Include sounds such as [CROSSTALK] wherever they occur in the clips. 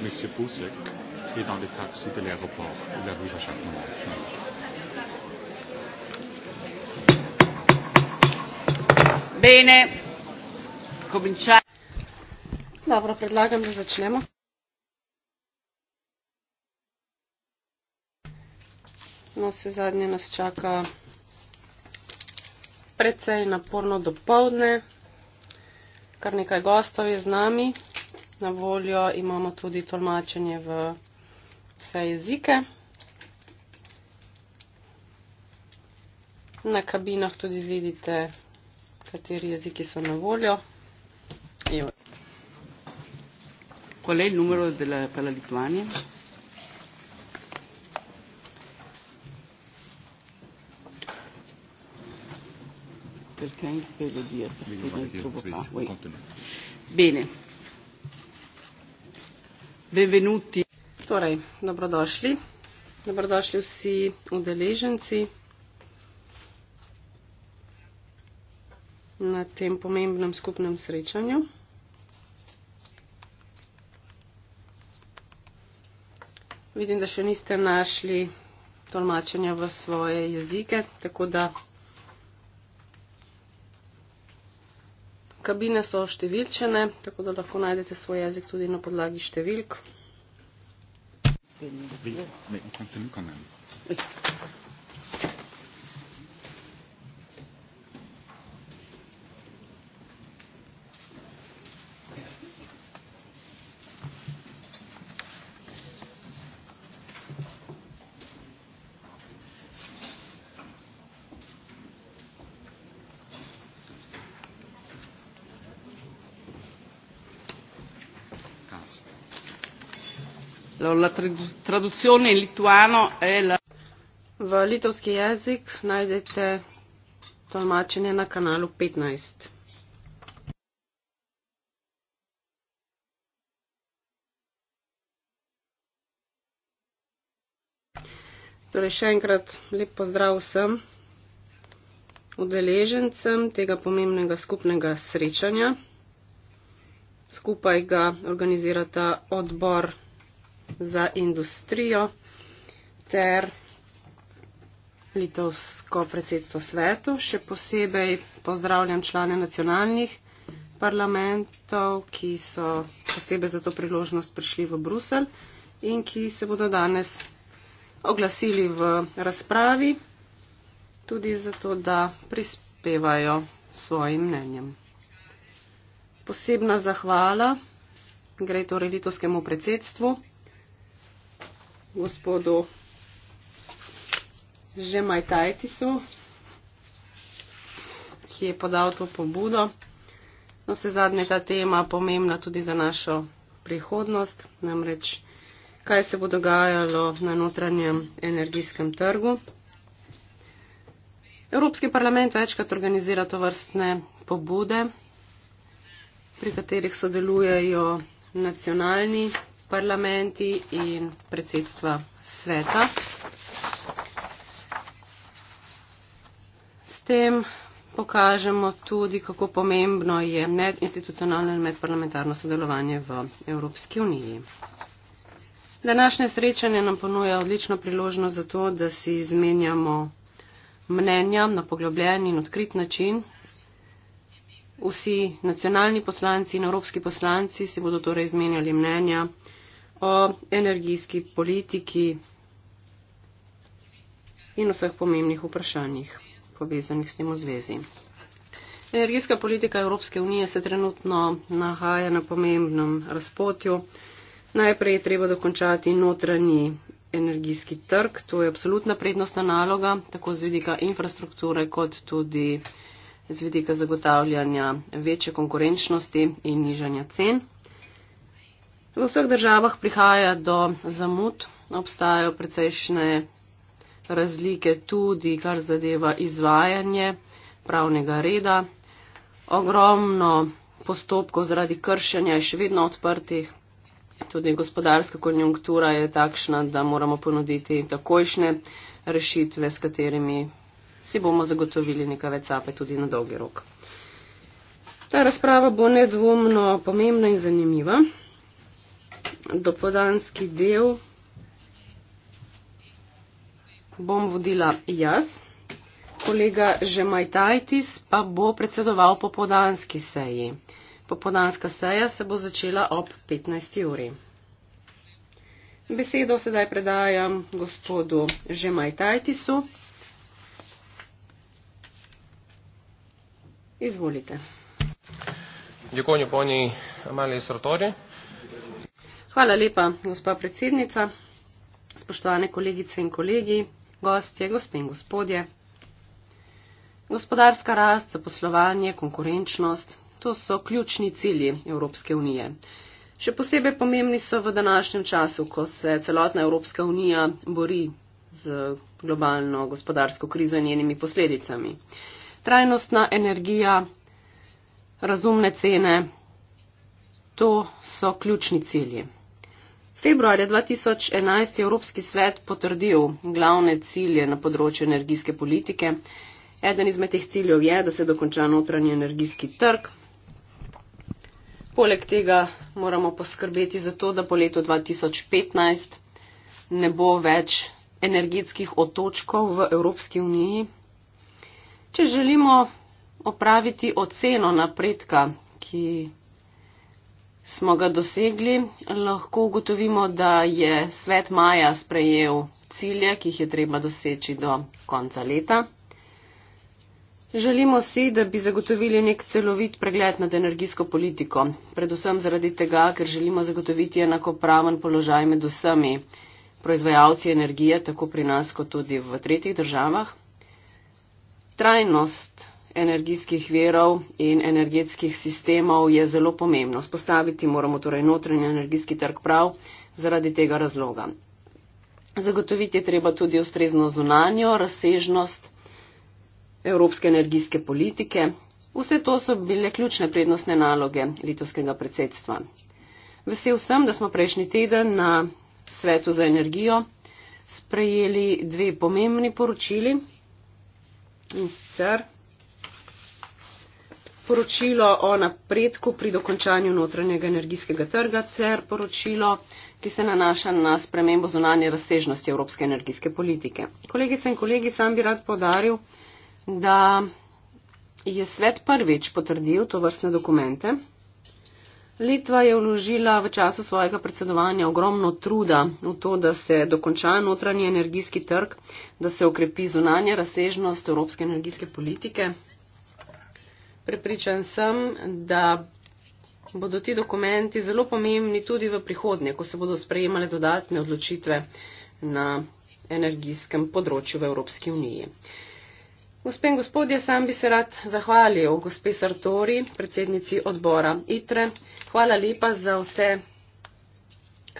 M. Bouzek est dans le taxi de l'aéroport. Il arrive à chaque moment. Bene. Comincia... Dobro, predlagam, da začnemo. No, vse zadnje nas čaka precej naporno dopoledne. Kar nekaj gostov je z nami na voljo, imamo tudi tolmačenje v vse jezike. Na kabinah tudi vidite, kateri jeziki so na voljo. Kaj je numero za Litvanijo? Bene. Benvenuti. Torej, dobrodošli. Dobrodošli vsi udeleženci na tem pomembnem skupnem srečanju. Vidim, da še niste našli tolmačenja v svoje jezike, tako da kabine so številčene, tako da lahko najdete svoj jezik tudi na podlagi številk. Thank you. la traduzione in lituano è la... V litovski jezik najdete tolmačenje na kanalu 15. Torej še enkrat lep pozdrav vsem udeležencem tega pomembnega skupnega srečanja. Skupaj ga organizirata odbor za industrijo ter litovsko predsedstvo svetu. Še posebej pozdravljam člane nacionalnih parlamentov, ki so posebej za to priložnost prišli v Brusel in ki se bodo danes oglasili v razpravi tudi zato, da prispevajo svojim mnenjem. Posebna zahvala gre torej litovskemu predsedstvu gospodu Žemaj Tajtisu, ki je podal to pobudo. No, vse zadnje ta tema pomembna tudi za našo prihodnost, namreč kaj se bo dogajalo na notranjem energijskem trgu. Evropski parlament večkrat organizira to vrstne pobude, pri katerih sodelujejo nacionalni parlamenti in predsedstva sveta. S tem pokažemo tudi, kako pomembno je medinstitucionalno in medparlamentarno sodelovanje v Evropski uniji. Današnje srečanje nam ponuja odlično priložnost za to, da si izmenjamo mnenja na poglobljen in odkrit način. Vsi nacionalni poslanci in evropski poslanci si bodo torej izmenjali mnenja o energijski politiki in vseh pomembnih vprašanjih povezanih s tem v zvezi. Energijska politika Evropske unije se trenutno nahaja na pomembnem razpotju. Najprej je treba dokončati notranji energijski trg. To je absolutna prednostna naloga, tako z vidika infrastrukture, kot tudi z vidika zagotavljanja večje konkurenčnosti in nižanja cen. V vseh državah prihaja do zamud, obstajajo precejšne razlike tudi, kar zadeva izvajanje pravnega reda. Ogromno postopkov zaradi kršenja je še vedno odprtih. Tudi gospodarska konjunktura je takšna, da moramo ponuditi takojšne rešitve, s katerimi si bomo zagotovili nekaj več cape tudi na dolgi rok. Ta razprava bo nedvomno pomembna in zanimiva dopodanski del bom vodila jaz, kolega Žemajtajtis pa bo predsedoval popodanski seji. Popodanska seja se bo začela ob 15. uri. Besedo sedaj predajam gospodu Žemajtajtisu. Izvolite. Dziękuję pani Amalii Sartori. Hvala lepa, gospa predsednica, spoštovane kolegice in kolegi, gostje, gospe in gospodje. Gospodarska rast, zaposlovanje, konkurenčnost, to so ključni cilji Evropske unije. Še posebej pomembni so v današnjem času, ko se celotna Evropska unija bori z globalno gospodarsko krizo in njenimi posledicami. Trajnostna energija, razumne cene, to so ključni cilji. Februarja 2011 je Evropski svet potrdil glavne cilje na področju energijske politike. Eden izmed teh ciljev je, da se dokonča notranji energijski trg. Poleg tega moramo poskrbeti za to, da po letu 2015 ne bo več energetskih otočkov v Evropski uniji. Če želimo opraviti oceno napredka, ki smo ga dosegli, lahko ugotovimo, da je svet maja sprejel cilje, ki jih je treba doseči do konca leta. Želimo si, da bi zagotovili nek celovit pregled nad energijsko politiko, predvsem zaradi tega, ker želimo zagotoviti enakopraven položaj med vsemi proizvajalci energije, tako pri nas kot tudi v tretjih državah. Trajnost energijskih verov in energetskih sistemov je zelo pomembno. Spostaviti moramo torej notranji energijski trg prav zaradi tega razloga. Zagotoviti je treba tudi ustrezno zunanjo razsežnost evropske energijske politike. Vse to so bile ključne prednostne naloge litovskega predsedstva. Vesel sem, da smo prejšnji teden na svetu za energijo sprejeli dve pomembni poročili in sicer poročilo o napredku pri dokončanju notranjega energijskega trga ter poročilo, ki se nanaša na spremembo zunanje razsežnosti evropske energijske politike. Kolegice in kolegi, sam bi rad podaril, da je svet prvič potrdil to vrstne dokumente. Litva je vložila v času svojega predsedovanja ogromno truda v to, da se dokonča notranji energijski trg, da se okrepi zunanja razsežnost evropske energijske politike. Prepričan sem, da bodo ti dokumenti zelo pomembni tudi v prihodnje, ko se bodo sprejemale dodatne odločitve na energijskem področju v Evropski uniji. Gospe in gospodje, sam bi se rad zahvalil gospe Sartori, predsednici odbora ITRE. Hvala lepa za vse,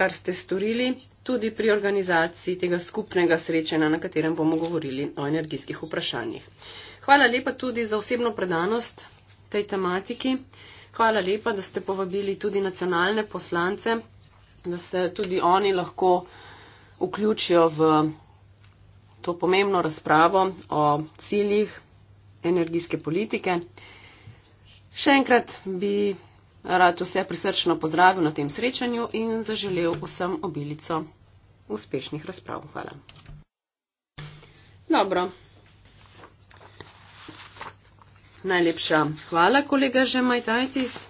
kar ste storili, tudi pri organizaciji tega skupnega srečanja, na katerem bomo govorili o energijskih vprašanjih. Hvala lepa tudi za osebno predanost tej tematiki. Hvala lepa, da ste povabili tudi nacionalne poslance, da se tudi oni lahko vključijo v to pomembno razpravo o ciljih energijske politike. Še enkrat bi rad vse prisrčno pozdravil na tem srečanju in zaželel vsem obilico uspešnih razprav. Hvala. Dobro. Najlepša hvala, kolega Žemajtajtis.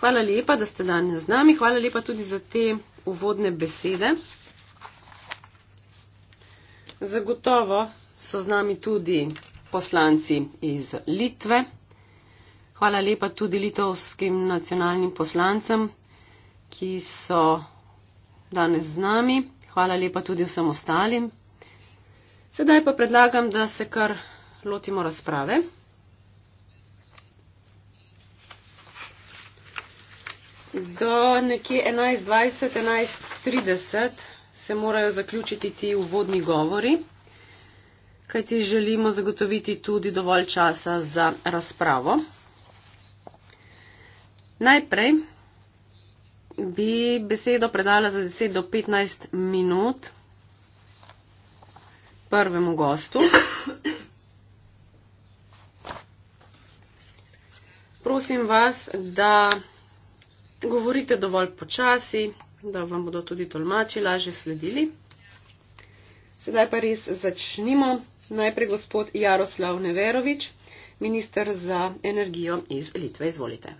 Hvala lepa, da ste danes z nami. Hvala lepa tudi za te uvodne besede. Zagotovo so z nami tudi poslanci iz Litve. Hvala lepa tudi litovskim nacionalnim poslancem, ki so danes z nami. Hvala lepa tudi vsem ostalim. Sedaj pa predlagam, da se kar lotimo razprave. Do nekje 11.20, 11.30 se morajo zaključiti ti uvodni govori, kajti želimo zagotoviti tudi dovolj časa za razpravo. Najprej bi besedo predala za 10 do 15 minut prvemu gostu. Prosim vas, da govorite dovolj počasi, da vam bodo tudi tolmači lažje sledili. Sedaj pa res začnimo. Najprej gospod Jaroslav Neverovič, minister za energijo iz Litve. Izvolite.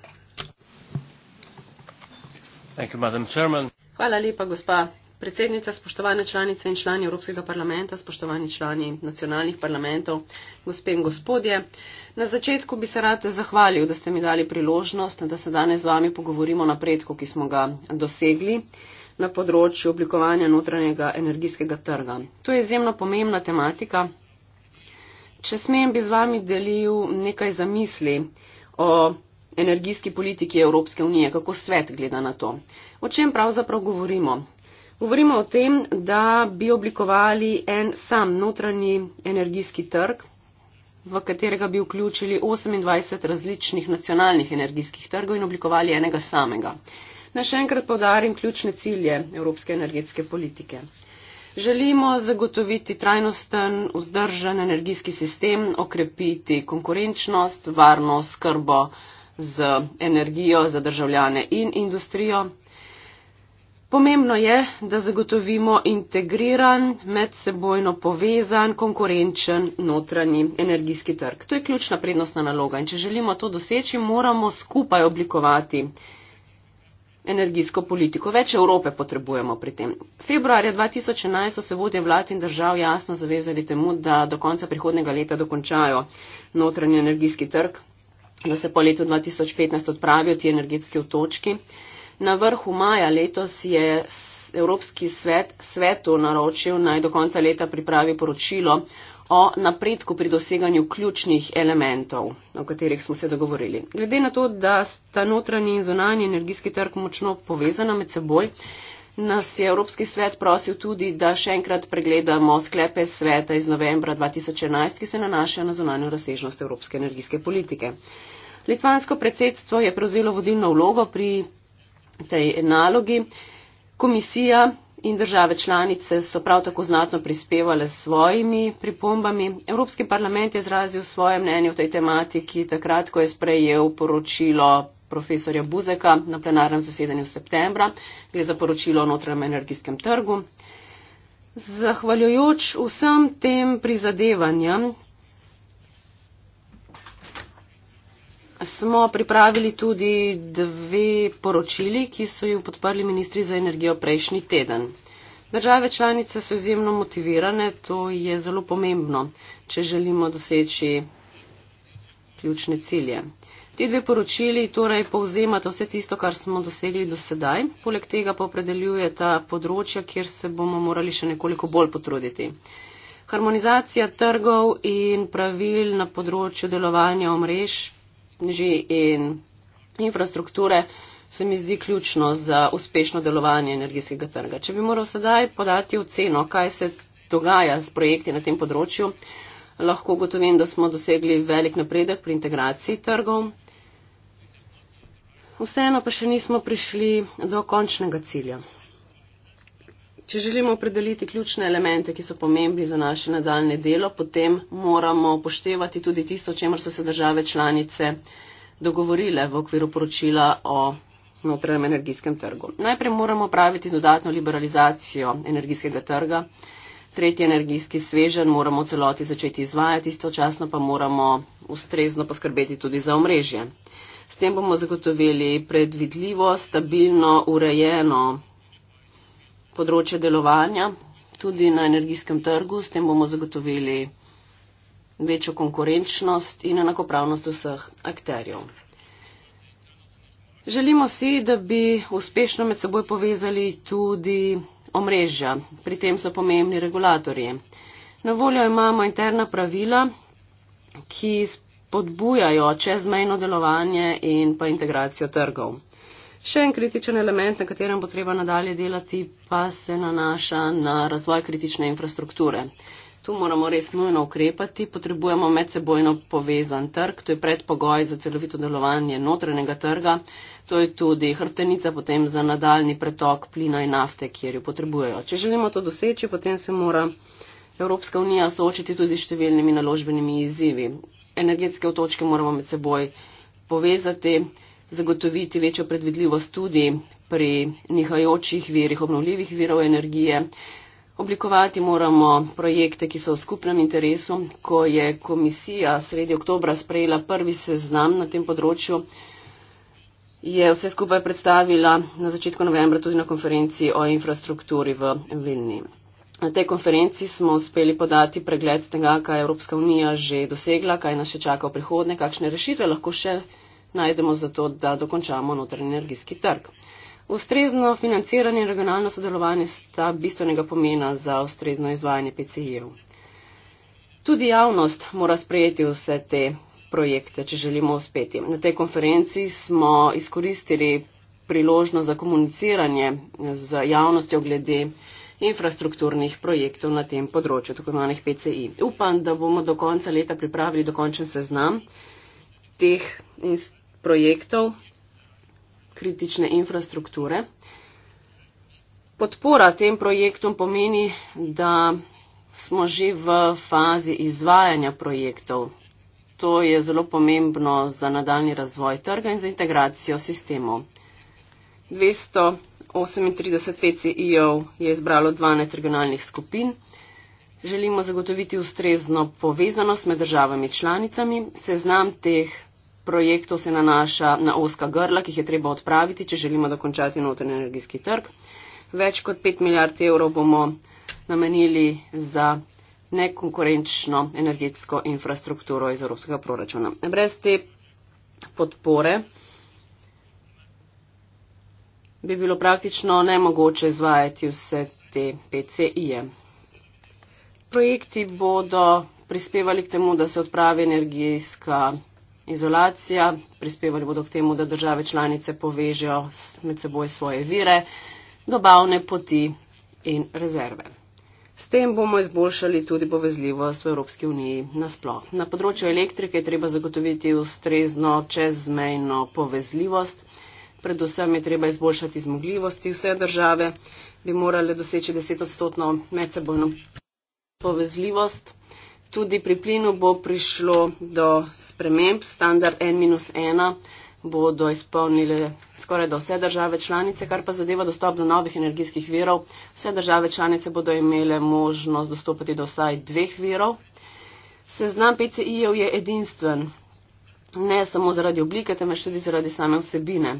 Hvala lepa, gospa predsednica, spoštovane članice in člani Evropskega parlamenta, spoštovani člani nacionalnih parlamentov, gospe in gospodje. Na začetku bi se rad zahvalil, da ste mi dali priložnost, da se danes z vami pogovorimo o napredku, ki smo ga dosegli na področju oblikovanja notranjega energijskega trga. To je izjemno pomembna tematika. Če smem, bi z vami delil nekaj zamisli o energijski politiki Evropske unije, kako svet gleda na to. O čem pravzaprav govorimo? Govorimo o tem, da bi oblikovali en sam notranji energijski trg, v katerega bi vključili 28 različnih nacionalnih energijskih trgov in oblikovali enega samega. Naj še enkrat povdarim ključne cilje evropske energetske politike. Želimo zagotoviti trajnosten, vzdržen energijski sistem, okrepiti konkurenčnost, varnost, skrbo z energijo za državljane in industrijo, Pomembno je, da zagotovimo integriran, medsebojno povezan, konkurenčen notranji energijski trg. To je ključna prednostna naloga in če želimo to doseči, moramo skupaj oblikovati energijsko politiko. Več Evrope potrebujemo pri tem. Februarja 2011 so se vodje vlad in držav jasno zavezali temu, da do konca prihodnega leta dokončajo notranji energijski trg, da se po letu 2015 odpravijo ti energetski otočki. Na vrhu maja letos je Evropski svet svetu naročil naj do konca leta pripravi poročilo o napredku pri doseganju ključnih elementov, o katerih smo se dogovorili. Glede na to, da sta notranji in zunanji energijski trg močno povezana med seboj, nas je Evropski svet prosil tudi, da še enkrat pregledamo sklepe sveta iz novembra 2011, ki se nanašajo na zunanjo razsežnost Evropske energijske politike. Litvansko predsedstvo je prevzelo vodilno vlogo pri tej nalogi. Komisija in države članice so prav tako znatno prispevale s svojimi pripombami. Evropski parlament je izrazil svoje mnenje o tej tematiki takrat, ko je sprejel poročilo profesorja Buzeka na plenarnem zasedanju v septembra. Gre za poročilo o notranjem energijskem trgu. Zahvaljujoč vsem tem prizadevanjem smo pripravili tudi dve poročili, ki so jo podprli ministri za energijo prejšnji teden. Države članice so izjemno motivirane, to je zelo pomembno, če želimo doseči ključne cilje. Ti dve poročili torej povzemata vse tisto, kar smo dosegli do sedaj, poleg tega pa opredeljuje ta področja, kjer se bomo morali še nekoliko bolj potruditi. Harmonizacija trgov in pravil na področju delovanja omrež omrežji in infrastrukture se mi zdi ključno za uspešno delovanje energijskega trga. Če bi moral sedaj podati oceno, kaj se dogaja s projekti na tem področju, lahko gotovim, da smo dosegli velik napredek pri integraciji trgov. Vseeno pa še nismo prišli do končnega cilja. Če želimo opredeliti ključne elemente, ki so pomembni za naše nadaljne delo, potem moramo poštevati tudi tisto, o čemer so se države članice dogovorile v okviru poročila o notranjem energijskem trgu. Najprej moramo praviti dodatno liberalizacijo energijskega trga, tretji energijski svežen moramo v celoti začeti izvajati, istočasno pa moramo ustrezno poskrbeti tudi za omrežje. S tem bomo zagotovili predvidljivo, stabilno, urejeno področje delovanja, tudi na energijskem trgu, s tem bomo zagotovili večjo konkurenčnost in enakopravnost vseh akterjev. Želimo si, da bi uspešno med seboj povezali tudi omrežja. Pri tem so pomembni regulatorji. Na voljo imamo interna pravila, ki spodbujajo čezmejno delovanje in pa integracijo trgov. Še en kritičen element, na katerem bo treba nadalje delati, pa se nanaša na razvoj kritične infrastrukture. Tu moramo res nujno ukrepati, potrebujemo medsebojno povezan trg, to je predpogoj za celovito delovanje notranjega trga, to je tudi hrtenica potem za nadaljni pretok plina in nafte, kjer jo potrebujejo. Če želimo to doseči, potem se mora Evropska unija soočiti tudi številnimi naložbenimi izzivi. Energetske otočke moramo med seboj povezati zagotoviti večjo predvidljivost tudi pri nihajočih virih, obnovljivih virov energije. Oblikovati moramo projekte, ki so v skupnem interesu. Ko je komisija sredi oktobra sprejela prvi seznam na tem področju, je vse skupaj predstavila na začetku novembra tudi na konferenciji o infrastrukturi v Vilni. Na tej konferenci smo uspeli podati pregled tega, kaj je Evropska unija že dosegla, kaj nas še čaka v prihodnje, kakšne rešitve lahko še najdemo za to, da dokončamo notranji energijski trg. Ustrezno financiranje in regionalno sodelovanje sta bistvenega pomena za ustrezno izvajanje PCI-jev. Tudi javnost mora sprejeti vse te projekte, če želimo uspeti. Na tej konferenci smo izkoristili priložnost za komuniciranje z javnostjo glede infrastrukturnih projektov na tem področju, tako imenovanih PCI. Upam, da bomo do konca leta pripravili dokončen seznam teh institucij projektov kritične infrastrukture. Podpora tem projektom pomeni, da smo že v fazi izvajanja projektov. To je zelo pomembno za nadaljni razvoj trga in za integracijo sistemov. 238 PCI-jev je izbralo 12 regionalnih skupin. Želimo zagotoviti ustrezno povezanost med državami članicami. Seznam teh projektov se nanaša na oska grla, ki jih je treba odpraviti, če želimo dokončati notranji energijski trg. Več kot 5 milijard evrov bomo namenili za nekonkurenčno energetsko infrastrukturo iz evropskega proračuna. Brez te podpore bi bilo praktično nemogoče izvajati vse te PCI-je. Projekti bodo prispevali k temu, da se odpravi energijska izolacija, prispevali bodo k temu, da države članice povežejo med seboj svoje vire, dobavne poti in rezerve. S tem bomo izboljšali tudi povezljivost v Evropski uniji nasploh. Na področju elektrike je treba zagotoviti ustrezno čezmejno povezljivost. Predvsem je treba izboljšati zmogljivosti. Vse države bi morale doseči 10-odstotno medsebojno povezljivost. Tudi pri plinu bo prišlo do sprememb. Standard N-1 bodo izpolnile skoraj do vse države članice, kar pa zadeva dostop do novih energijskih virov. Vse države članice bodo imele možnost dostopati do vsaj dveh virov. Seznam PCI-jev je edinstven, ne samo zaradi oblike, temveč tudi zaradi same vsebine.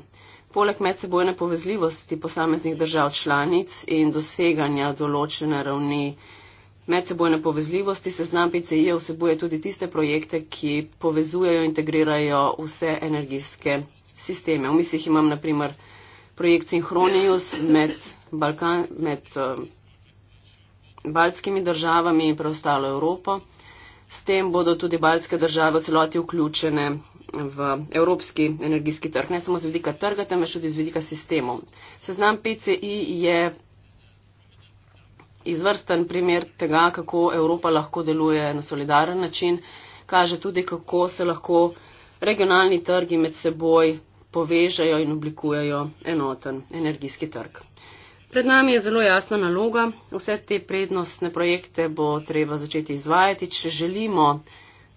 Poleg medsebojne povezljivosti posameznih držav članic in doseganja določene ravni Medsebojne povezljivosti seznam PCI vsebuje tudi tiste projekte, ki povezujejo in integrirajo vse energijske sisteme. V mislih imam naprimer projekt Synchronius med, Balkan, med uh, baltskimi državami in preostalo Evropo. S tem bodo tudi baltske države v celoti vključene v evropski energijski trg, ne samo z vidika trga, temveč tudi z vidika sistemov. Seznam PCI je izvrsten primer tega, kako Evropa lahko deluje na solidaren način, kaže tudi, kako se lahko regionalni trgi med seboj povežejo in oblikujejo enoten energijski trg. Pred nami je zelo jasna naloga, vse te prednostne projekte bo treba začeti izvajati. Če želimo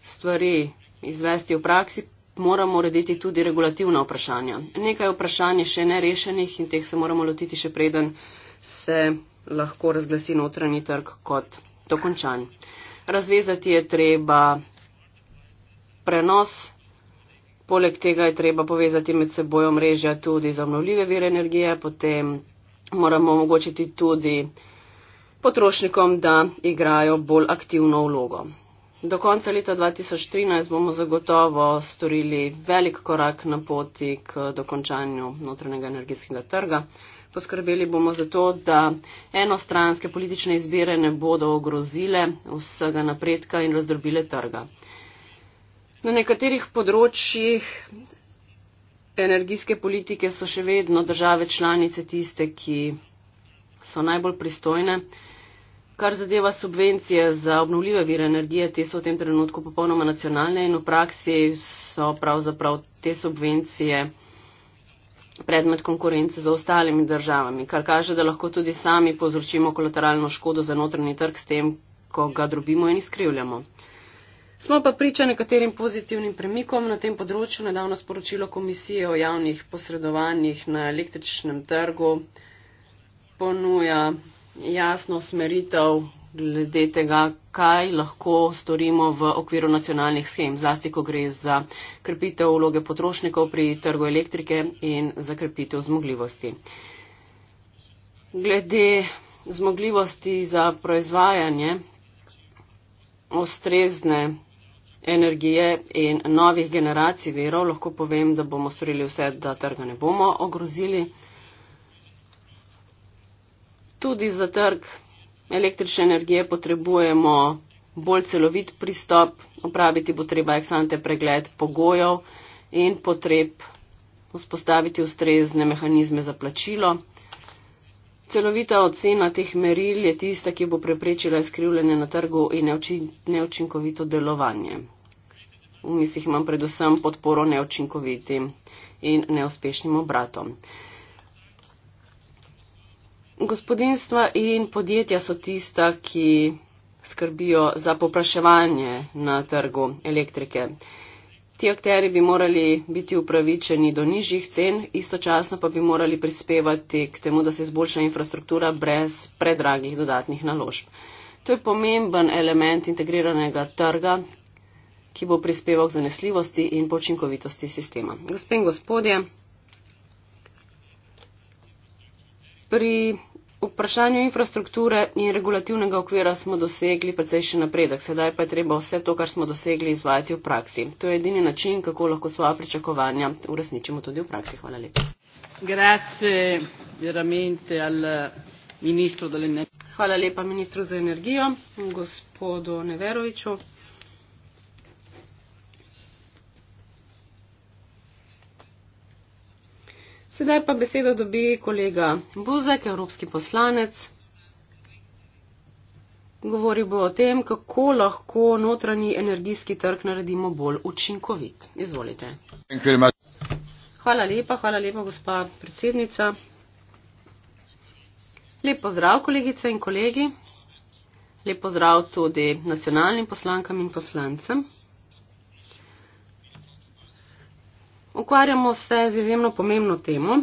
stvari izvesti v praksi, moramo urediti tudi regulativna vprašanja. Nekaj vprašanj je še nerešenih in teh se moramo lotiti še preden se lahko razglasi notranji trg kot dokončan. Razvezati je treba prenos, poleg tega je treba povezati med seboj omrežja tudi za obnovljive vire energije, potem moramo omogočiti tudi potrošnikom, da igrajo bolj aktivno vlogo. Do konca leta 2013 bomo zagotovo storili velik korak na poti k dokončanju notranjega energijskega trga. Poskrbeli bomo za to, da enostranske politične izbire ne bodo ogrozile vsega napredka in razdrobile trga. Na nekaterih področjih energijske politike so še vedno države članice tiste, ki so najbolj pristojne. Kar zadeva subvencije za obnovljive vire energije, te so v tem trenutku popolnoma nacionalne in v praksi so pravzaprav te subvencije predmet konkurence za ostalimi državami, kar kaže, da lahko tudi sami povzročimo kolateralno škodo za notrni trg s tem, ko ga drobimo in izkrivljamo. Smo pa priča nekaterim pozitivnim premikom na tem področju. Nedavno sporočilo Komisije o javnih posredovanjih na električnem trgu ponuja jasno smeritev glede tega, kaj lahko storimo v okviru nacionalnih schem, zlasti ko gre za krepitev vloge potrošnikov pri trgu elektrike in za krepitev zmogljivosti. Glede zmogljivosti za proizvajanje ustrezne energije in novih generacij verov lahko povem, da bomo storili vse, da trga ne bomo ogrozili. Tudi za trg električne energije potrebujemo bolj celovit pristop, opraviti bo treba eksante pregled pogojev in potreb vzpostaviti ustrezne mehanizme za plačilo. Celovita ocena teh meril je tista, ki bo preprečila izkrivljanje na trgu in neučinkovito delovanje. V mislih imam predvsem podporo neučinkovitim in neuspešnim obratom. Gospodinstva in podjetja so tista, ki skrbijo za popraševanje na trgu elektrike. Ti akteri bi morali biti upravičeni do nižjih cen, istočasno pa bi morali prispevati k temu, da se izboljša infrastruktura brez predragih dodatnih naložb. To je pomemben element integriranega trga, ki bo prispeval k zanesljivosti in počinkovitosti sistema. Gospod in gospodje, Pri vprašanju infrastrukture in regulativnega okvira smo dosegli precejšen napredek, sedaj pa je treba vse to, kar smo dosegli, izvajati v praksi. To je edini način, kako lahko svoja pričakovanja uresničimo tudi v praksi. Hvala lepa. Grazie, Hvala lepa ministru za energijo, gospodu Neveroviču. Sedaj pa besedo dobi kolega Buzek, evropski poslanec. Govoril bo o tem, kako lahko notranji energijski trg naredimo bolj učinkovit. Izvolite. Hvala lepa, hvala lepa, gospa predsednica. Lep pozdrav, kolegice in kolegi. Lep pozdrav tudi nacionalnim poslankam in poslancem. Ukvarjamo se z izjemno pomembno temo.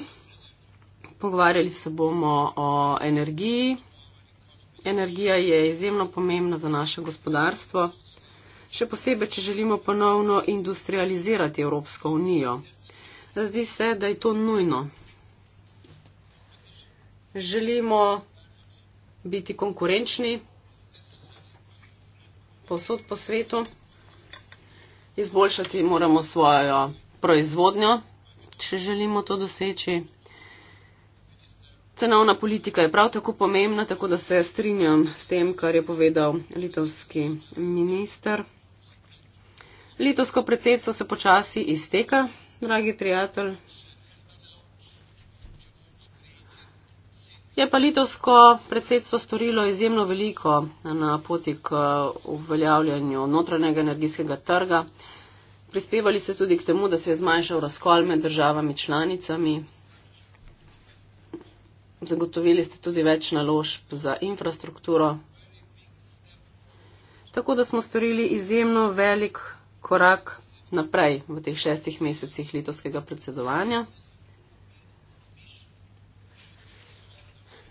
Pogovarjali se bomo o energiji. Energija je izjemno pomembna za naše gospodarstvo, še posebej, če želimo ponovno industrializirati Evropsko unijo. Zdi se, da je to nujno. Želimo biti konkurenčni posod po svetu, izboljšati moramo svojo proizvodnjo, če želimo to doseči. Cenovna politika je prav tako pomembna, tako da se strinjam s tem, kar je povedal litovski minister. Litovsko predsedstvo se počasi izteka, dragi prijatelj. Je pa litovsko predsedstvo storilo izjemno veliko na poti k uveljavljanju notranjega energijskega trga. Prispevali ste tudi k temu, da se je zmanjšal razkol med državami članicami. Zagotovili ste tudi več naložb za infrastrukturo. Tako da smo storili izjemno velik korak naprej v teh šestih mesecih litovskega predsedovanja.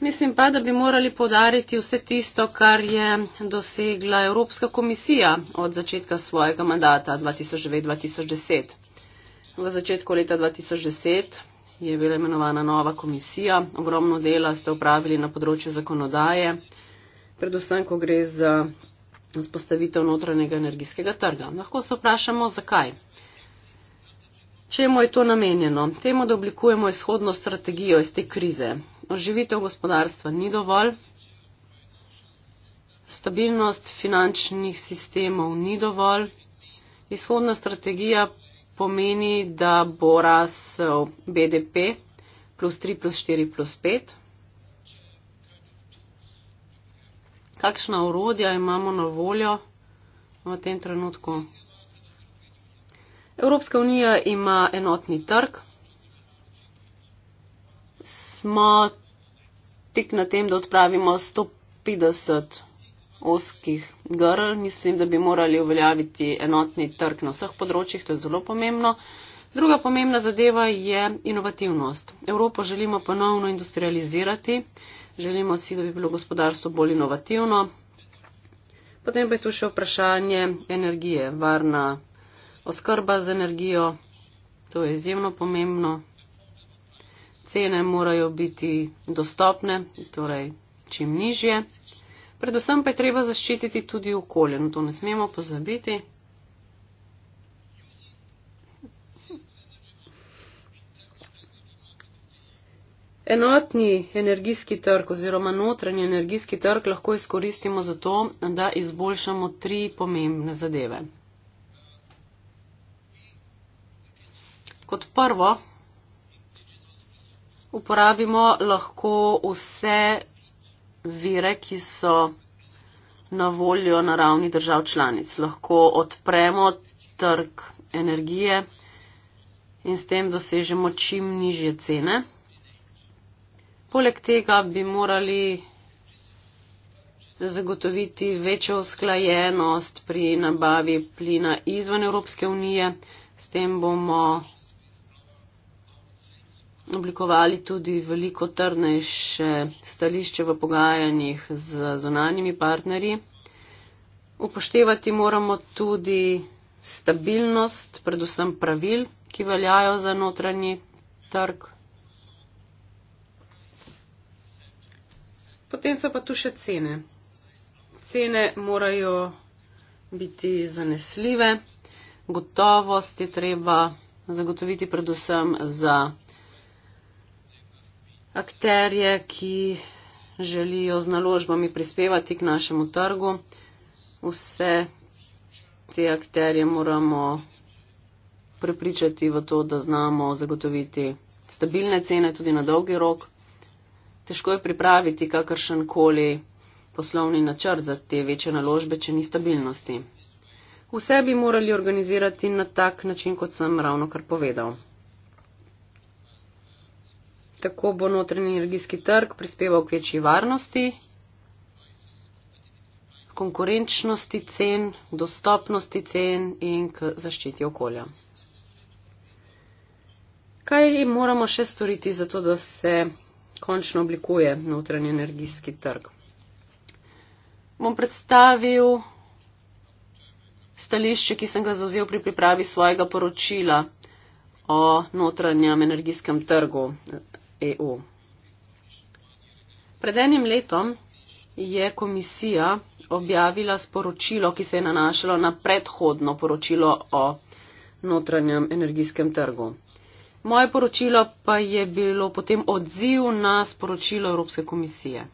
Mislim pa, da bi morali podariti vse tisto, kar je dosegla Evropska komisija od začetka svojega mandata 2009-2010. V začetku leta 2010 je bila imenovana nova komisija. Ogromno dela ste upravili na področju zakonodaje, predvsem, ko gre za vzpostavitev notranjega energijskega trga. Lahko se vprašamo, zakaj. Čemu je to namenjeno? Temu, da oblikujemo izhodno strategijo iz te krize oživitev gospodarstva ni dovolj, stabilnost finančnih sistemov ni dovolj, izhodna strategija pomeni, da bo rasel BDP plus 3 plus 4 plus 5. Kakšna urodja imamo na voljo v tem trenutku? Evropska unija ima enotni trg. Smo tik na tem, da odpravimo 150 oskih grl. Mislim, da bi morali uveljaviti enotni trg na vseh področjih, to je zelo pomembno. Druga pomembna zadeva je inovativnost. Evropo želimo ponovno industrializirati, želimo si, da bi bilo gospodarstvo bolj inovativno. Potem pa je tu še vprašanje energije, varna oskrba z energijo, to je izjemno pomembno cene morajo biti dostopne, torej čim nižje. Predvsem pa je treba zaščititi tudi okolje, no to ne smemo pozabiti. Enotni energijski trg oziroma notranji energijski trg lahko izkoristimo za to, da izboljšamo tri pomembne zadeve. Kot prvo uporabimo lahko vse vire, ki so na voljo na ravni držav članic. Lahko odpremo trg energije in s tem dosežemo čim nižje cene. Poleg tega bi morali zagotoviti večjo usklajenost pri nabavi plina izven Evropske unije. S tem bomo oblikovali tudi veliko trdnejše stališče v pogajanjih z zonanjimi partnerji. Upoštevati moramo tudi stabilnost, predvsem pravil, ki veljajo za notranji trg. Potem so pa tu še cene. Cene morajo biti zanesljive, gotovost je treba zagotoviti predvsem za akterje, ki želijo z naložbami prispevati k našemu trgu. Vse te akterje moramo prepričati v to, da znamo zagotoviti stabilne cene tudi na dolgi rok. Težko je pripraviti kakršen koli poslovni načrt za te večje naložbe, če ni stabilnosti. Vse bi morali organizirati na tak način, kot sem ravno kar povedal. Tako bo notranji energijski trg prispeval k večji varnosti, konkurenčnosti cen, dostopnosti cen in k zaščiti okolja. Kaj moramo še storiti za to, da se končno oblikuje notranji energijski trg? Bom predstavil stališče, ki sem ga zauzel pri pripravi svojega poročila o notranjem energijskem trgu EU. Pred enim letom je komisija objavila sporočilo, ki se je nanašalo na predhodno poročilo o notranjem energijskem trgu. Moje poročilo pa je bilo potem odziv na sporočilo Evropske komisije.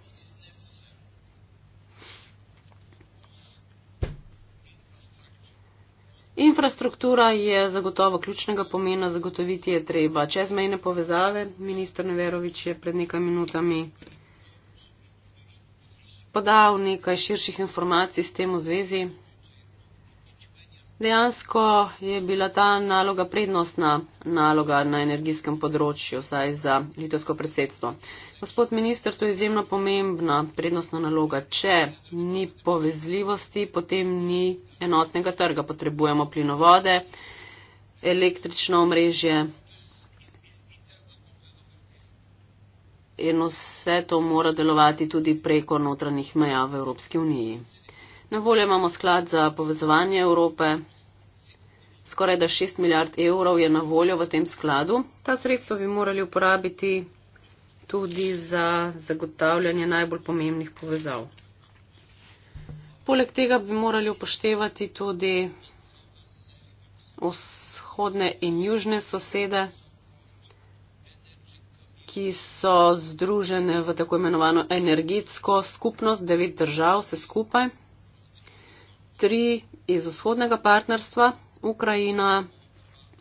Infrastruktura je zagotovo ključnega pomena, zagotoviti je treba čezmejne povezave. Ministr Neverovič je pred nekaj minutami podal nekaj širših informacij s tem v zvezi. Dejansko je bila ta naloga prednostna naloga na energijskem področju, saj za litovsko predsedstvo. Gospod minister, to je izjemno pomembna prednostna naloga. Če ni povezljivosti, potem ni enotnega trga. Potrebujemo plinovode, električno omrežje in vse to mora delovati tudi preko notranjih meja v Evropski uniji. Na voljo imamo sklad za povezovanje Evrope. Skoraj da 6 milijard evrov je na voljo v tem skladu. Ta sredstva bi morali uporabiti tudi za zagotavljanje najbolj pomembnih povezav. Poleg tega bi morali upoštevati tudi vzhodne in južne sosede, ki so združene v tako imenovano energetsko skupnost, devet držav, vse skupaj tri iz vzhodnega partnerstva, Ukrajina,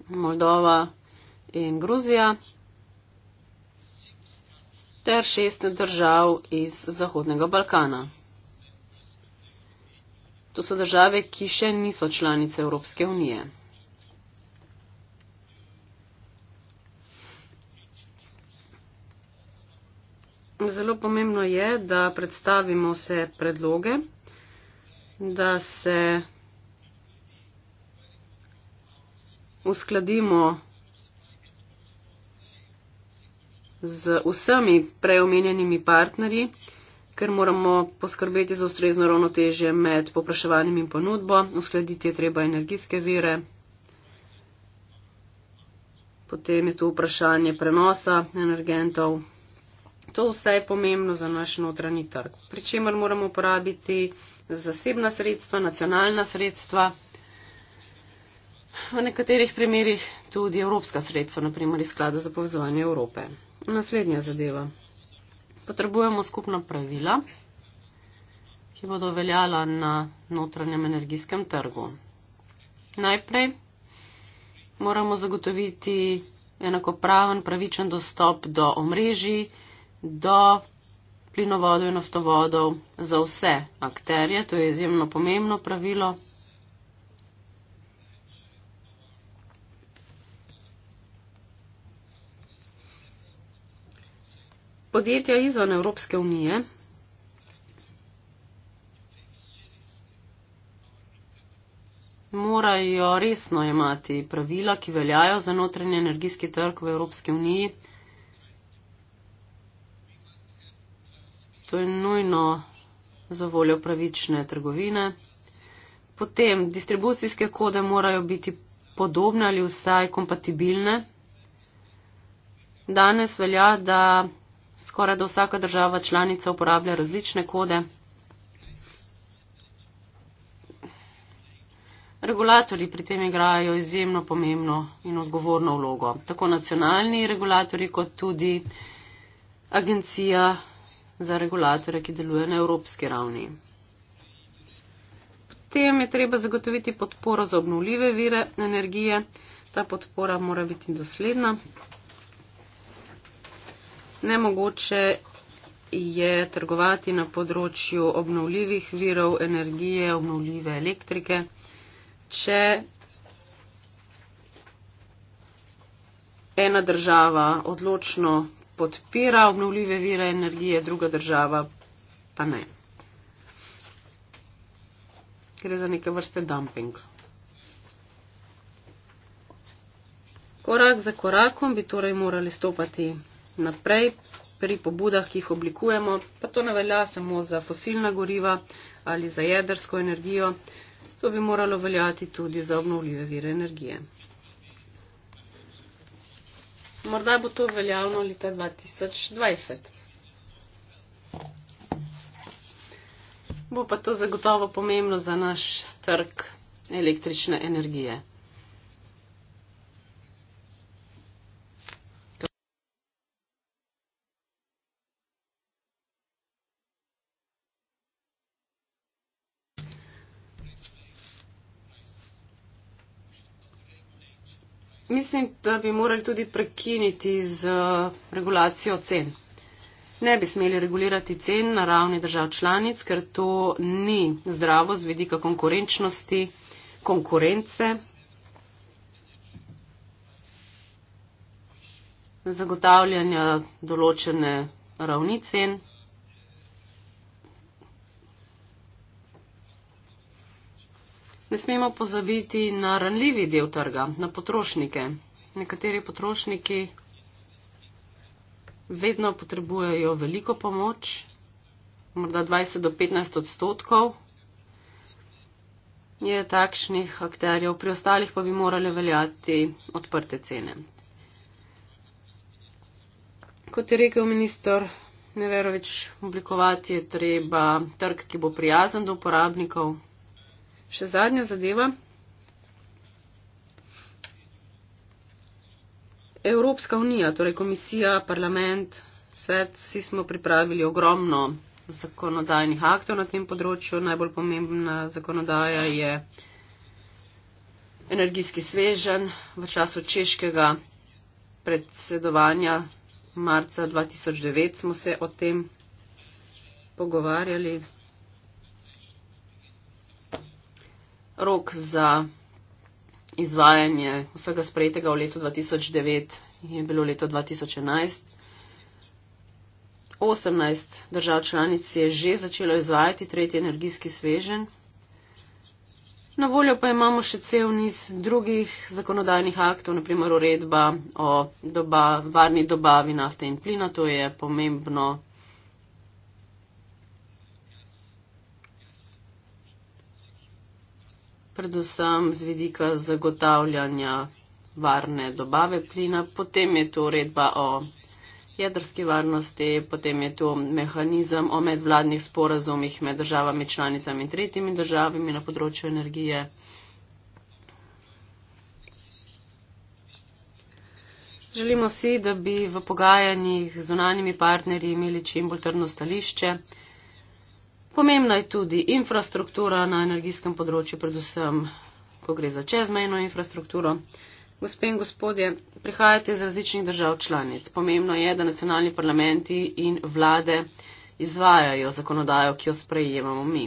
Moldova in Gruzija, ter šest držav iz Zahodnega Balkana. To so države, ki še niso članice Evropske unije. Zelo pomembno je, da predstavimo vse predloge da se uskladimo z vsemi preomenjenimi partnerji, ker moramo poskrbeti za ustrezno ravnotežje med popraševanjem in ponudbo, uskladiti je treba energijske vire, potem je tu vprašanje prenosa energentov to vse je pomembno za naš notranji trg, pri čemer moramo uporabiti zasebna sredstva, nacionalna sredstva, v nekaterih primerjih tudi evropska sredstva, naprimer iz sklada za povezovanje Evrope. Naslednja zadeva. Potrebujemo skupna pravila, ki bodo veljala na notranjem energijskem trgu. Najprej moramo zagotoviti enakopraven, pravičen dostop do omrežij, do plinovodov in naftovodov za vse akterje. To je izjemno pomembno pravilo. Podjetja izvan Evropske unije morajo resno jemati pravila, ki veljajo za notranje energijski trg v Evropski uniji. To je nujno za voljo pravične trgovine. Potem distribucijske kode morajo biti podobne ali vsaj kompatibilne. Danes velja, da skoraj da vsaka država članica uporablja različne kode. Regulatorji pri tem igrajo izjemno pomembno in odgovorno vlogo. Tako nacionalni regulatorji kot tudi agencija za regulatore, ki delujejo na evropski ravni. Potem je treba zagotoviti podporo za obnovljive vire energije. Ta podpora mora biti dosledna. Nemogoče je trgovati na področju obnovljivih virov energije, obnovljive elektrike, če ena država odločno podpira obnovljive vire energije, druga država pa ne. Gre za neke vrste dumping. Korak za korakom bi torej morali stopati naprej pri pobudah, ki jih oblikujemo, pa to ne velja samo za fosilna goriva ali za jedrsko energijo, to bi moralo veljati tudi za obnovljive vire energije. Morda bo to veljavno leta 2020. Bo pa to zagotovo pomembno za naš trg električne energije. mislim, da bi morali tudi prekiniti z eh, regulacijo cen. Ne bi smeli regulirati cen na ravni držav članic, ker to ni zdravo z vidika konkurenčnosti, konkurence. zagotavljanja določene ravni cen. ne smemo pozabiti na ranljivi del trga, na potrošnike. Nekateri potrošniki vedno potrebujejo veliko pomoč, morda 20 do 15 odstotkov je takšnih akterjev, pri ostalih pa bi morale veljati odprte cene. Kot je rekel minister Neverovič, oblikovati je treba trg, ki bo prijazen do uporabnikov, še zadnja zadeva. Evropska unija, torej komisija, parlament, svet, vsi smo pripravili ogromno zakonodajnih aktov na tem področju. Najbolj pomembna zakonodaja je energijski svežen v času češkega predsedovanja marca 2009 smo se o tem pogovarjali. rok za izvajanje vsega sprejetega v letu 2009 je bilo leto 2011. 18 držav članic je že začelo izvajati tretji energijski svežen. Na voljo pa imamo še cel niz drugih zakonodajnih aktov, naprimer uredba o doba, varni dobavi nafte in plina. To je pomembno predvsem z vidika zagotavljanja varne dobave plina, potem je tu uredba o jedrski varnosti, potem je tu mehanizem o medvladnih sporazumih med državami članicami in tretjimi državami na področju energije. Želimo si, da bi v pogajanjih z zunanjimi partnerji imeli čim bolj trdno stališče. Pomembna je tudi infrastruktura na energijskem področju, predvsem, ko gre za čezmejno infrastrukturo. Gospe in gospodje, prihajate iz različnih držav članic. Pomembno je, da nacionalni parlamenti in vlade izvajajo zakonodajo, ki jo sprejemamo mi.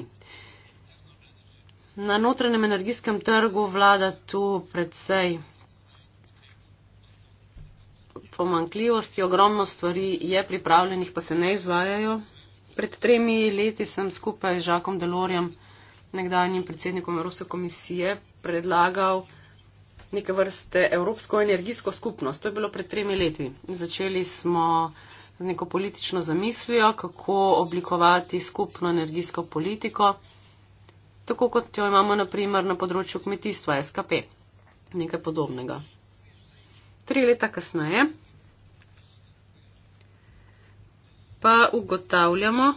Na notranjem energijskem trgu vlada tu predvsej pomankljivosti, ogromno stvari je pripravljenih, pa se ne izvajajo pred tremi leti sem skupaj z Žakom Delorjem, nekdanjim predsednikom Evropske komisije, predlagal neke vrste Evropsko energijsko skupnost. To je bilo pred tremi leti. Začeli smo z neko politično zamislijo, kako oblikovati skupno energijsko politiko, tako kot jo imamo naprimer na področju kmetijstva, SKP, nekaj podobnega. Tri leta kasneje pa ugotavljamo,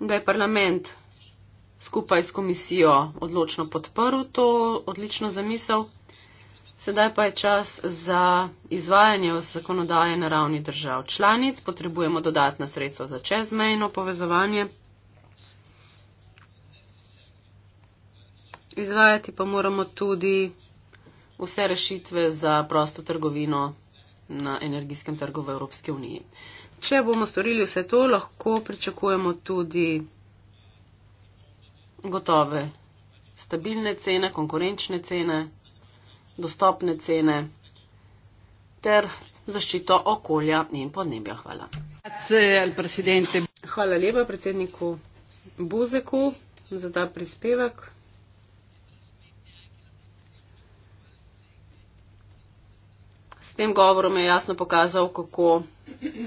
da je parlament skupaj s komisijo odločno podprl to odlično zamisel. Sedaj pa je čas za izvajanje zakonodaje na ravni držav članic. Potrebujemo dodatna sredstva za čezmejno povezovanje. Izvajati pa moramo tudi vse rešitve za prosto trgovino na energijskem trgu v Evropske uniji. Če bomo storili vse to, lahko pričakujemo tudi gotove, stabilne cene, konkurenčne cene, dostopne cene ter zaščito okolja in podnebja. Hvala. Hvala lepa predsedniku Buzeku za ta prispevek. tem govorom je jasno pokazal, kako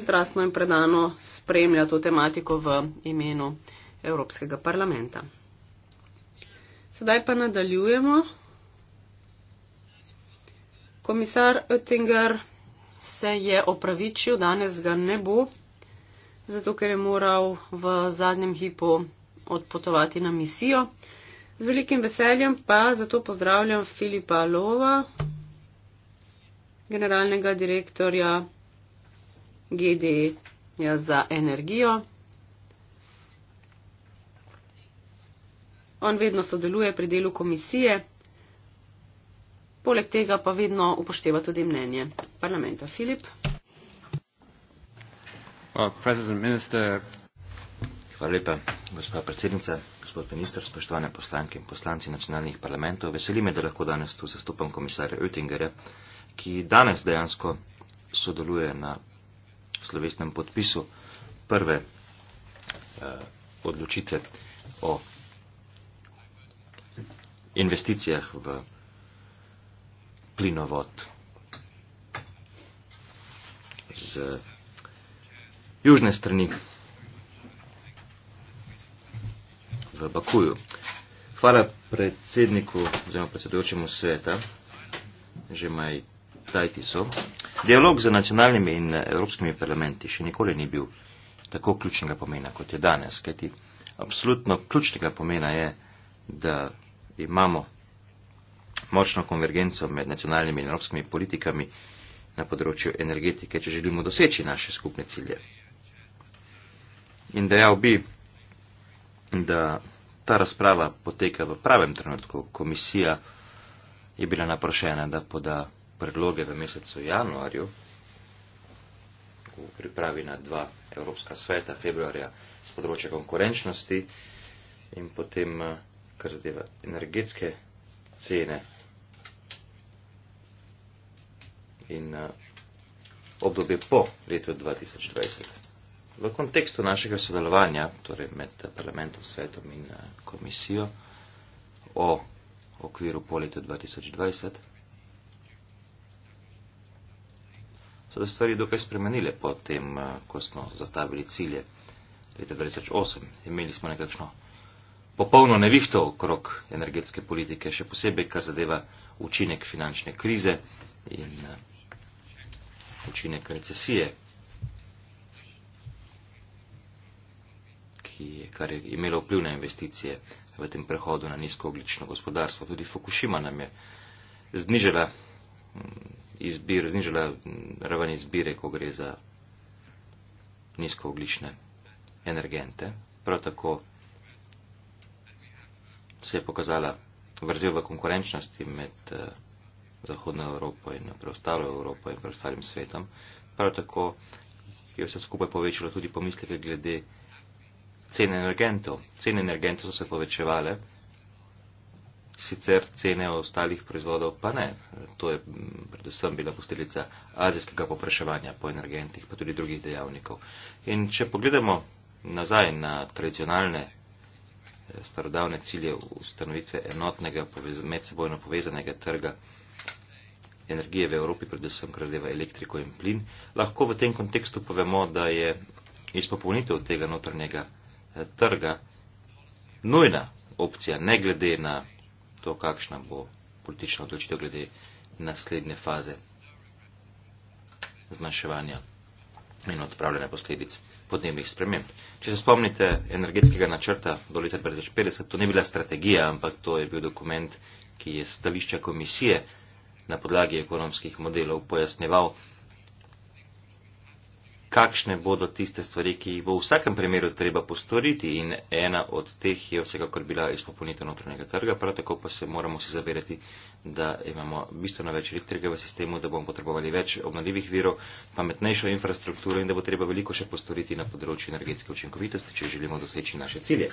strastno in predano spremlja to tematiko v imenu Evropskega parlamenta. Sedaj pa nadaljujemo. Komisar Oettinger se je opravičil, danes ga ne bo, zato ker je moral v zadnjem hipu odpotovati na misijo. Z velikim veseljem pa zato pozdravljam Filipa Lova, generalnega direktorja GD -ja za energijo. On vedno sodeluje pri delu komisije, poleg tega pa vedno upošteva tudi mnenje parlamenta. Filip. Hvala lepa, gospa predsednica, gospod minister, spoštovane poslanke in poslanci nacionalnih parlamentov. Veseli me, da lahko danes tu zastupam komisarja Oettingerja ki danes dejansko sodeluje na slovesnem podpisu prve eh, odločitve o investicijah v plinovod z južne strani v Bakuju. Hvala predsedniku oziroma predsedujočemu sveta, že maj Dajti so. Dialog z nacionalnimi in eh, evropskimi parlamenti še nikoli ni bil tako ključnega pomena, kot je danes. Kajti absolutno ključnega pomena je, da imamo močno konvergenco med nacionalnimi in evropskimi politikami na področju energetike, če želimo doseči naše skupne cilje. In dejal bi, da ta razprava poteka v pravem trenutku. Komisija je bila naprošena, da poda predloge v mesecu januarju, v pripravi na dva Evropska sveta, februarja z področja konkurenčnosti in potem, eh, kar zadeva energetske cene in eh, obdobje po letu 2020. V kontekstu našega sodelovanja, torej med parlamentom, svetom in eh, komisijo o okviru po letu 2020, so se stvari dokaj spremenile po tem, eh, ko smo zastavili cilje. Leta 2008 imeli smo nekakšno popolno nevihto okrog energetske politike, še posebej, kar zadeva učinek finančne krize in eh, učinek recesije, ki je, kar je imelo vpliv na investicije v tem prehodu na nizkooglično gospodarstvo. Tudi Fukushima nam je znižala mm, izbir, znižala raven izbire, ko gre za nizkooglične energente. Prav tako se je pokazala vrzel v konkurenčnosti med uh, Zahodno Evropo in preostalo Evropo in preostalim svetom. Prav tako je vse skupaj povečalo tudi pomisleke glede cene energentov. Cene energentov so se povečevale sicer cene ostalih proizvodov pa ne. To je mm, predvsem bila posteljica azijskega popraševanja po energentih, pa tudi drugih dejavnikov. In če pogledamo nazaj na tradicionalne eh, starodavne cilje ustanovitve enotnega medsebojno povezanega trga energije v Evropi, predvsem kar zadeva elektriko in plin, lahko v tem kontekstu povemo, da je izpopolnitev tega notranjega eh, trga nujna opcija, ne glede na to, kakšna bo politična odločitev glede naslednje faze zmanjševanja in odpravljanja posledic podnebnih sprememb. Če se spomnite energetskega načrta do leta 2050, to ni bila strategija, ampak to je bil dokument, ki je stališča komisije na podlagi ekonomskih modelov pojasneval, kakšne bodo tiste stvari, ki jih bo v vsakem primeru treba postoriti in ena od teh je vsekakor bila izpopolnitev notranjega trga, prav tako pa se moramo vsi zavedati, da imamo bistveno več elektrike v sistemu, da bomo potrebovali več obnovljivih virov, pametnejšo infrastrukturo in da bo treba veliko še postoriti na področju energetske učinkovitosti, če želimo doseči naše cilje.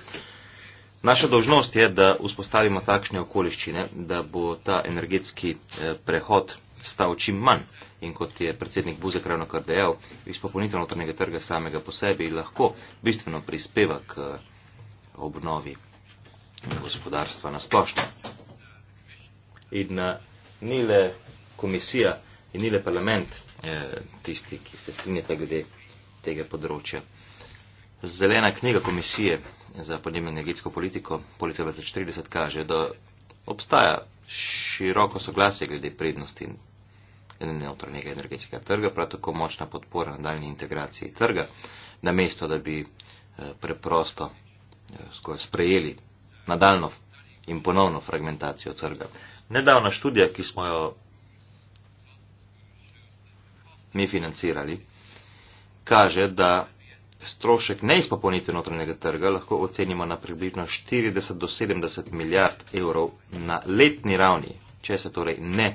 Naša dožnost je, da vzpostavimo takšne okoliščine, da bo ta energetski eh, prehod stal čim manj in kot je predsednik Buzek ravno kar dejal, izpopolnitev notranjega trga samega po sebi lahko bistveno prispeva k eh, obnovi gospodarstva na splošno. In eh, ni le komisija in ni le parlament eh, tisti, ki se strinjata glede tega področja. Zelena knjiga komisije za podnebno energetsko politiko po letu 2040 kaže, da obstaja široko soglasje glede prednosti in neutralnega energetskega trga, prav tako močna podpora na daljni integraciji trga, namesto da bi eh, preprosto skoraj eh, sprejeli nadaljno in ponovno fragmentacijo trga. Nedavna študija, ki smo jo mi financirali, kaže, da strošek neizpopolnitve notranjega trga lahko ocenimo na približno 40 do 70 milijard evrov na letni ravni, če se torej ne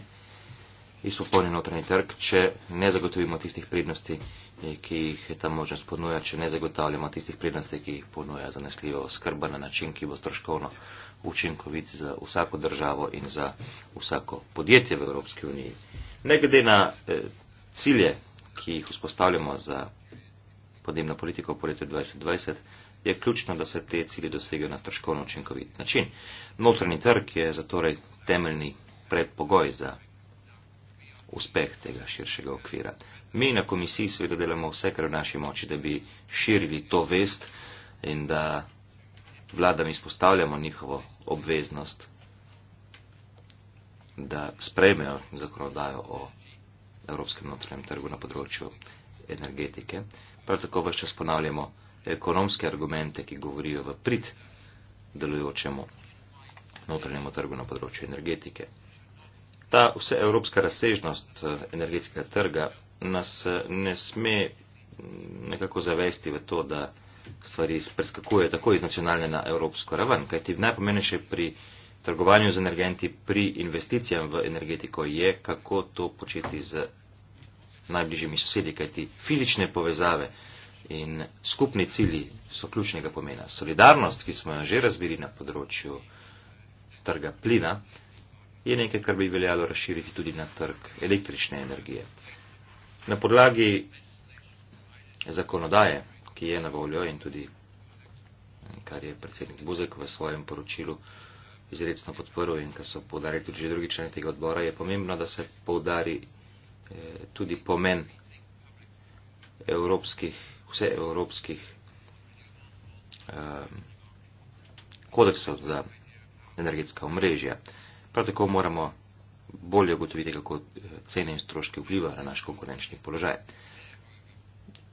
isto polni notranji trg, če ne zagotovimo tistih prednosti, ki jih ta možnost ponuja, če ne zagotavljamo tistih prednosti, ki jih ponuja zanesljivo skrba na način, ki bo stroškovno učinkovit za vsako državo in za vsako podjetje v Evropski uniji. Ne glede na eh, cilje, ki jih vzpostavljamo za podnebno politiko po letu 2020, je ključno, da se te cilje dosegajo na stroškovno učinkovit način. Notranji trg je zatorej temeljni predpogoj za uspeh tega širšega okvira. Mi na komisiji seveda delamo vse, kar je v naši moči, da bi širili to vest in da vladam izpostavljamo njihovo obveznost, da sprejmejo zakonodajo o evropskem notranjem trgu na področju energetike. Prav tako vse čas ponavljamo ekonomske argumente, ki govorijo v prid delujočemu notranjemu trgu na področju energetike. Ta vseevropska razsežnost eh, energetskega trga nas eh, ne sme mm, nekako zavesti v to, da stvari preskakujejo tako iz nacionalne na evropsko raven, kajti najpomenejše pri trgovanju z energenti, pri investicijah v energetiko je, kako to početi z najbližjimi sosedi, kajti fizične povezave in skupni cilji so ključnega pomena. Solidarnost, ki smo jo že razvili na področju trga plina, je nekaj, kar bi veljalo razširiti tudi na trg električne energije. Na podlagi zakonodaje, ki je na voljo in tudi kar je predsednik Buzek v svojem poročilu izredno podporil in kar so povdarili tudi že drugi člani tega odbora, je pomembno, da se povdari eh, tudi pomen evropskih, vse evropskih um, kodeksov za energetska omrežja. Prav tako moramo bolje ugotoviti, kako eh, cene in stroške vplivajo na naš konkurenčni položaj.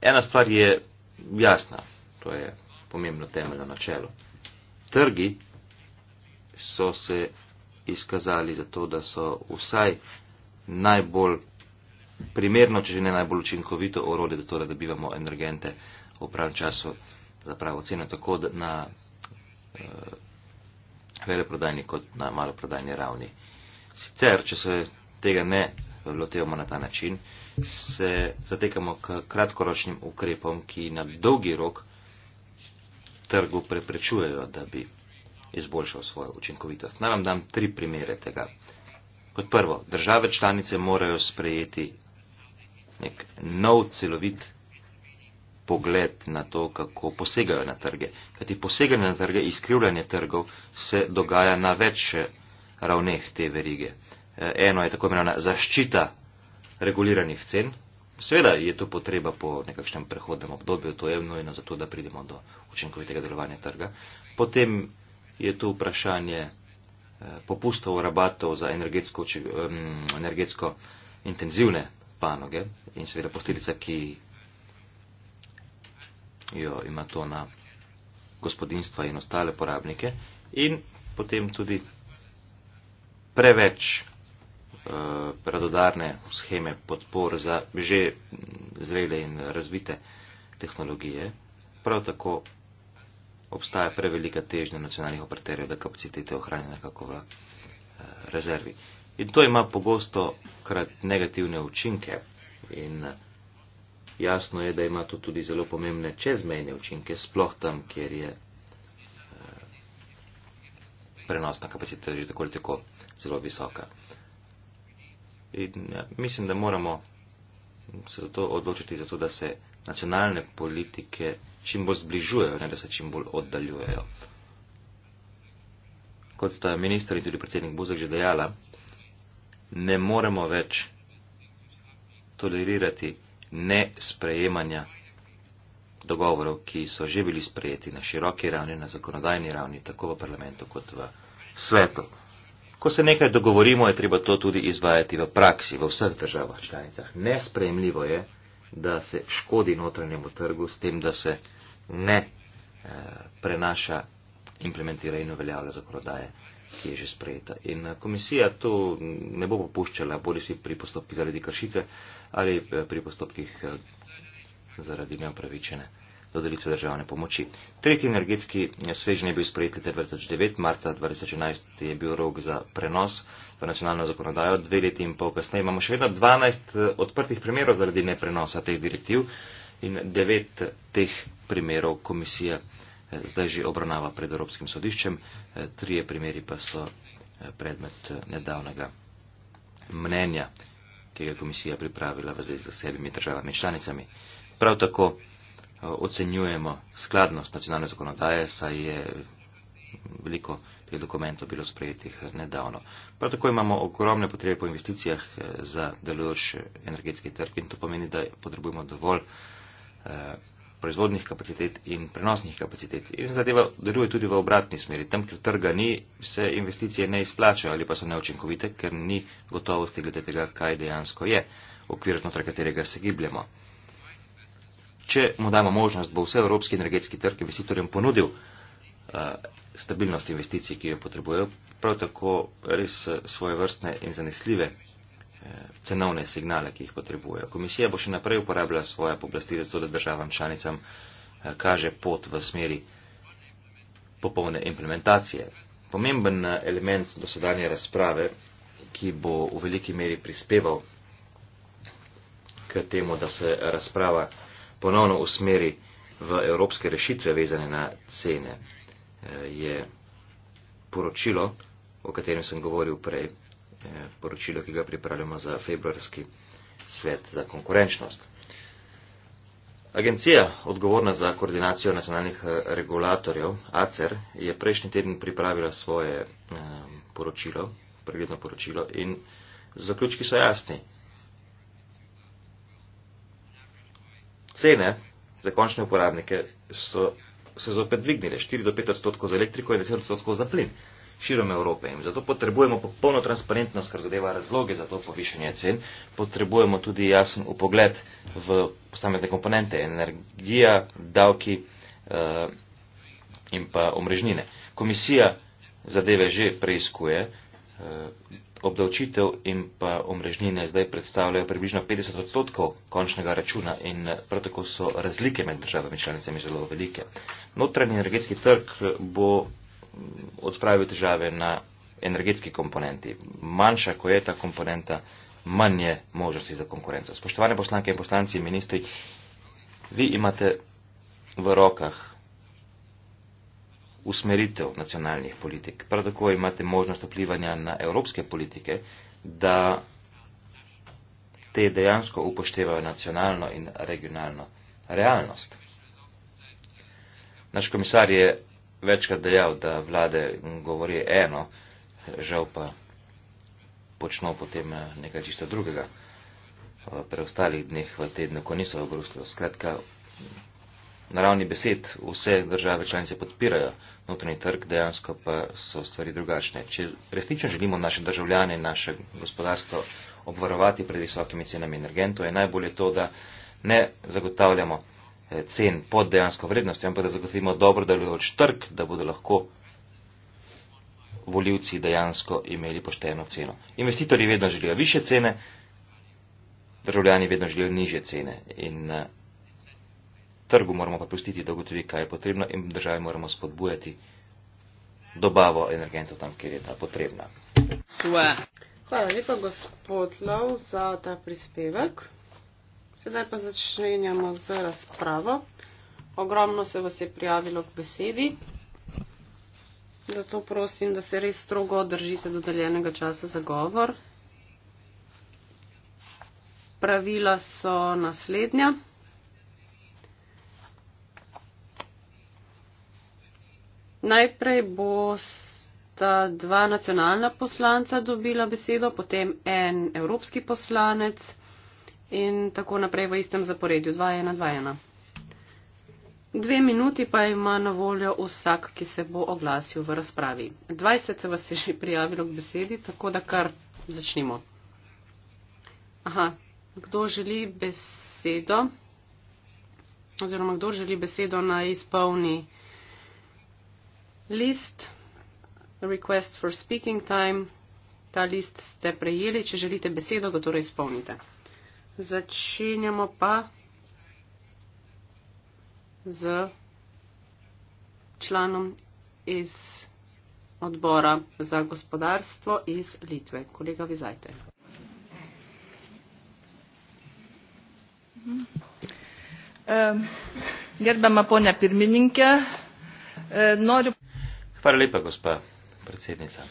Ena stvar je jasna, to je pomembno temeljno načelo. Trgi so se izkazali za to, da so vsaj najbolj primerno, če že ne najbolj učinkovito orode za to, da dobivamo energente v pravem času za pravo ceno, tako da na eh, veleprodajni kot na maloprodajni ravni. Sicer, če se tega ne lotevamo na ta način, se zatekamo k kratkoročnim ukrepom, ki na dolgi rok trgu preprečujejo, da bi izboljšal svojo učinkovitost. Naj vam dam tri primere tega. Kot prvo, države članice morajo sprejeti nek nov celovit pogled na to, kako posegajo na trge. Kajti poseganje na trge, izkrivljanje trgov se dogaja na več ravneh te verige. E, eno je tako imenovana zaščita reguliranih cen. Sveda je to potreba po nekakšnem prehodnem obdobju, to je nujno zato, da pridemo do učinkovitega delovanja trga. Potem je tu vprašanje e, popustov, rabatov za energetsko, energetsko intenzivne panoge in seveda posledica, ki jo ima to na gospodinstva in ostale porabnike in potem tudi preveč eh, radodarne scheme podpor za že zrele in razvite tehnologije. Prav tako obstaja prevelika težnja nacionalnih operaterjev, da kapacitete ohranijo nekako v eh, rezervi. In to ima pogosto krat negativne učinke in eh, Jasno je, da ima to tudi zelo pomembne čezmejne učinke, sploh tam, kjer je eh, prenosna kapaciteta že tako ali tako zelo visoka. In, ja, mislim, da moramo se zato odločiti, zato, da se nacionalne politike čim bolj zbližujejo, ne da se čim bolj oddaljujejo. Kot sta minister in tudi predsednik Buzek že dejala, ne moremo več tolerirati ne sprejemanja dogovorov, ki so že bili sprejeti na široki ravni, na zakonodajni ravni, tako v parlamentu kot v svetu. Ko se nekaj dogovorimo, je treba to tudi izvajati v praksi, v vseh državah članicah. Nesprejemljivo je, da se škodi notranjemu trgu s tem, da se ne eh, prenaša, implementira in uveljavlja zakonodaje ki je že sprejeta. In eh, komisija to ne bo popuščala, bodi si pri postopkih zaradi kršitve ali eh, pri postopkih eh, zaradi neopravičene dodelitve državne pomoči. Tretji energetski svežnje je bil sprejet leta 2009, marca 2011 je bil rok za prenos v nacionalno zakonodajo, dve leti in pol kasneje imamo še vedno 12 odprtih primerov zaradi neprenosa teh direktiv in devet teh primerov komisija zdaj že obravnava pred Evropskim sodiščem, eh, trije primeri pa so eh, predmet eh, nedavnega mnenja, ki ga je komisija pripravila v zvezi z sebimi državami članicami. Prav tako ocenjujemo skladnost nacionalne zakonodaje, saj je veliko teh dokumentov bilo sprejetih nedavno. Prav tako imamo ogromne potrebe po investicijah za delujoč energetski trg in to pomeni, da potrebujemo dovolj proizvodnih kapacitet in prenosnih kapacitet. In zadeva deluje tudi v obratni smeri. Tam, kjer trga ni, se investicije ne izplačajo ali pa so neočinkovite, ker ni gotovosti glede tega, kaj dejansko je, okvir znotraj katerega se gibljemo. Če mu damo možnost, bo vse evropski energetski trg investitorjem ponudil uh, stabilnost investicij, ki jo potrebujejo, prav tako res eh, svoje vrstne in zanesljive cenovne signale, ki jih potrebujejo. Komisija bo še naprej uporabljala svoje poblastile, zato da državam članicam eh, kaže pot v smeri popolne implementacije. Pomemben eh, element dosedanje razprave, ki bo v veliki meri prispeval k temu, da se razprava ponovno usmeri v evropske rešitve vezane na cene, eh, je poročilo, o katerem sem govoril prej, poročilo, ki ga pripravljamo za februarski svet za konkurenčnost. Agencija, odgovorna za koordinacijo nacionalnih eh, regulatorjev, ACER, je prejšnji teden pripravila svoje eh, poročilo, pregledno poročilo in zaključki so jasni. Cene za končne uporabnike so se zopet dvignile 4 do 5 odstotkov za elektriko in 10 odstotkov za plin širom Evrope. In zato potrebujemo popolno transparentnost, kar zadeva razloge za to povišanje cen. Potrebujemo tudi jasen upogled v posamezne komponente, energija, davki eh, in pa omrežnine. Komisija zadeve že preizkuje. Eh, obdavčitev in pa omrežnine zdaj predstavljajo približno 50 odstotkov končnega računa in eh, prav tako so razlike med državami članicami zelo velike. Notranji energetski trg eh, bo odpravijo težave na energetski komponenti. Manjša, ko je ta komponenta, manj je možnosti za konkurenco. Spoštovane poslanke in poslanci, ministri, vi imate v rokah usmeritev nacionalnih politik. Prav tako imate možnost vplivanja na evropske politike, da te dejansko upoštevajo nacionalno in regionalno realnost. Naš komisar je večkrat dejal, da vlade govori eno, žal pa počno potem eh, nekaj čisto drugega v preostalih dneh v tednu, ko niso v Bruslju. Skratka, na ravni besed vse države članice podpirajo notranji trg, dejansko pa so stvari drugačne. Če resnično želimo naše državljane in naše gospodarstvo obvarovati pred visokimi cenami energentov, je najbolje to, da ne zagotavljamo Eh, cen pod dejansko vrednostjo, ampak da zagotovimo dobro delujoč trg, da bodo lahko voljivci dejansko imeli pošteno ceno. Investitorji vedno želijo više cene, državljani vedno želijo niže cene. In eh, trgu moramo pa pustiti, da ugotovi, kaj je potrebno in državi moramo spodbujati dobavo energentov tam, kjer je ta potrebna. Hvala lepa, gospod Lov, za ta prispevek. Sedaj pa začenjamo z razpravo. Ogromno se vas je prijavilo k besedi. Zato prosim, da se res strogo držite dodeljenega časa za govor. Pravila so naslednja. Najprej bosta dva nacionalna poslanca dobila besedo, potem en evropski poslanec in tako naprej v istem zaporedju 2-1-2-1. Dve minuti pa ima na voljo vsak, ki se bo oglasil v razpravi. 20 se vas je že prijavilo k besedi, tako da kar začnimo. Aha, kdo želi besedo? Oziroma, kdo želi besedo na izpolni list, request for speaking time, ta list ste prejeli, če želite besedo, ga torej izpolnite začenjamo pa z članom iz odbora za gospodarstvo iz Litve. Kolega Vizajte. Gerbama ponja Pirmininke, e, noriu. Hvala lepa, gospa predsednica.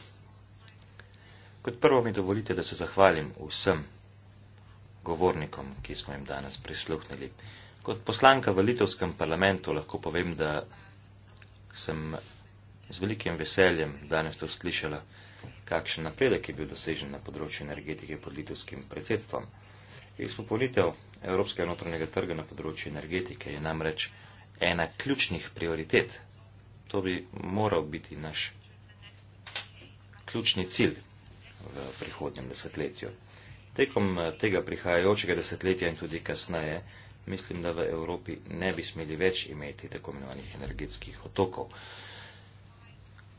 Kot prvo mi dovolite, da se zahvalim vsem govornikom, ki smo jim danes prisluhnili. Kot poslanka v Litovskem parlamentu lahko povem, da sem z velikim veseljem danes to slišala, kakšen napredek je bil dosežen na področju energetike pod litovskim predsedstvom. Izpopolitev Evropskega notranjega trga na področju energetike je namreč ena ključnih prioritet. To bi moral biti naš ključni cilj v prihodnjem desetletju. Tekom eh, tega prihajajočega desetletja in tudi kasneje, mislim, da v Evropi ne bi smeli več imeti tako imenovanih energetskih otokov.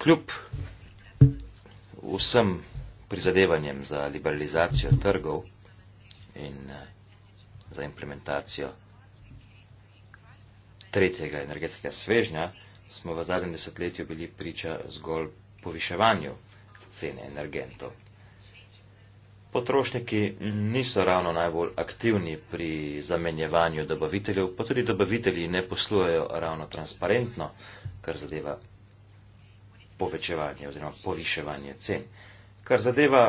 Kljub vsem prizadevanjem za liberalizacijo trgov in eh, za implementacijo tretjega energetskega svežnja, smo v zadnjem desetletju bili priča zgolj poviševanju cene energentov. Potrošniki niso ravno najbolj aktivni pri zamenjevanju dobaviteljev, pa tudi dobavitelji ne poslujejo ravno transparentno, kar zadeva povečevanje oziroma poviševanje cen. Kar zadeva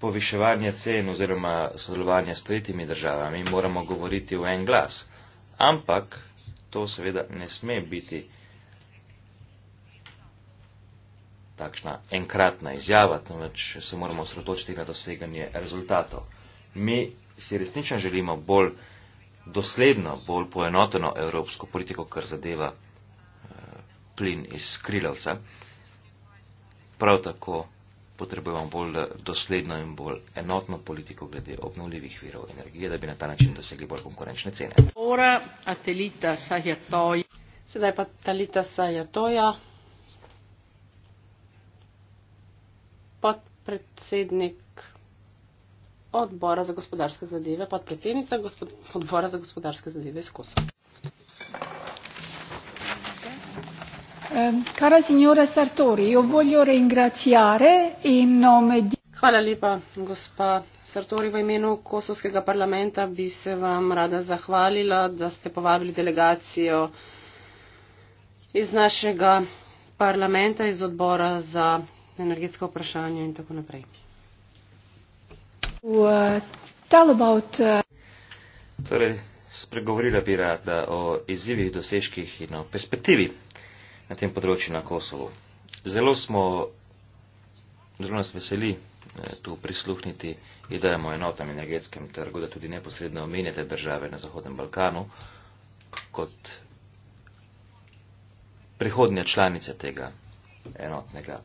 poviševanje cen oziroma sodelovanje s tretjimi državami, moramo govoriti v en glas. Ampak to seveda ne sme biti takšna enkratna izjava, temveč se moramo osredotočiti na doseganje rezultatov. Mi si resnično želimo bolj dosledno, bolj poenoteno evropsko politiko, kar zadeva eh, plin iz skrilavca. Prav tako potrebujemo bolj dosledno in bolj enotno politiko glede obnovljivih virov energije, da bi na ta način dosegli bolj konkurenčne cene. Sedaj pa talita sajatoja. podpredsednik odbora za gospodarske zadeve, podpredsednica gospod, odbora za gospodarske zadeve iz Kosova. Ehm, cara signora Sartori, io voglio ringraziare in nome di... Hvala lepa, gospa Sartori, v imenu Kosovskega parlamenta bi se vam rada zahvalila, da ste povabili delegacijo iz našega parlamenta, iz odbora za energetsko vprašanje in tako naprej. Uh, about, uh... Torej, spregovorila bi rada o izzivih, dosežkih in o perspektivi na tem področju na Kosovu. Zelo smo, zelo nas veseli eh, tu prisluhniti idejam o enotnem energetskem trgu, da tudi neposredno omenjate države na Zahodnem Balkanu kot prihodnje članice tega enotnega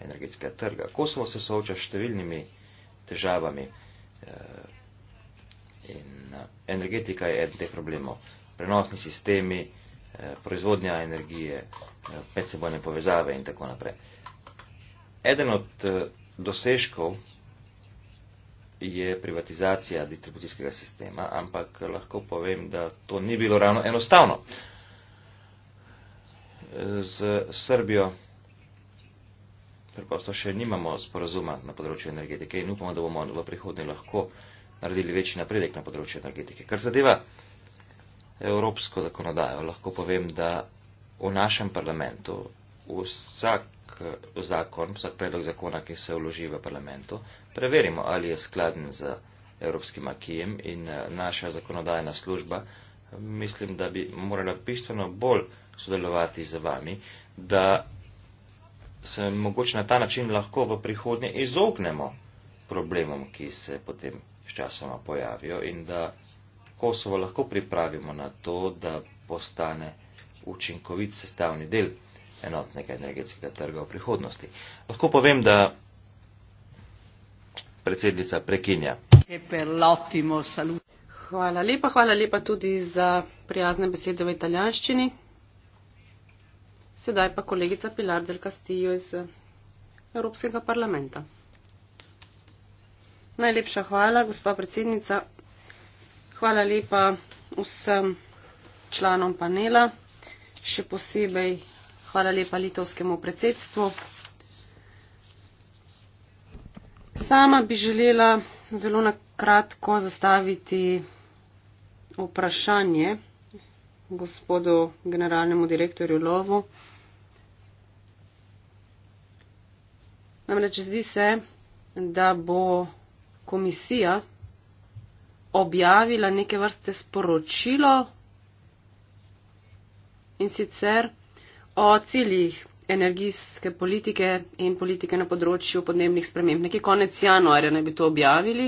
energetskega trga. Kosovo se sooča s številnimi težavami eh, in eh, energetika je eden teh problemov. Prenosni sistemi, eh, proizvodnja energije, medsebojne povezave in tako naprej. Eden od dosežkov je privatizacija distribucijskega sistema, ampak lahko povem, da to ni bilo ravno enostavno. Z Srbijo preprosto še nimamo sporazuma na področju energetike in upamo, da bomo v prihodnje lahko naredili večji napredek na področju energetike. Kar zadeva evropsko zakonodajo, lahko povem, da v našem parlamentu vsak zakon, vsak predlog zakona, ki se vloži v parlamentu, preverimo, ali je skladen z evropskim akijem in eh, naša zakonodajna služba, mislim, da bi morala bistveno bolj sodelovati z vami, da se mogoče na ta način lahko v prihodnje izognemo problemom, ki se potem sčasoma pojavijo in da Kosovo lahko pripravimo na to, da postane učinkovit sestavni del enotnega energetskega trga v prihodnosti. Lahko povem, da predsednica prekinja. Hvala lepa, hvala lepa tudi za prijazne besede v italijanščini. Sedaj pa kolegica Pilar del Castillo iz eh, Evropskega parlamenta. Najlepša hvala, gospa predsednica. Hvala lepa vsem članom panela, še posebej hvala lepa litovskemu predsedstvu. Sama bi želela zelo na kratko zastaviti vprašanje gospodu generalnemu direktorju Lovu. Namreč zdi se, da bo komisija objavila neke vrste sporočilo in sicer o ciljih energijske politike in politike na področju podnebnih sprememb. Nekje konec januarja naj bi to objavili.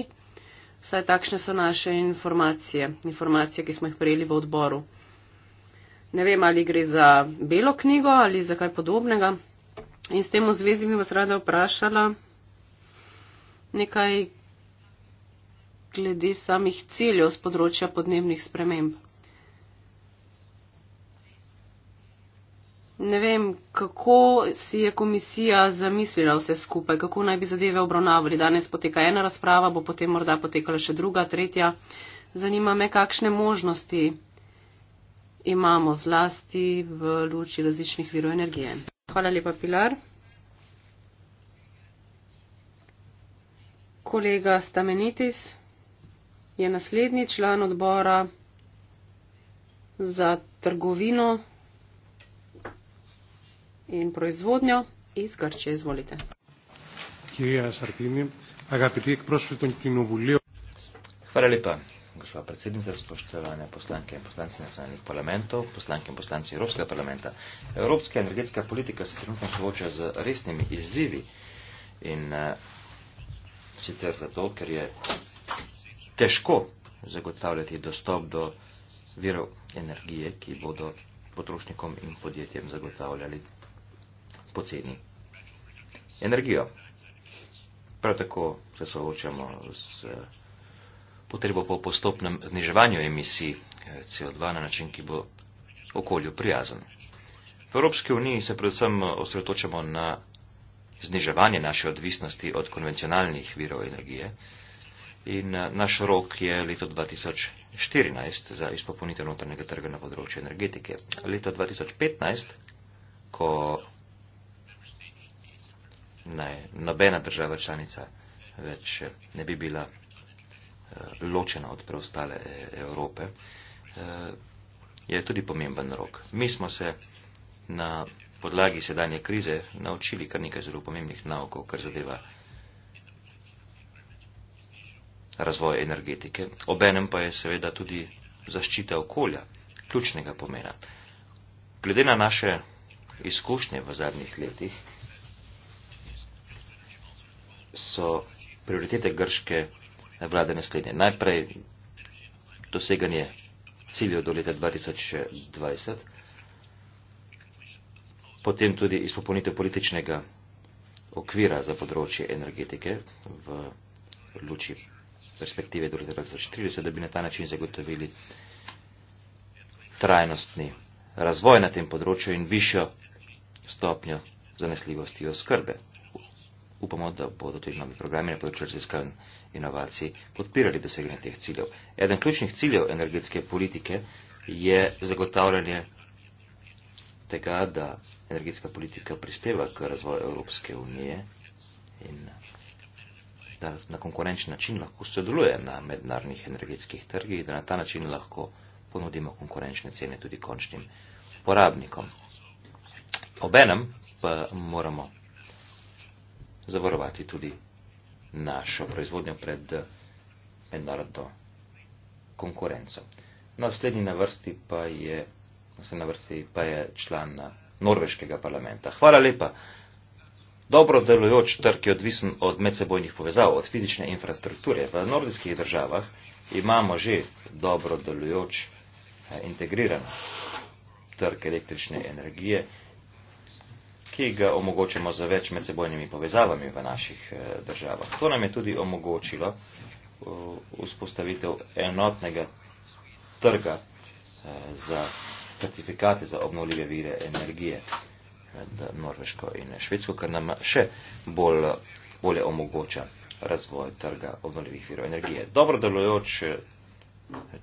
Vsaj takšne so naše informacije, informacije, ki smo jih prejeli v odboru. Ne vem, ali gre za belo knjigo ali za kaj podobnega. In s tem v zvezi bi vas rada vprašala nekaj glede samih ciljev z področja podnebnih sprememb. Ne vem, kako si je komisija zamislila vse skupaj, kako naj bi zadeve obravnavali. Danes poteka ena razprava, bo potem morda potekala še druga, tretja. Zanima me, kakšne možnosti imamo zlasti v luči različnih virov energije hvala lepa, Pilar. Kolega Stamenitis je naslednji član odbora za trgovino in proizvodnjo iz Grče. Izvolite. Hvala lepa gospod predsednica, spoštovane poslanke in poslanci nacionalnih parlamentov, poslanke in poslanci Evropskega parlamenta. Evropska energetska politika se trenutno sooča z resnimi izzivi in uh, sicer zato, ker je težko zagotavljati dostop do virov energije, ki bodo potrošnikom in podjetjem zagotavljali poceni energijo. Prav tako se soočamo z uh, potrebo po postopnem zniževanju emisij eh, CO2 na način, ki bo okolju prijazen. V Evropski uniji se predvsem eh, osredotočamo na zniževanje naše odvisnosti od konvencionalnih virov energije in eh, naš rok je leto 2014 za izpopolnitev notranjega trga na področju energetike. Leto 2015, ko ne, nobena država članica več ne bi bila Eh, ločena od preostale eh, Evrope, eh, je tudi pomemben rok. Mi smo se na podlagi sedanje krize naučili kar nekaj zelo pomembnih naukov, kar zadeva razvoj energetike. Obenem pa je seveda tudi zaščita okolja ključnega pomena. Glede na naše izkušnje v zadnjih letih so prioritete grške vlade naslednje. Najprej doseganje ciljev do leta 2020, potem tudi izpopolnitev političnega okvira za področje energetike v luči perspektive do leta 2030, da bi na ta način zagotovili trajnostni razvoj na tem področju in višjo stopnjo zanesljivosti oskrbe. Upamo, da bodo tudi novi programi na področju raziskav inovacij podpirali doseganje teh ciljev. Eden ključnih ciljev energetske politike je zagotavljanje tega, da energetska politika prispeva k razvoju Evropske unije in da na konkurenčen način lahko sodeluje na mednarodnih energetskih trgih, da na ta način lahko ponudimo konkurenčne cene tudi končnim uporabnikom. Obenem pa moramo zavarovati tudi našo proizvodnjo pred mednarodno konkurenco. Naslednji na vrsti pa je, naslednji na vrsti pa je član norveškega parlamenta. Hvala lepa. Dobro delujoč trg je odvisen od medsebojnih povezav, od fizične infrastrukture. V nordijskih državah imamo že dobro delujoč eh, integriran trg električne energije ki ga omogočamo z več medsebojnimi povezavami v naših eh, državah. To nam je tudi omogočilo eh, vzpostavitev enotnega trga eh, za certifikate za obnovljive vire energije med Norveško in Švedsko, kar nam še bolj, bolje omogoča razvoj trga obnovljivih virov energije. Dobro delujoč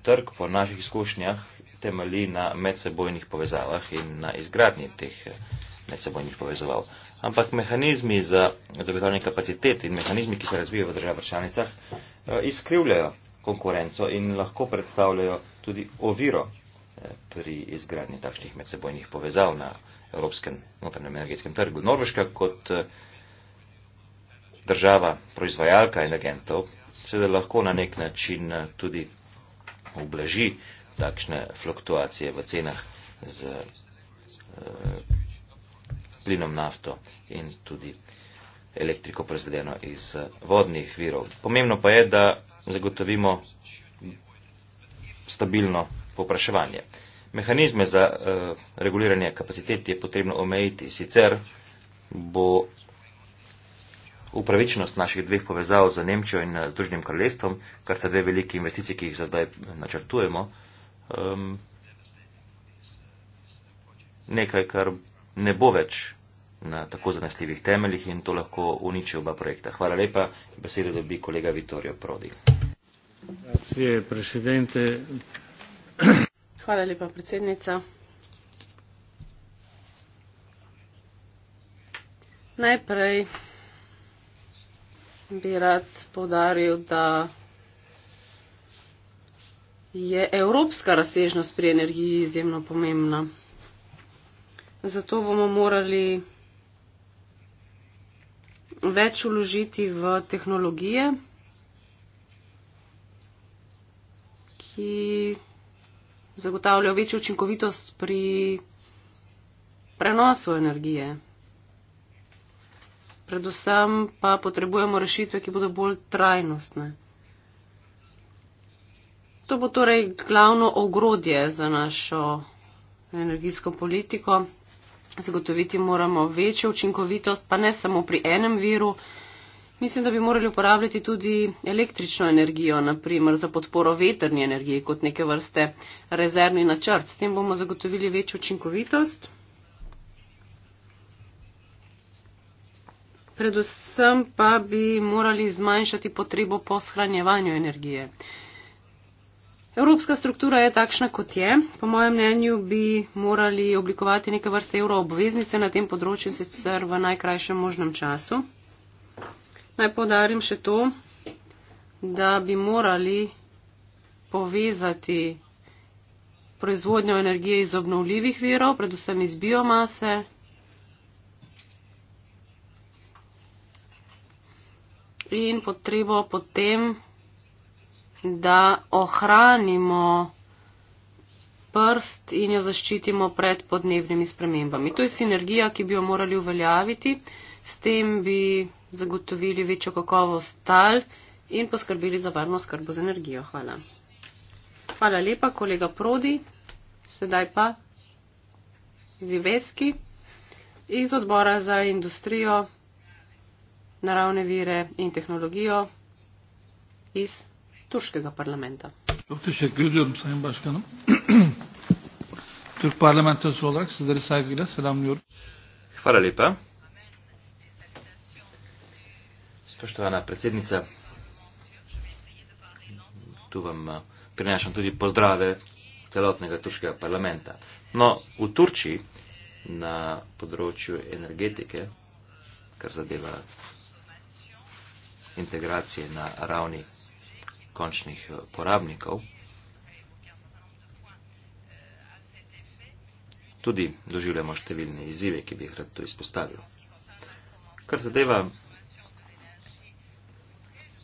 trg po naših izkušnjah temelji na medsebojnih povezavah in na izgradnji teh eh, med seboj njih povezoval. Ampak mehanizmi za zagotavljanje kapacitet in mehanizmi, ki se razvijajo v državah članicah, eh, izkrivljajo konkurenco in lahko predstavljajo tudi oviro eh, pri izgradnji takšnih medsebojnih povezav na evropskem notranjem energetskem trgu. Norveška kot eh, država proizvajalka energentov seveda lahko na nek način tudi ublaži takšne fluktuacije v cenah z plinom, nafto in tudi elektriko proizvedeno iz eh, vodnih virov. Pomembno pa je, da zagotovimo stabilno popraševanje. Mehanizme za uh, reguliranje kapacitet je potrebno omejiti, sicer bo upravičnost naših dveh povezav z Nemčijo in eh, Združenim kraljestvom, kar sta dve velike investicije, ki jih za zdaj načrtujemo, um, nekaj, kar ne bo več na tako zanesljivih temeljih in to lahko uniči oba projekta. Hvala lepa. Besedo dobi kolega Vittorio Prodi. Hvala lepa, predsednica. Najprej bi rad povdaril, da je evropska razsežnost pri energiji izjemno pomembna zato bomo morali več uložiti v tehnologije, ki zagotavljajo večjo učinkovitost pri prenosu energije. Predvsem pa potrebujemo rešitve, ki bodo bolj trajnostne. To bo torej glavno ogrodje za našo energijsko politiko zagotoviti moramo večjo učinkovitost, pa ne samo pri enem viru. Mislim, da bi morali uporabljati tudi električno energijo, naprimer za podporo veterni energiji kot neke vrste rezervni načrt. S tem bomo zagotovili večjo učinkovitost. Predvsem pa bi morali zmanjšati potrebo po shranjevanju energije. Uh, Evropska struktura je takšna, kot je. Po mojem mnenju bi morali oblikovati neke vrste euroobveznice na tem področju, sicer v najkrajšem možnem času. Naj podarim še to, da bi morali povezati proizvodnjo energije iz obnovljivih virov, predvsem iz biomase, in potrebo potem da ohranimo prst in jo zaščitimo pred podnebnimi spremembami. To je sinergija, ki bi jo morali uveljaviti, s tem bi zagotovili večjo kakovost tal in poskrbeli za varno skrbo z energijo. Hvala. Hvala lepa, kolega Prodi. Sedaj pa Ziveski iz odbora za industrijo, naravne vire in tehnologijo iz turškega parlamenta. Çok teşekkür ediyorum Sayın Başkanım. [CLEARS THROAT] Türk parlamentosu olarak sizleri saygıyla selamlıyorum. Hvala lepa. Spoštovana predsednica, tu vam eh, prinašam tudi pozdrave celotnega turškega parlamenta. No, v Turčiji na področju energetike, kar zadeva integracije na ravni končnih eh, porabnikov. Tudi doživljamo številne izzive, ki bi jih rad to izpostavil. Kar zadeva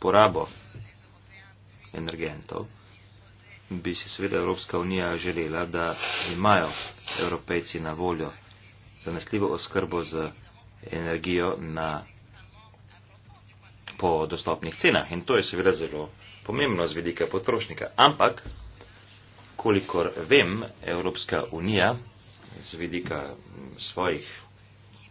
porabo energentov, bi si seveda Evropska unija želela, da imajo evropejci na voljo zanesljivo oskrbo z energijo na, po dostopnih cenah. In to je seveda zelo pomembno z vidika potrošnika. Ampak, kolikor vem, Evropska unija z vidika svojih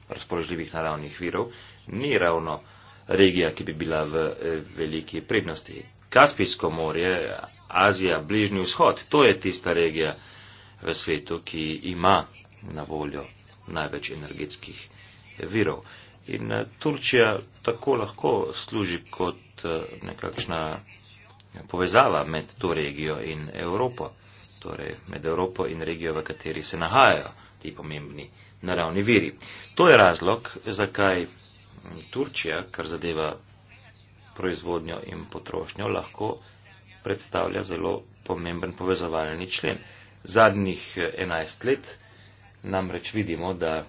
razpoložljivih naravnih virov ni ravno regija, ki bi bila v eh, veliki prednosti. Kaspijsko morje, Azija, Bližnji vzhod, to je tista regija v svetu, ki ima na voljo največ energetskih virov. In eh, Turčija tako lahko služi kot eh, nekakšna povezava med to regijo in Evropo, torej med Evropo in regijo, v kateri se nahajajo ti pomembni naravni viri. To je razlog, zakaj Turčija, kar zadeva proizvodnjo in potrošnjo, lahko predstavlja zelo pomemben povezovalni člen. Zadnjih 11 let namreč vidimo, da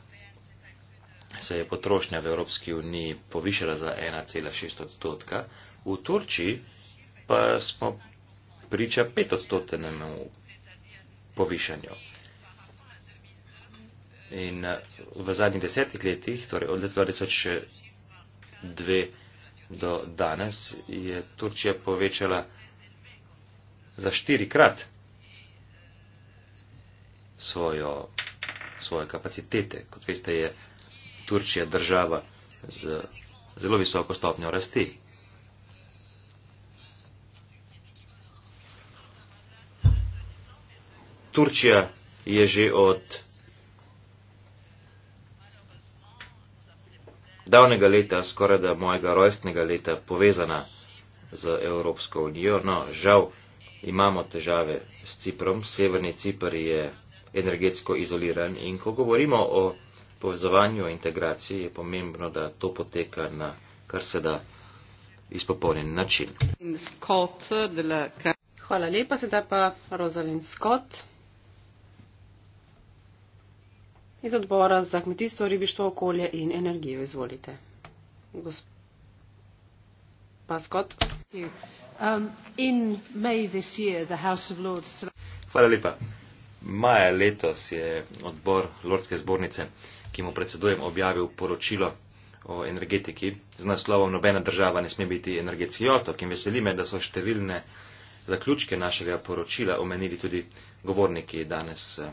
se je potrošnja v Evropski uniji povišala za 1,6 odstotka, v Turčiji pa smo priča petodstotenemu povišanju. In eh, v zadnjih desetih letih, torej od leta 2002 do danes, je Turčija povečala za štirikrat svojo, svoje kapacitete. Kot veste, je Turčija država z zelo visoko stopnjo rasti. Turčija je že od davnega leta, skoraj da mojega rojstnega leta, povezana z Evropsko unijo. No, žal imamo težave s Ciprom. Severni Cipr je energetsko izoliran in ko govorimo o povezovanju integracije, je pomembno, da to poteka na kar se da izpopolnjen način. Hvala lepa, sedaj pa Rosalind Scott. Iz odbora za kmetijstvo, ribištvo, okolje in energijo izvolite. Gospa Scott. Um, year, Lords... Hvala lepa. Maja letos je odbor Lordske zbornice, ki mu predsedujem, objavil poročilo o energetiki z naslovom Nobena država ne sme biti energetski otok in veseli me, da so številne zaključke našega poročila omenili tudi govorniki danes eh,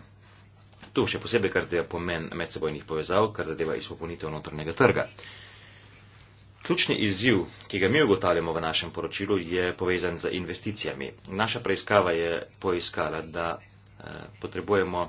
To še posebej, kar zadeva pomen medsebojnih povezav, kar zadeva izpopolnitev notrnega trga. Ključni izziv, ki ga mi ugotavljamo v našem poročilu, je povezan z investicijami. Naša preiskava je poiskala, da eh, potrebujemo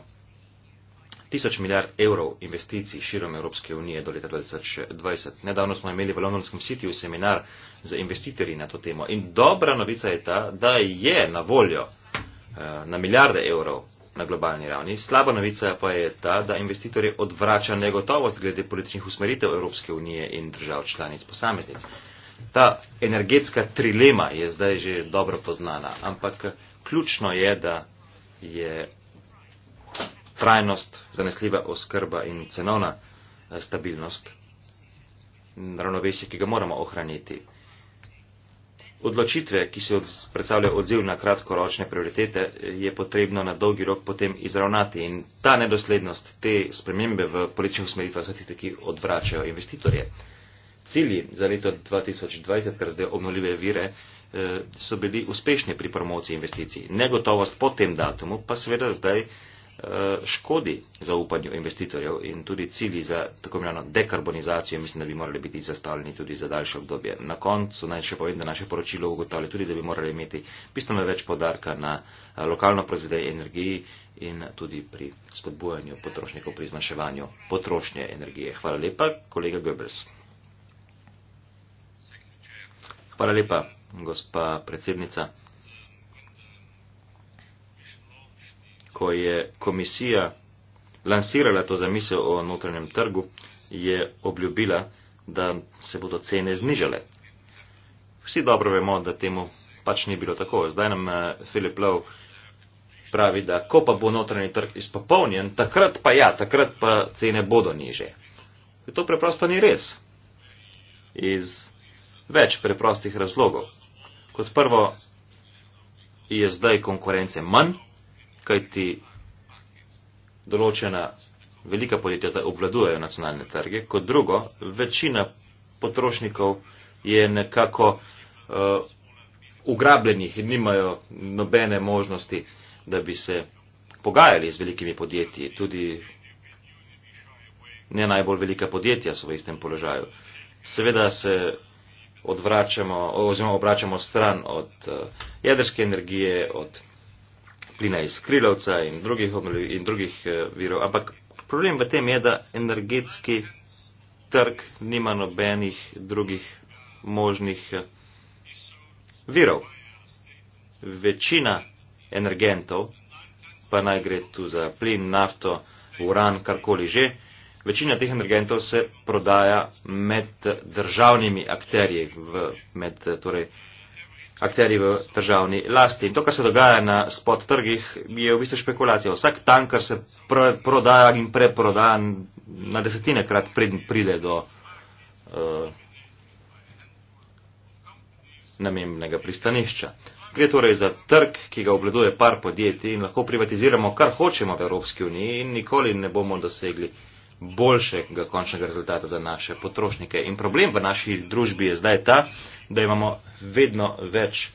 tisoč milijard evrov investicij širom Evropske unije do leta 2020. Nedavno smo imeli v Londonskem sitiju seminar za investitorji na to temo in dobra novica je ta, da je na voljo eh, na milijarde evrov na globalni ravni. Slaba novica pa je ta, da investitorje odvrača negotovost glede političnih usmeritev Evropske unije in držav članic posameznic. Ta energetska trilema je zdaj že dobro poznana, ampak ključno je, da je trajnost, zanesljiva oskrba in cenovna eh, stabilnost ravnovesje, ki ga moramo ohraniti. Odločitve, ki se od, predstavljajo odziv na kratkoročne prioritete, je potrebno na dolgi rok potem izravnati in ta nedoslednost, te spremembe v političnih usmeritvah so tiste, ki odvračajo investitorje. Cilji za leto 2020, kar zdaj obnovljive vire, eh, so bili uspešni pri promociji investicij. Negotovost po tem datumu pa seveda zdaj Eh, škodi zaupanju investitorjev in tudi cilji za tako imenovano dekarbonizacijo mislim, da bi morali biti zastavljeni tudi za daljše obdobje. Na koncu naj še povem, da naše poročilo ugotavlja tudi, da bi morali imeti bistveno več podarka na eh, lokalno proizvedenje energiji in tudi pri spodbujanju potrošnikov pri zmanjševanju potrošnje energije. Hvala lepa, kolega Goebbels. Hvala lepa, gospa predsednica. ko je komisija lansirala to zamisel o notranjem trgu, je obljubila, da se bodo cene znižale. Vsi dobro vemo, da temu pač ni bilo tako. Zdaj nam eh, Filip Lov pravi, da ko pa bo notranji trg izpopolnjen, takrat pa ja, takrat pa cene bodo niže. To preprosto ni res. Iz več preprostih razlogov. Kot prvo, je zdaj konkurence manj, kajti določena velika podjetja zdaj obvladujejo nacionalne trge, kot drugo, večina potrošnikov je nekako uh, ugrabljenih in nimajo nobene možnosti, da bi se pogajali z velikimi podjetji. Tudi ne najbolj velika podjetja so v istem položaju. Seveda se odvračamo, oziroma obračamo stran od uh, jedrske energije, od plina iz krilovca in drugih, in drugih eh, virov. Ampak problem v tem je, da energetski trg nima nobenih drugih možnih eh, virov. Večina energentov, pa naj gre tu za plin, nafto, uran, karkoli že, večina teh energentov se prodaja med državnimi akterji, v, med eh, torej, uh, akteri v državni lasti. In to, kar se dogaja na spot trgih, je v bistvu špekulacija. Vsak tanker se pr prodaja in preprodaja na desetine krat pred pride do uh, namembnega pristanišča. Gre torej za trg, ki ga obleduje par podjetij in lahko privatiziramo, kar hočemo v Evropski uniji in nikoli ne bomo dosegli uh, boljšega končnega rezultata za naše potrošnike. In problem v naši družbi je zdaj ta, da imamo vedno več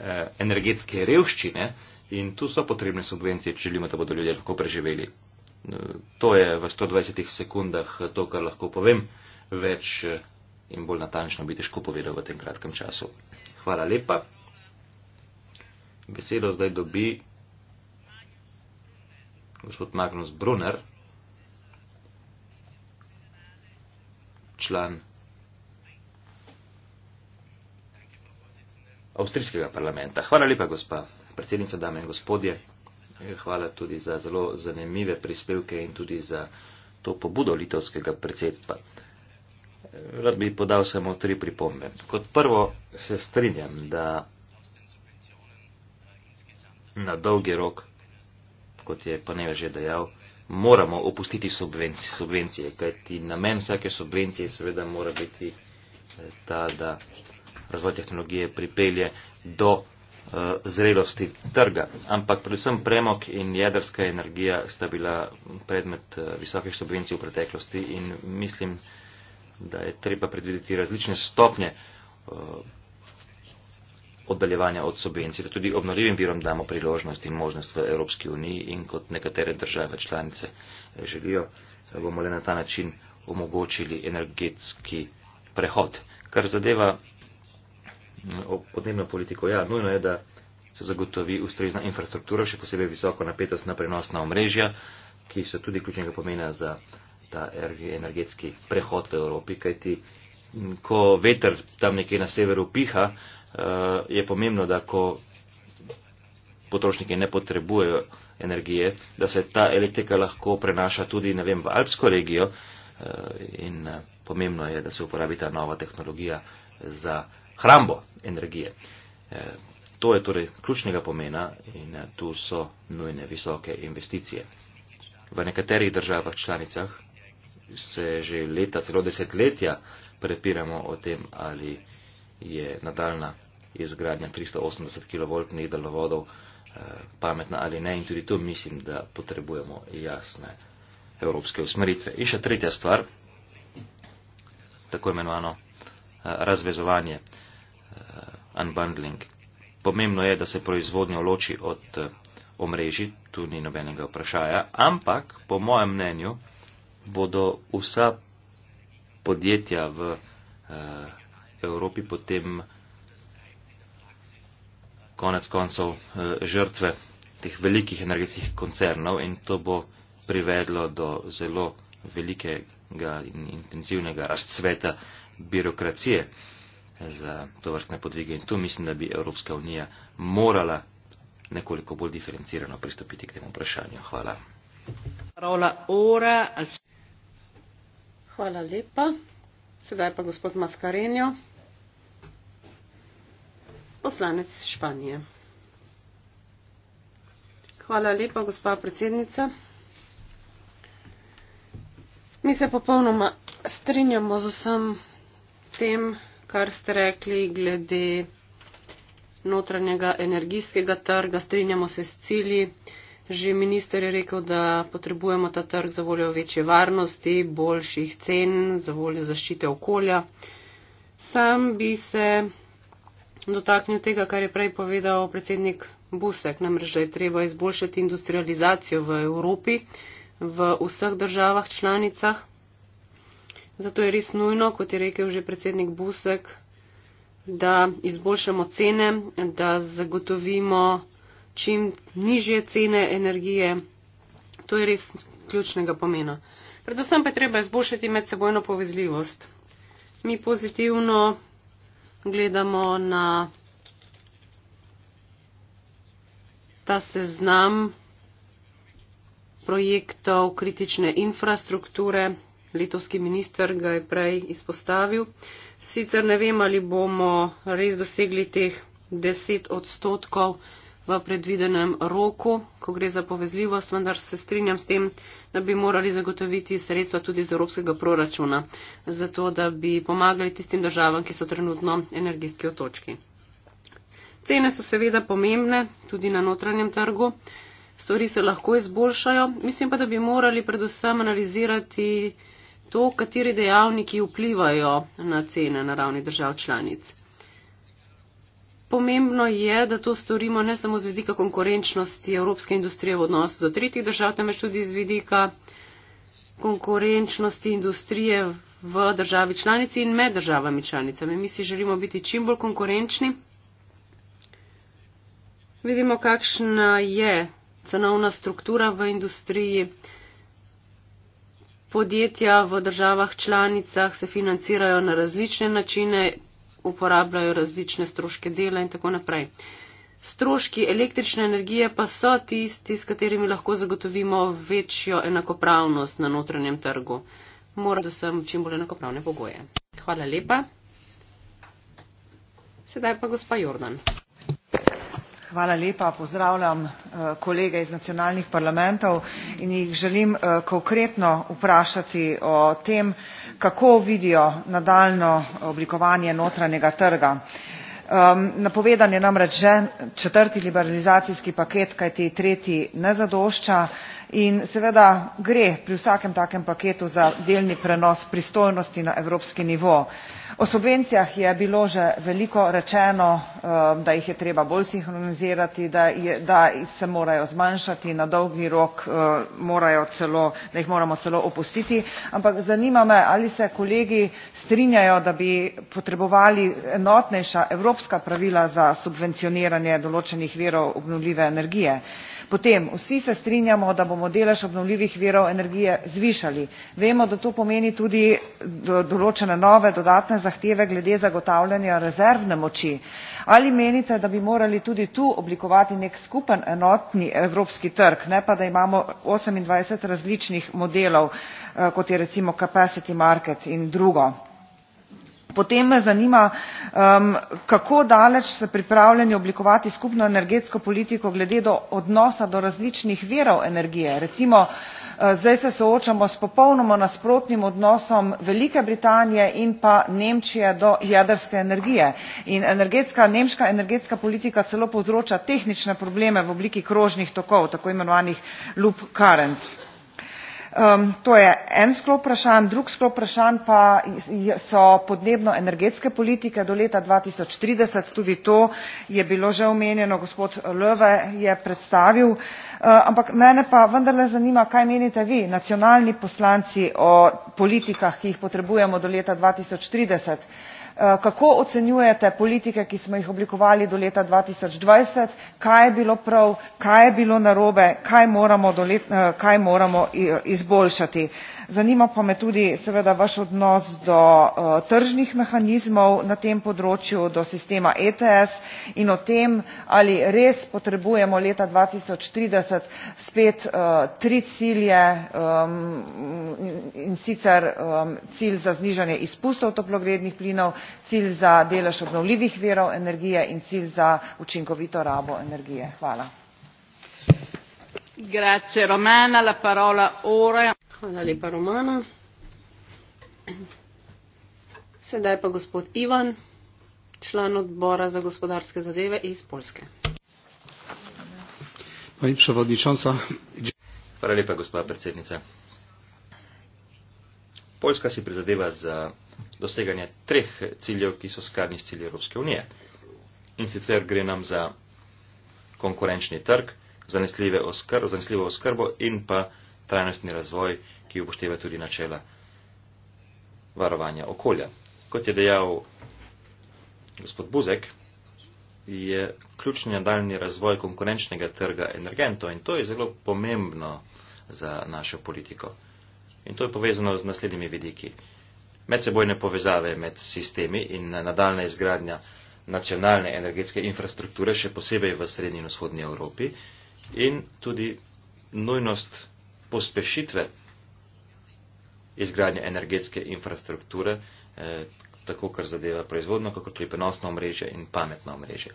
eh, energetske revščine in tu so potrebne subvencije, če želimo, da bodo ljudje lahko preživeli. Eh, to je v 120 sekundah eh, to, kar lahko povem. Več eh, in bolj natančno bi težko povedal v tem kratkem času. Hvala lepa. Besedo zdaj dobi gospod Magnus Brunner. član avstrijskega parlamenta. Hvala lepa, gospa predsednica, dame in gospodje. Hvala tudi za zelo zanimive prispevke in tudi za to pobudo litovskega predsedstva. Rad bi podal samo tri pripombe. Kot prvo se strinjam, da na dolgi rok, kot je Panev že dejal, moramo opustiti subvencije, subvencije kajti namen vsake subvencije seveda mora biti eh, ta, da razvoj tehnologije pripelje do uh, zrelosti trga. Ampak predvsem premok in jedrska energija sta bila predmet uh, visokih subvencij v preteklosti in mislim, da je treba predvideti različne stopnje uh, oddaljevanja od subvencij, da tudi obnovljivim virom damo priložnost in možnost v Evropski uniji in kot nekatere države članice eh, želijo, eh, bomo le na ta način omogočili energetski prehod. Kar zadeva mm, podnebno politiko, ja, nujno je, da se zagotovi ustrezna infrastruktura, še posebej visoko napetostna prenosna omrežja, ki so tudi ključnega pomena za ta energetski prehod v Evropi, kajti mm, ko veter tam nekje na severu piha, Eh, je pomembno, da ko potrošniki ne potrebujejo energije, da se ta elektrika lahko prenaša tudi vem, v alpsko regijo eh, in eh, pomembno je, da se uporabi ta nova tehnologija za hrambo energije. To je torej ključnega pomena in tu so nujne visoke investicije. V nekaterih državah članicah se že leta, celo desetletja prepiramo o tem, ali je nadaljna izgradnja 380 kV delovodov eh, pametna ali ne in tudi to mislim, da potrebujemo jasne evropske usmeritve. In še tretja stvar, tako imenovano eh, razvezovanje, eh, unbundling. Pomembno je, da se proizvodnjo loči od omrežji, tu ni nobenega vprašanja, ampak po mojem mnenju bodo vsa podjetja v Evropi potem konec koncev eh, žrtve teh velikih energetskih koncernov in to bo privedlo do zelo velikega in intenzivnega razcveta birokracije eh, za to vrstne podvige in tu mislim, da bi Evropska unija morala nekoliko bolj diferencirano pristopiti k temu vprašanju. Hvala. Hvala lepa. Sedaj pa gospod Maskarenjo poslanec Španije. Hvala lepa, gospa predsednica. Mi se popolnoma strinjamo z vsem tem, kar ste rekli glede notranjega energijskega trga. Strinjamo se s cilji. Že minister je rekel, da potrebujemo ta trg za voljo večje varnosti, boljših cen, za voljo zaščite okolja. Sam bi se dotaknil tega, kar je prej povedal predsednik Busek, namreč, da je treba izboljšati industrializacijo v Evropi, v vseh državah članicah. Zato je res nujno, kot je rekel že predsednik Busek, da izboljšamo cene, da zagotovimo čim nižje cene energije. To je res ključnega pomena. Predvsem pa je treba izboljšati medsebojno povezljivost. Mi pozitivno gledamo na ta seznam projektov kritične infrastrukture, Litovski minister ga je prej izpostavil. Sicer ne vem, ali bomo res dosegli teh 10 odstotkov v predvidenem roku, ko gre za povezljivost, vendar se strinjam s tem, da bi morali zagotoviti sredstva tudi iz evropskega proračuna, zato da bi pomagali tistim državam, ki so trenutno energijski otočki. Cene so seveda pomembne tudi na notranjem trgu, stvari se lahko izboljšajo, mislim pa, da bi morali predvsem analizirati to, kateri dejavniki vplivajo na cene na ravni držav članic pomembno je, da to storimo ne samo z vidika konkurenčnosti evropske industrije v odnosu do tretjih držav, temveč tudi z vidika konkurenčnosti industrije v državi članici in med državami članicami. Mi si želimo biti čim bolj konkurenčni. Vidimo, kakšna je cenovna struktura v industriji. Podjetja v državah članicah se financirajo na različne načine uporabljajo različne stroške dela in tako naprej. Stroški električne energije pa so tisti, s katerimi lahko zagotovimo večjo enakopravnost na notranjem trgu. Moramo vsem čim bolj enakopravne pogoje. Hvala lepa. Sedaj pa gospa Jordan hvala lepa pozdravljam eh, kolege iz nacionalnih parlamentov in jih želim eh, konkretno vprašati o tem kako vidijo nadaljnje oblikovanje notranjega trga. Um, napovedan je namreč že četrti liberalizacijski paket kajti tretji ne zadošča in seveda gre pri vsakem takem paketu za delni prenos pristojnosti na evropski nivo. o subvencijah je bilo že veliko rečeno um, da jih je treba bolj sinhronizirati da je da se morajo zmanjšati na dolgi rok uh, morajo celo da jih moramo celo opustiti ampak zanima me ali se kolegi strinjajo da bi potrebovali enotnejša evropska evropska pravila za subvencioniranje določenih virov obnovljive energije potem vsi se strinjamo da bomo delež obnovljivih virov energije zvišali vemo da to pomeni tudi določene nove dodatne zahteve glede zagotavljanja rezervne moči ali menite da bi morali tudi tu oblikovati nek skupen enotni evropski trg ne pa da imamo osemindvajset različnih modelov eh, kot je recimo capacity market in drugo Potem me zanima, um, kako daleč ste pripravljeni oblikovati skupno energetsko politiko glede do odnosa do različnih verov energije. Recimo, uh, zdaj se soočamo s popolnoma nasprotnim odnosom Velike Britanije in pa Nemčije do jedrske energije. In energetska, nemška energetska politika celo povzroča tehnične probleme v obliki krožnih tokov, tako imenovanih loop currents. Um, to je en sklop vprašanj, drug sklop vprašanj pa so podnebno-energetske politike do leta 2030, tudi to je bilo že omenjeno, gospod Löwe je predstavil, uh, ampak mene pa vendarle zanima, kaj menite vi, nacionalni poslanci, o politikah, ki jih potrebujemo do leta 2030. Eh, kako ocenjujete politike ki smo jih oblikovali do leta dva tisoč dvajset kaj je bilo prav kaj je bilo narobe kaj moramo eh, izboljšati zanima pa me tudi seveda vaš odnos do uh, tržnih mehanizmov na tem področju, do sistema ETS in o tem, ali res potrebujemo leta 2030 spet uh, tri cilje um, in sicer um, cilj za znižanje izpustov toplogrednih plinov, cilj za delež obnovljivih verov energije in cilj za učinkovito rabo energije. Hvala. Grazie Romana, la parola ora. Hvala lepa, Romana. Sedaj pa gospod Ivan, član odbora za gospodarske zadeve iz Polske. Hvala lepa, gospod predsednica. Poljska si prizadeva za doseganje treh ciljev, ki so skarni s cilji Evropske unije. In sicer gre nam za konkurenčni trg, zanesljivo oskrbo in pa trajnostni razvoj, ki upošteva tudi načela varovanja okolja. Kot je dejal gospod Buzek, je ključni nadaljni razvoj konkurenčnega trga energentov in to je zelo pomembno za našo politiko. In to je povezano z naslednjimi vidiki. Medsebojne povezave med sistemi in nadaljna izgradnja nacionalne energetske infrastrukture, še posebej v srednji in vzhodnji Evropi, in tudi nujnost pospešitve izgradnje energetske infrastrukture, eh, tako kar zadeva proizvodno, kako tudi prenosno omrežje in pametno omrežje.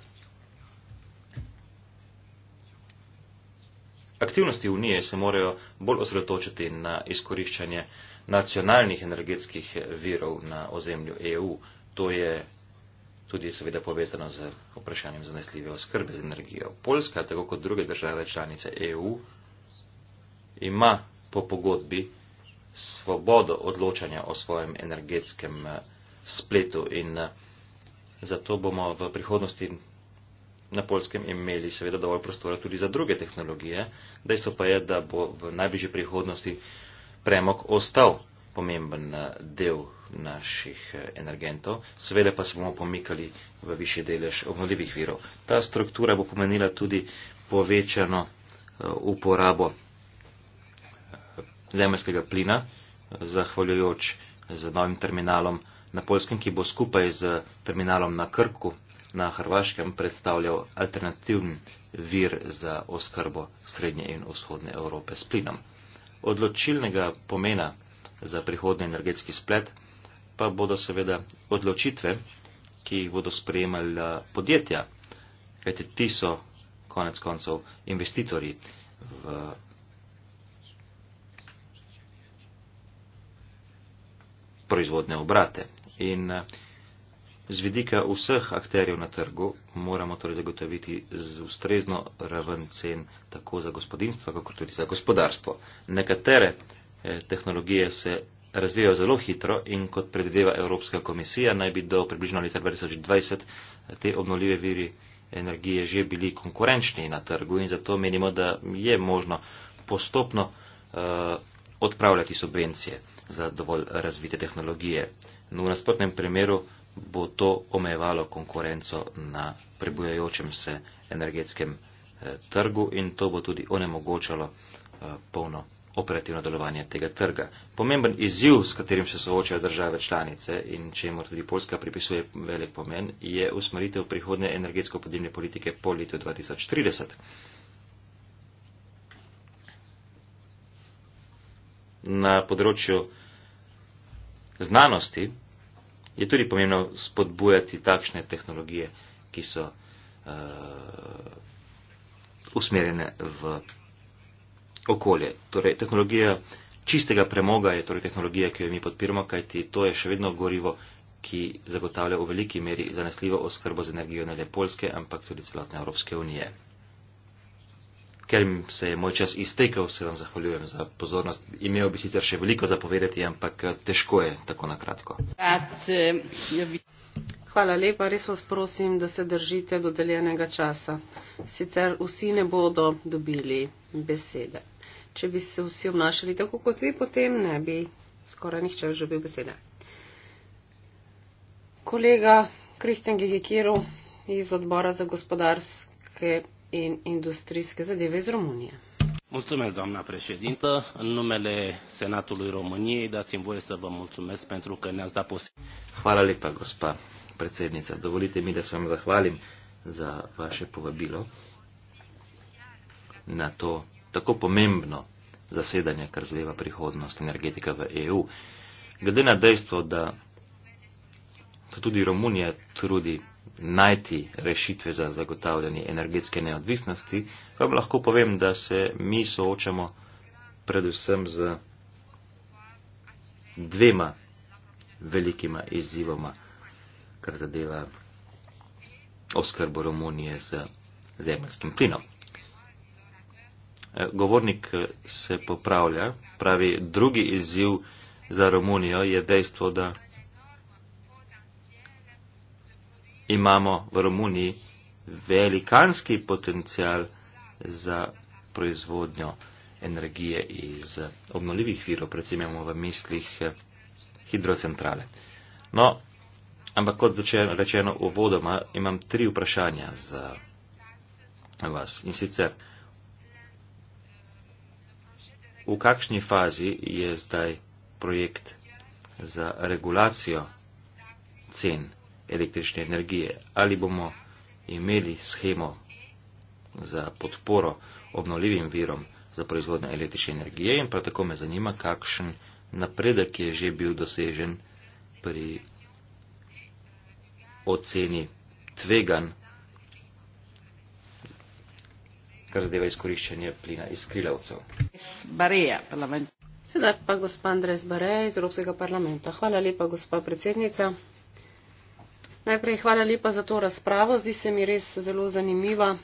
Aktivnosti Unije se morajo bolj osredotočiti na izkoriščanje nacionalnih energetskih virov na ozemlju EU. To je tudi seveda povezano z vprašanjem zanesljive oskrbe z energijo. Poljska, tako kot druge države članice EU, ima po pogodbi svobodo odločanja o svojem energetskem eh, spletu in eh, zato bomo v prihodnosti na polskem imeli seveda dovolj prostora tudi za druge tehnologije. Dejstvo pa je, da bo v najbližji prihodnosti premog ostal pomemben eh, del naših energentov, seveda pa se bomo pomikali v više delež obnovljivih virov. Ta struktura bo pomenila tudi povečano uporabo zemljskega plina, zahvaljujoč z novim terminalom na Polskem, ki bo skupaj z terminalom na Krku na Hrvaškem predstavljal alternativni vir za oskrbo srednje in vzhodne Evrope s plinom. Odločilnega pomena za prihodni energetski splet pa bodo seveda odločitve, ki jih bodo sprejemala podjetja, kajti ti so konec koncev investitorji v proizvodne obrate. In eh, z vidika vseh akterjev na trgu moramo torej zagotoviti z ustrezno raven cen tako za gospodinstva, kako tudi za gospodarstvo. Nekatere eh, tehnologije se razvijajo zelo hitro in kot predvideva Evropska komisija, naj bi do približno leta 2020 eh, te obnovljive viri energije že bili konkurenčni na trgu in zato menimo, da je možno postopno uh, odpravljati subvencije za dovolj razvite tehnologije. No, v nasprotnem primeru bo to omejevalo konkurenco na prebujajočem se energetskem eh, trgu in to bo tudi onemogočalo eh, polno operativno delovanje tega trga. Pomemben izziv, s katerim se soočajo države članice in čemu tudi Poljska pripisuje velik pomen, je usmeritev prihodne energetsko-podnebne politike po letu 2030. na področju znanosti, je tudi pomembno spodbujati takšne tehnologije, ki so uh, usmerjene v okolje. Torej, tehnologija čistega premoga je torej tehnologija, ki jo mi podpiramo, kajti to je še vedno gorivo, ki zagotavlja v veliki meri zanesljivo oskrbo z energijo ne le Polske, ampak tudi celotne Evropske unije. Ker mi se je moj čas iztekel, se vam zahvaljujem za pozornost. Imel bi sicer še veliko zapovedati, ampak eh, težko je tako na kratko. Hvala lepa, res vas prosim, da se držite dodeljenega časa. Sicer vsi ne bodo dobili besede. Če bi se vsi obnašali tako kot vi, potem ne bi skoraj nihče več dobil besede. Kolega Kristjan Gigikiru iz odbora za gospodarske in industrijske zadeve iz Romunije. Mulțumesc, doamna președintă, în numele Senatului României, dați-mi voie să vă mulțumesc pentru că ne-ați dat posibilitatea. Hvala lepa, gospa predsednica. Dovolite mi da se vam zahvalim za vaše povabilo na to tako pomembno zasedanje, kar zleva prihodnost energetika v EU. Glede na dejstvo, da se tudi Romunija trudi najti rešitve za zagotavljanje energetske neodvisnosti, pa vam lahko povem, da se mi soočamo predvsem z dvema velikima izzivoma, kar zadeva oskrbo Romunije z zemljskim plinom. Govornik se popravlja, pravi drugi izziv za Romunijo je dejstvo, da imamo v Romuniji velikanski potencial za proizvodnjo energije iz obnoljivih virov, predvsem imamo v mislih eh, hidrocentrale. No, ampak kot rečeno uvodoma, imam tri vprašanja za vas. In sicer, v kakšni fazi je zdaj projekt za regulacijo cen? električne energije. Ali bomo imeli schemo za podporo obnovljivim virom za proizvodnjo električne energije in prav tako me zanima, kakšen napredek je že bil dosežen pri oceni tvegan, kar zadeva izkoriščanje plina iz krilavcev. Sedaj pa gospod Andres Barej iz Evropskega parlamenta. Hvala lepa, gospod predsednica najprej hvala lepa za to razpravo zdi se mi res zelo zanimiva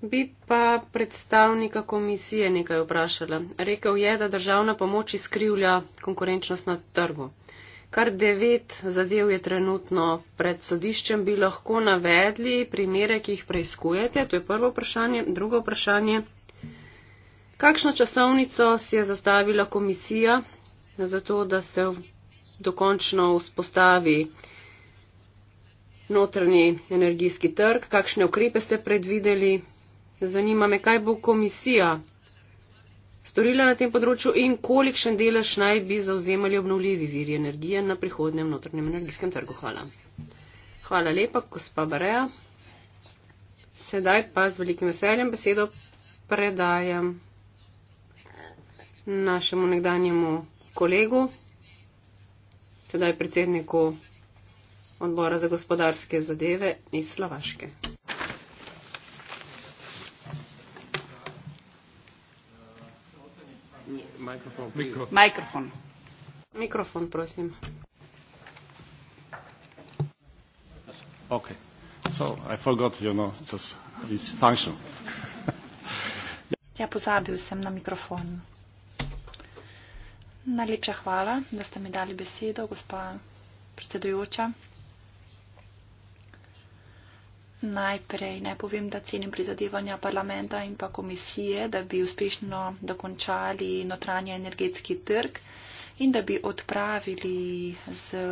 Bi pa predstavnika komisije nekaj vprašala. Rekel je, da državna pomoč izkrivlja konkurenčnost na trgu. Kar devet zadev je trenutno pred sodiščem, bi lahko navedli primere, ki jih preizkujete. To je prvo vprašanje. Drugo vprašanje. Kakšno časovnico si je zastavila komisija za to, da se dokončno vzpostavi notranji energijski trg, kakšne ukrepe ste predvideli. Zanima me, kaj bo komisija storila na tem področju in kolikšen delež naj bi zauzemali obnovljivi viri energije na prihodnem notranjem energijskem trgu. Hvala. Hvala lepa, gospa Bareja. Sedaj pa z velikim veseljem besedo predajam našemu nekdanjemu kolegu, sedaj predsedniku odbora za gospodarske zadeve iz Slovaške. Mikrofon, Mikrofon. Mikrofon, prosim. Okay. So, I forgot, you know, just it's functional. ja, pozabil sem na mikrofon. Najlepša hvala, da ste mi dali besedo, gospa predsedujoča. Najprej naj povem, da cenim prizadevanja parlamenta in pa komisije, da bi uspešno dokončali notranji energetski trg in da bi odpravili z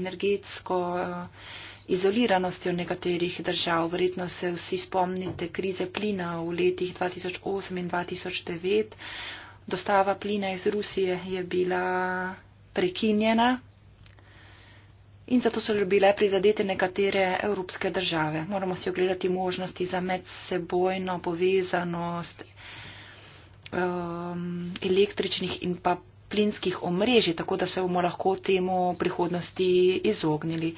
energetsko eh, izoliranostjo nekaterih držav. Verjetno se vsi spomnite krize plina v letih 2008 in 2009 dostava plina iz Rusije je bila prekinjena in zato so bile prizadete nekatere evropske države. Moramo si ogledati možnosti za medsebojno povezanost um, električnih in pa plinskih omrežij, tako da se bomo lahko temu prihodnosti izognili.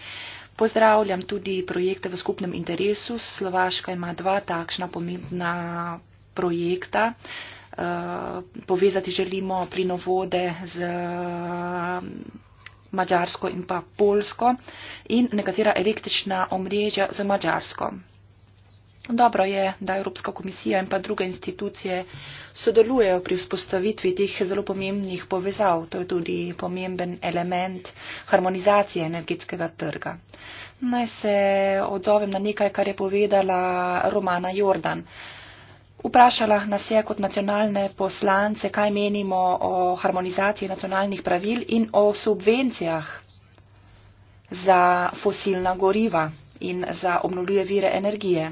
Pozdravljam tudi projekte v skupnem interesu. Slovaška ima dva takšna pomembna projekta. Uh, Eh, povezati želimo plinovode z eh, Mačarsko in pa Polsko in nekatera električna omrežja z Mačarsko. Dobro je, da Evropska komisija in pa druge institucije sodelujejo pri vzpostavitvi teh zelo pomembnih povezav. To je tudi pomemben element harmonizacije energetskega trga. Naj se odzovem na nekaj, kar je povedala Romana Jordan. Uh, Vprašala nas je kot nacionalne poslance, kaj menimo o harmonizaciji nacionalnih pravil in o subvencijah za fosilna goriva in za obnovljive vire energije.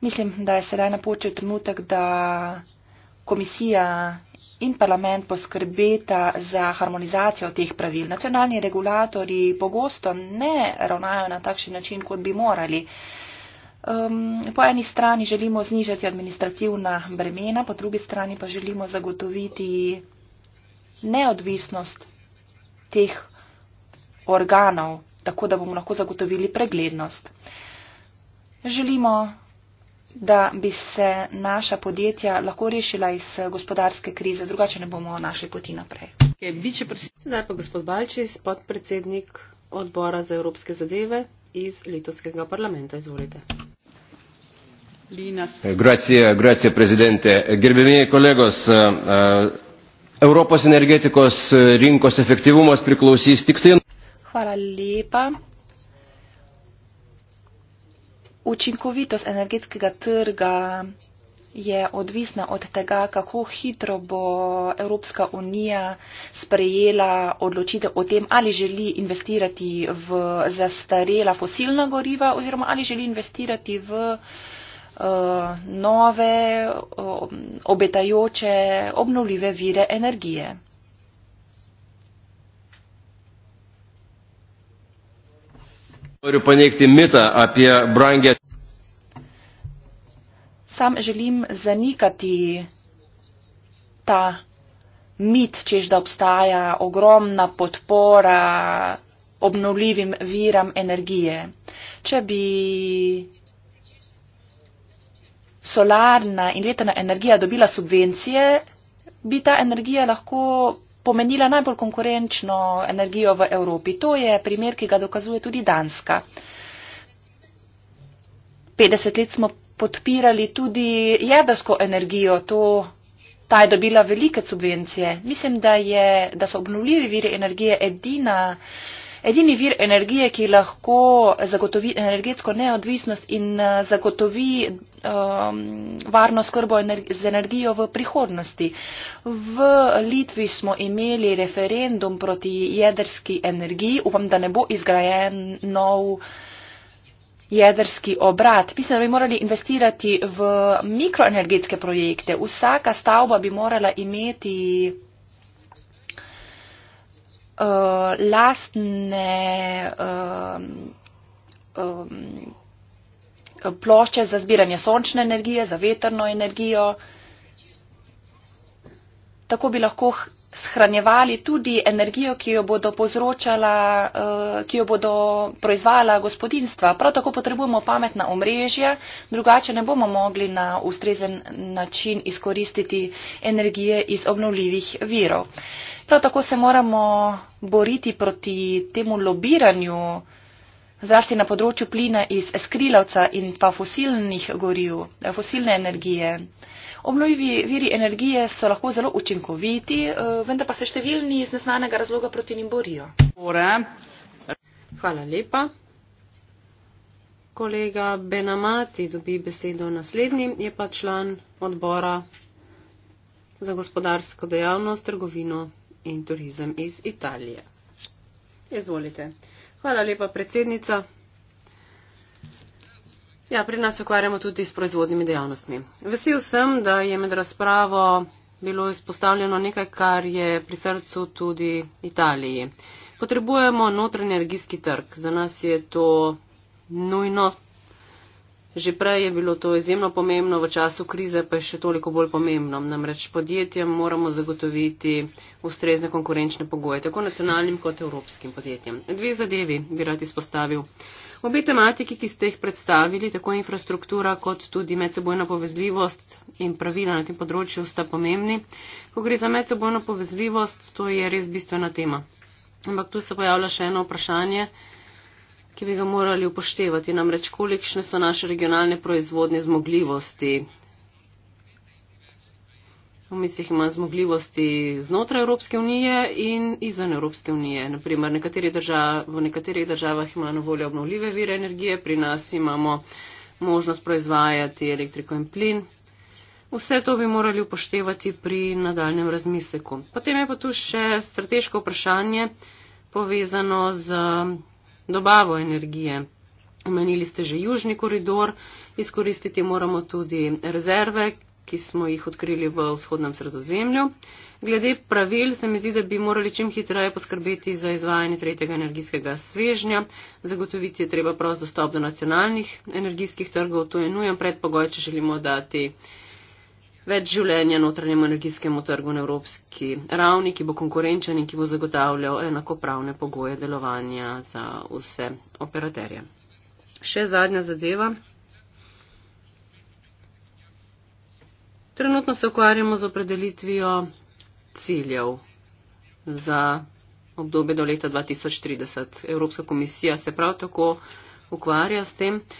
Mislim, da je sedaj napočil trenutek, da komisija in parlament poskrbeta za harmonizacijo teh pravil. Nacionalni regulatori pogosto ne ravnajo na takšen način, kot bi morali. Um, po eni strani želimo znižati administrativna bremena, po drugi strani pa želimo zagotoviti neodvisnost teh organov, tako da bomo lahko zagotovili preglednost. Želimo, da bi se naša podjetja lahko rešila iz gospodarske krize, drugače ne bomo našli poti naprej. Zdaj pa gospod Balčis, podpredsednik odbora za evropske zadeve iz litovskega parlamenta. Izvolite. Eh, eh, gerbiamieji kolegos eh, europos energetikos rinkos efektyvumas priklausys tik nuo energetikos rinkos efektyvumo ir nuo rusijos rinkos efektyvumo. Učinkovitost energetskega trga je odvisna od tega, kako hitro bo Evropska unija sprejela odločitev o tem, ali želi investirati v zastarela fosilna goriva oziroma ali želi investirati v uh, Eh, nove eh, obetajoče obnovljive vire energije. Sam želim zanikati ta mit, čež da obstaja ogromna podpora obnovljivim viram energije. Če bi solarna in vetrna energija dobila subvencije, bi ta energija lahko pomenila najbolj konkurenčno energijo v Evropi. To je primer, ki ga dokazuje tudi Danska. 50 let smo podpirali tudi jedrsko energijo, to, ta je dobila velike subvencije. Mislim, da, je, da so obnovljivi viri energije edina edini vir energije, ki lahko zagotovi energetsko neodvisnost in eh, zagotovi um, varno skrbo z energijo v prihodnosti. V Litvi smo imeli referendum proti jedrski energiji. Upam, da ne bo izgrajen nov jedrski obrat. Mislim, da bi morali investirati v mikroenergetske projekte. Vsaka stavba bi morala imeti uh, lastne um, um, plošče za zbiranje sončne energije, za veterno energijo. Tako bi lahko shranjevali tudi energijo, ki jo bodo, uh, ki jo bodo proizvala gospodinstva. Prav tako potrebujemo pametna omrežja, drugače ne bomo mogli na ustrezen način izkoristiti energije iz obnovljivih virov. Uh, Prav tako se moramo boriti proti temu lobiranju, zlasti na področju plina iz skrilavca in pa fosilnih goriv, fosilne energije. Obnovljivi viri energije so lahko zelo učinkoviti, eh, vendar pa se številni iz neznanega razloga proti njim borijo. Hvala lepa. Kolega Benamati dobi besedo naslednji, je pa član odbora za gospodarsko dejavnost, trgovino in turizem iz Italije. Izvolite. Hvala lepa, predsednica. Ja, pri nas ukvarjamo tudi s proizvodnimi dejavnostmi. Vesel sem, da je med razpravo bilo izpostavljeno nekaj, kar je pri srcu tudi Italiji. Potrebujemo notranji energijski trg. Za nas je to nujno Že prej je bilo to izjemno pomembno, v času krize pa je še toliko bolj pomembno. Namreč podjetjem moramo zagotoviti ustrezne konkurenčne pogoje, tako nacionalnim kot evropskim podjetjem. Dve zadevi bi rad izpostavil. Obe tematiki, ki ste jih predstavili, tako infrastruktura kot tudi medsebojna povezljivost in pravila na tem področju, sta pomembni. Ko gre za medsebojno povezljivost, to je res bistvena tema. Ampak tu se pojavlja še eno vprašanje ki bi ga morali upoštevati, namreč kolikšne so naše regionalne proizvodne zmogljivosti. V mislih ima zmogljivosti znotraj Evropske unije in izven Evropske unije. Naprimer, nekateri držav, v nekaterih državah ima na voljo obnovljive vire energije, pri nas imamo možnost proizvajati elektriko in plin. Vse to bi morali upoštevati pri nadaljem razmisleku. Potem je pa tu še strateško vprašanje povezano z dobavo energije. Omenili ste že južni koridor, izkoristiti moramo tudi rezerve, ki smo jih odkrili v vzhodnem sredozemlju. Glede pravil se mi zdi, da bi morali čim hitreje poskrbeti za izvajanje tretjega energijskega svežnja. Zagotoviti je treba prost dostop do nacionalnih energijskih trgov. To je nujen predpogoj, če želimo dati več življenja notranjemu energijskemu trgu na evropski ravni, ki bo konkurenčen in ki bo zagotavljal enakopravne pogoje delovanja za vse operaterje. Še zadnja zadeva. Trenutno se ukvarjamo z opredelitvijo ciljev za obdobje do leta 2030. Evropska komisija se prav tako ukvarja s tem. Uh,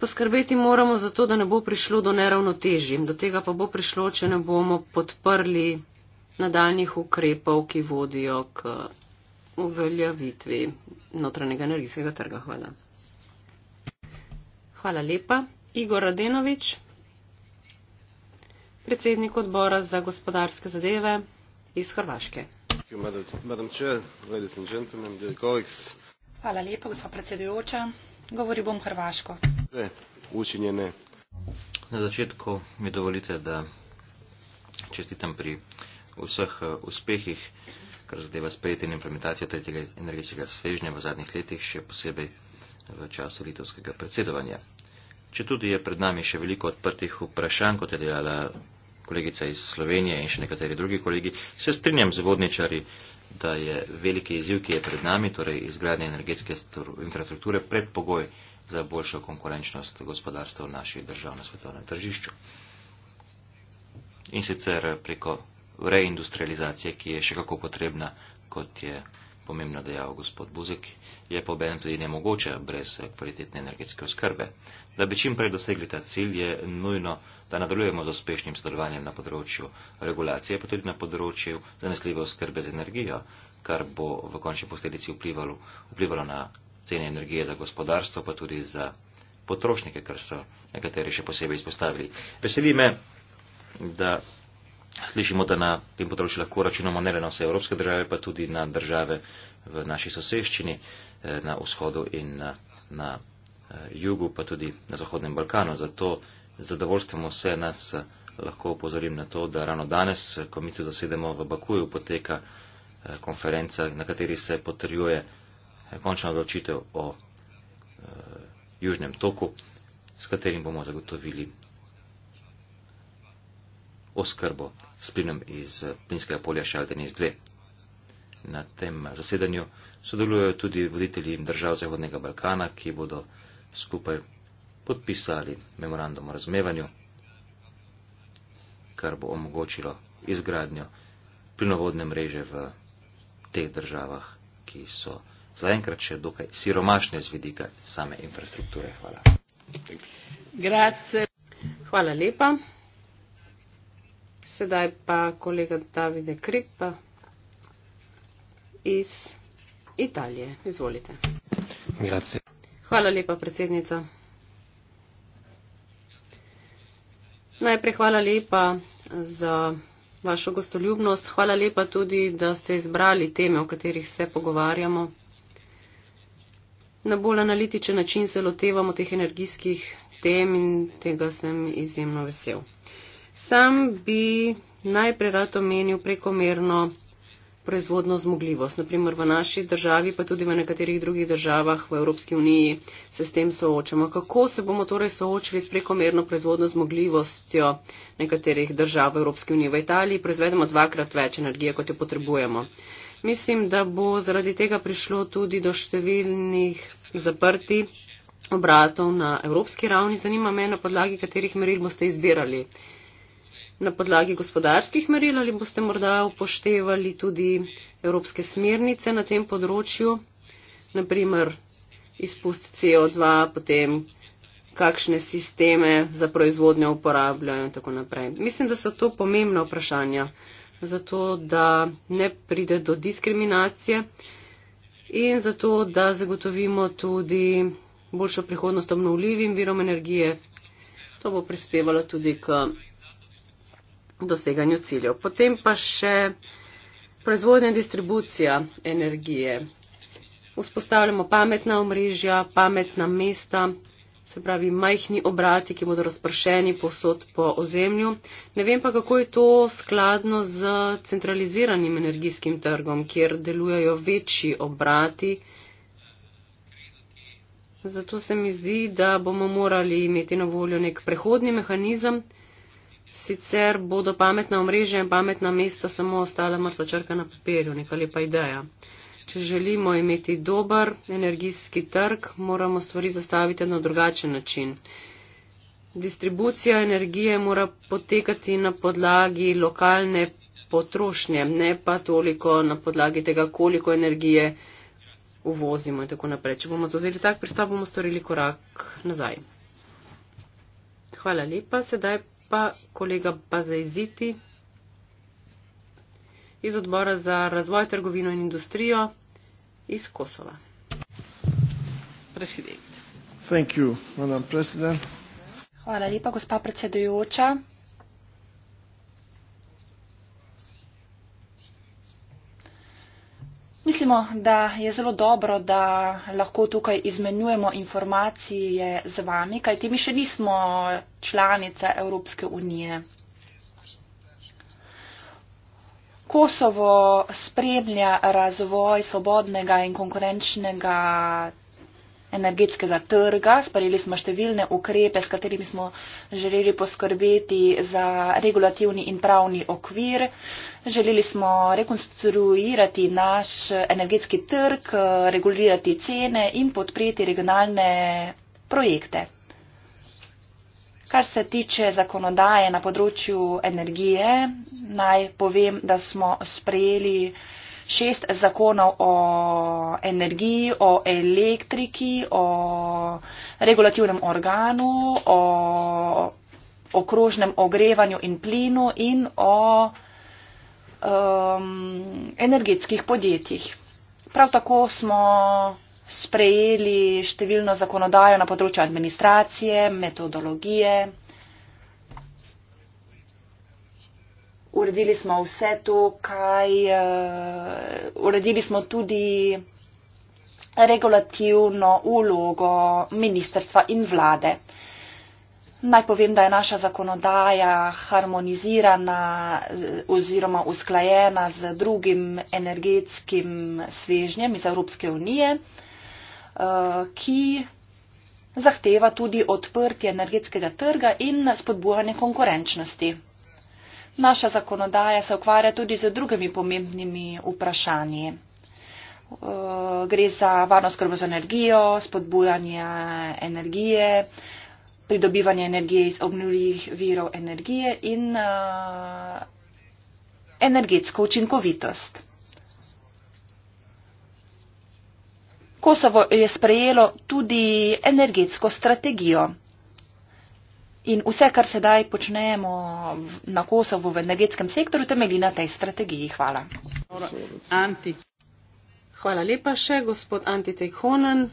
Poskrbeti moramo za to, da ne bo prišlo do neravnotežjim. Do tega pa bo prišlo, če ne bomo podprli nadaljnih ukrepov, ki vodijo k uveljavitvi notranjega energijskega trga. Hvala. Hvala lepa. Igor Radenovič, predsednik odbora za gospodarske zadeve iz Hrvaške. Thank you, Madam Chair, ladies and gentlemen, dear colleagues. Hvala lepa, gospod predsedujoča. Govoril bom hrvaško. Učinjene. Na začetku mi dovolite, da čestitam pri vseh eh, uspehih, kar zadeva sprejetje in implementacijo tretjega energetskega svežnja v zadnjih letih, še posebej v času litovskega predsedovanja. Če tudi je pred nami še veliko odprtih vprašanj, kot je dejala kolegica iz Slovenije in še nekateri drugi kolegi, se strinjam z vodničari, da je veliki izziv, ki je pred nami, torej izgradnja energetske infrastrukture, predpogoj za boljšo konkurenčnost gospodarstva v naši državno svetovnem tržišču. In sicer preko reindustrializacije, ki je še kako potrebna, kot je pomembno dejal gospod Buzek, je pa obenem tudi nemogoče brez kvalitetne energetske oskrbe. Da bi čim prej dosegli ta cilj, je nujno, da nadaljujemo z uspešnim sodelovanjem na področju regulacije, pa tudi na področju zanesljive oskrbe z energijo, kar bo v končni posledici vplivalo, vplivalo na cene energije za gospodarstvo, pa tudi za potrošnike, kar so nekateri še posebej izpostavili. Veseli me, da Slišimo, da na tem področju lahko računamo ne le na vse evropske države, pa tudi na države v naši soseščini, eh, na vzhodu in na, na eh, jugu, pa tudi na Zahodnem Balkanu. Zato zadovoljstvo vse nas eh, lahko upozorim na to, da rano danes, ko mi tu zasedemo v Bakuju, poteka konferenca, na kateri se potrjuje končna odločitev o južnem toku, s katerim bomo zagotovili oskrbo s plinom iz plinskega polja Šalden iz 2. Na tem zasedanju sodelujo tudi voditelji držav Zahodnega Balkana, ki bodo skupaj podpisali memorandum o razmevanju, kar bo omogočilo izgradnjo plinovodne mreže v teh državah, ki so zaenkrat še dokaj siromašne z vidika same infrastrukture. Hvala. Grazie. Hvala lepa. Sedaj pa kolega Davide Krippa iz Italije. Izvolite. Grazie. Hvala lepa, predsednica. Najprej hvala lepa za vašo gostoljubnost. Hvala lepa tudi, da ste izbrali teme, o katerih se pogovarjamo. Na bolj analitičen način se lotevamo teh energijskih tem in tega sem izjemno vesel. Sam bi najprej rad omenil prekomerno proizvodno zmogljivost. Naprimer v naši državi, pa tudi v nekaterih drugih državah v Evropski uniji se s tem soočamo. Kako se bomo torej soočili s prekomerno proizvodno zmogljivostjo nekaterih držav v Evropski uniji? V Italiji proizvedemo dvakrat več energije, kot jo potrebujemo. Mislim, da bo zaradi tega prišlo tudi do številnih zaprti obratov na evropski ravni. Zanima me, na podlagi katerih meril boste izbirali na podlagi gospodarskih meril ali boste morda upoštevali tudi evropske smernice na tem področju, naprimer izpust CO2, potem kakšne sisteme za proizvodnjo uporabljajo in tako naprej. Mislim, da so to pomembna vprašanja, zato da ne pride do diskriminacije in zato da zagotovimo tudi boljšo prihodnost obnovljivim virom energije. To bo prispevalo tudi k doseganju ciljev. Potem pa še proizvodnja in distribucija energije. Vzpostavljamo pametna omrežja, pametna mesta, se pravi majhni obrati, ki bodo razpršeni povsod po ozemlju. Ne vem pa, kako je to skladno z centraliziranim energijskim trgom, kjer delujejo večji obrati. Zato se mi zdi, da bomo morali imeti na voljo nek prehodni mehanizem, Sicer bodo pametna omrežja in pametna mesta samo ostala mrtva črka na papirju, neka lepa ideja. Če želimo imeti dober energijski trg, moramo stvari zastaviti na drugačen način. Distribucija energije mora potekati na podlagi lokalne potrošnje, ne pa toliko na podlagi tega, koliko energije uvozimo in tako naprej. Če bomo zauzeli tak pristop, bomo storili korak nazaj. Hvala lepa. Sedaj pa kolega Bazeiziti iz odbora za razvoj, trgovino in industrijo iz Kosova. Predsednik. Hvala lepa, gospa predsedujoča. Mislimo, da je zelo dobro, da lahko tukaj izmenjujemo informacije z vami, kajti mi še nismo članica Evropske unije. Kosovo spremlja razvoj svobodnega in konkurenčnega energetskega trga, sprejeli smo številne ukrepe, s katerimi smo želeli poskrbeti za regulativni in pravni okvir. Želeli smo rekonstruirati naš energetski trg, regulirati cene in podpreti regionalne projekte. Kar se tiče zakonodaje na področju energije, naj povem, da smo sprejeli šest zakonov o energiji, o elektriki, o regulativnem organu, o okrožnem ogrevanju in plinu in o um, energetskih podjetjih. Prav tako smo sprejeli številno zakonodajo na področju administracije, metodologije, uredili smo vse to, kaj uh, uredili smo tudi regulativno ulogo ministerstva in vlade. Naj povem, da je naša zakonodaja harmonizirana oziroma usklajena z drugim energetskim svežnjem iz Evropske unije, eh, ki zahteva tudi odprtje energetskega trga in spodbujanje konkurenčnosti naša zakonodaja se ukvarja tudi z drugimi pomembnimi vprašanji. Eh, gre za varnost skrbo z energijo, spodbujanje energije, pridobivanje energije iz obnovljivih virov energije in eh, energetsko učinkovitost. Kosovo je sprejelo tudi energetsko strategijo. In vse, kar sedaj počnemo na Kosovo v energetskem sektoru, temelji na tej strategiji. Hvala. Anti. Hvala lepa še, gospod Anti Tejhonen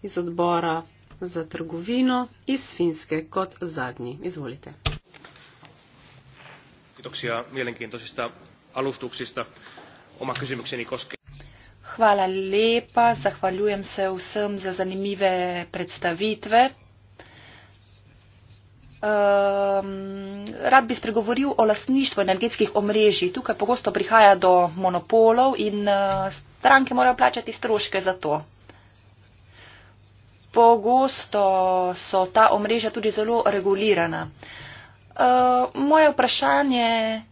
iz odbora za trgovino iz Finske kot zadnji. Izvolite. Hvala lepa, zahvaljujem se vsem za zanimive predstavitve. Um, rad bi spregovoril o lastništvu energetskih omrežij. Tukaj pogosto prihaja do monopolov in uh, stranke morajo plačati stroške za to. Pogosto so ta omrežja tudi zelo regulirana. Uh, moje vprašanje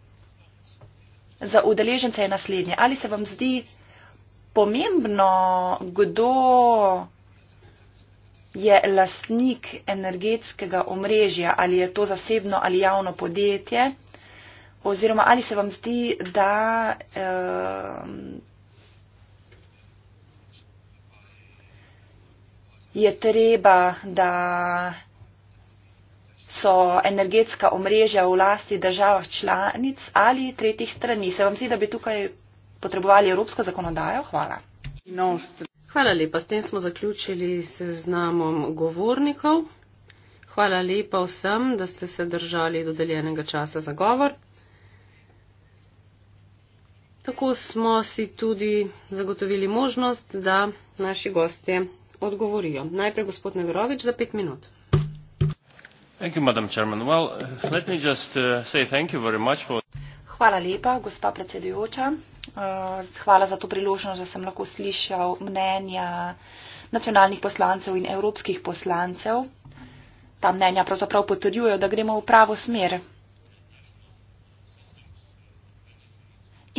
za udeležence je naslednje. Ali se vam zdi pomembno, kdo je lastnik energetskega omrežja, ali je to zasebno ali javno podjetje, oziroma ali se vam zdi, da. Uh, Je treba, da so energetska omrežja v lasti državah članic ali tretjih strani. Se vam zdi, da bi tukaj potrebovali evropsko zakonodajo? Hvala. Hvala lepa. S tem smo zaključili seznamom govornikov. Hvala lepa vsem, da ste se držali dodeljenega časa za govor. Tako smo si tudi zagotovili možnost, da naši gostje odgovorijo. Najprej gospod Neverovič za pet minut. Uh, uh, Hvala lepa, gospa predsedujoča. Eh, hvala za to priložnost, da sem lahko slišal mnenja nacionalnih poslancev in evropskih poslancev. Ta mnenja pravzaprav potrjujejo, da gremo v pravo smer.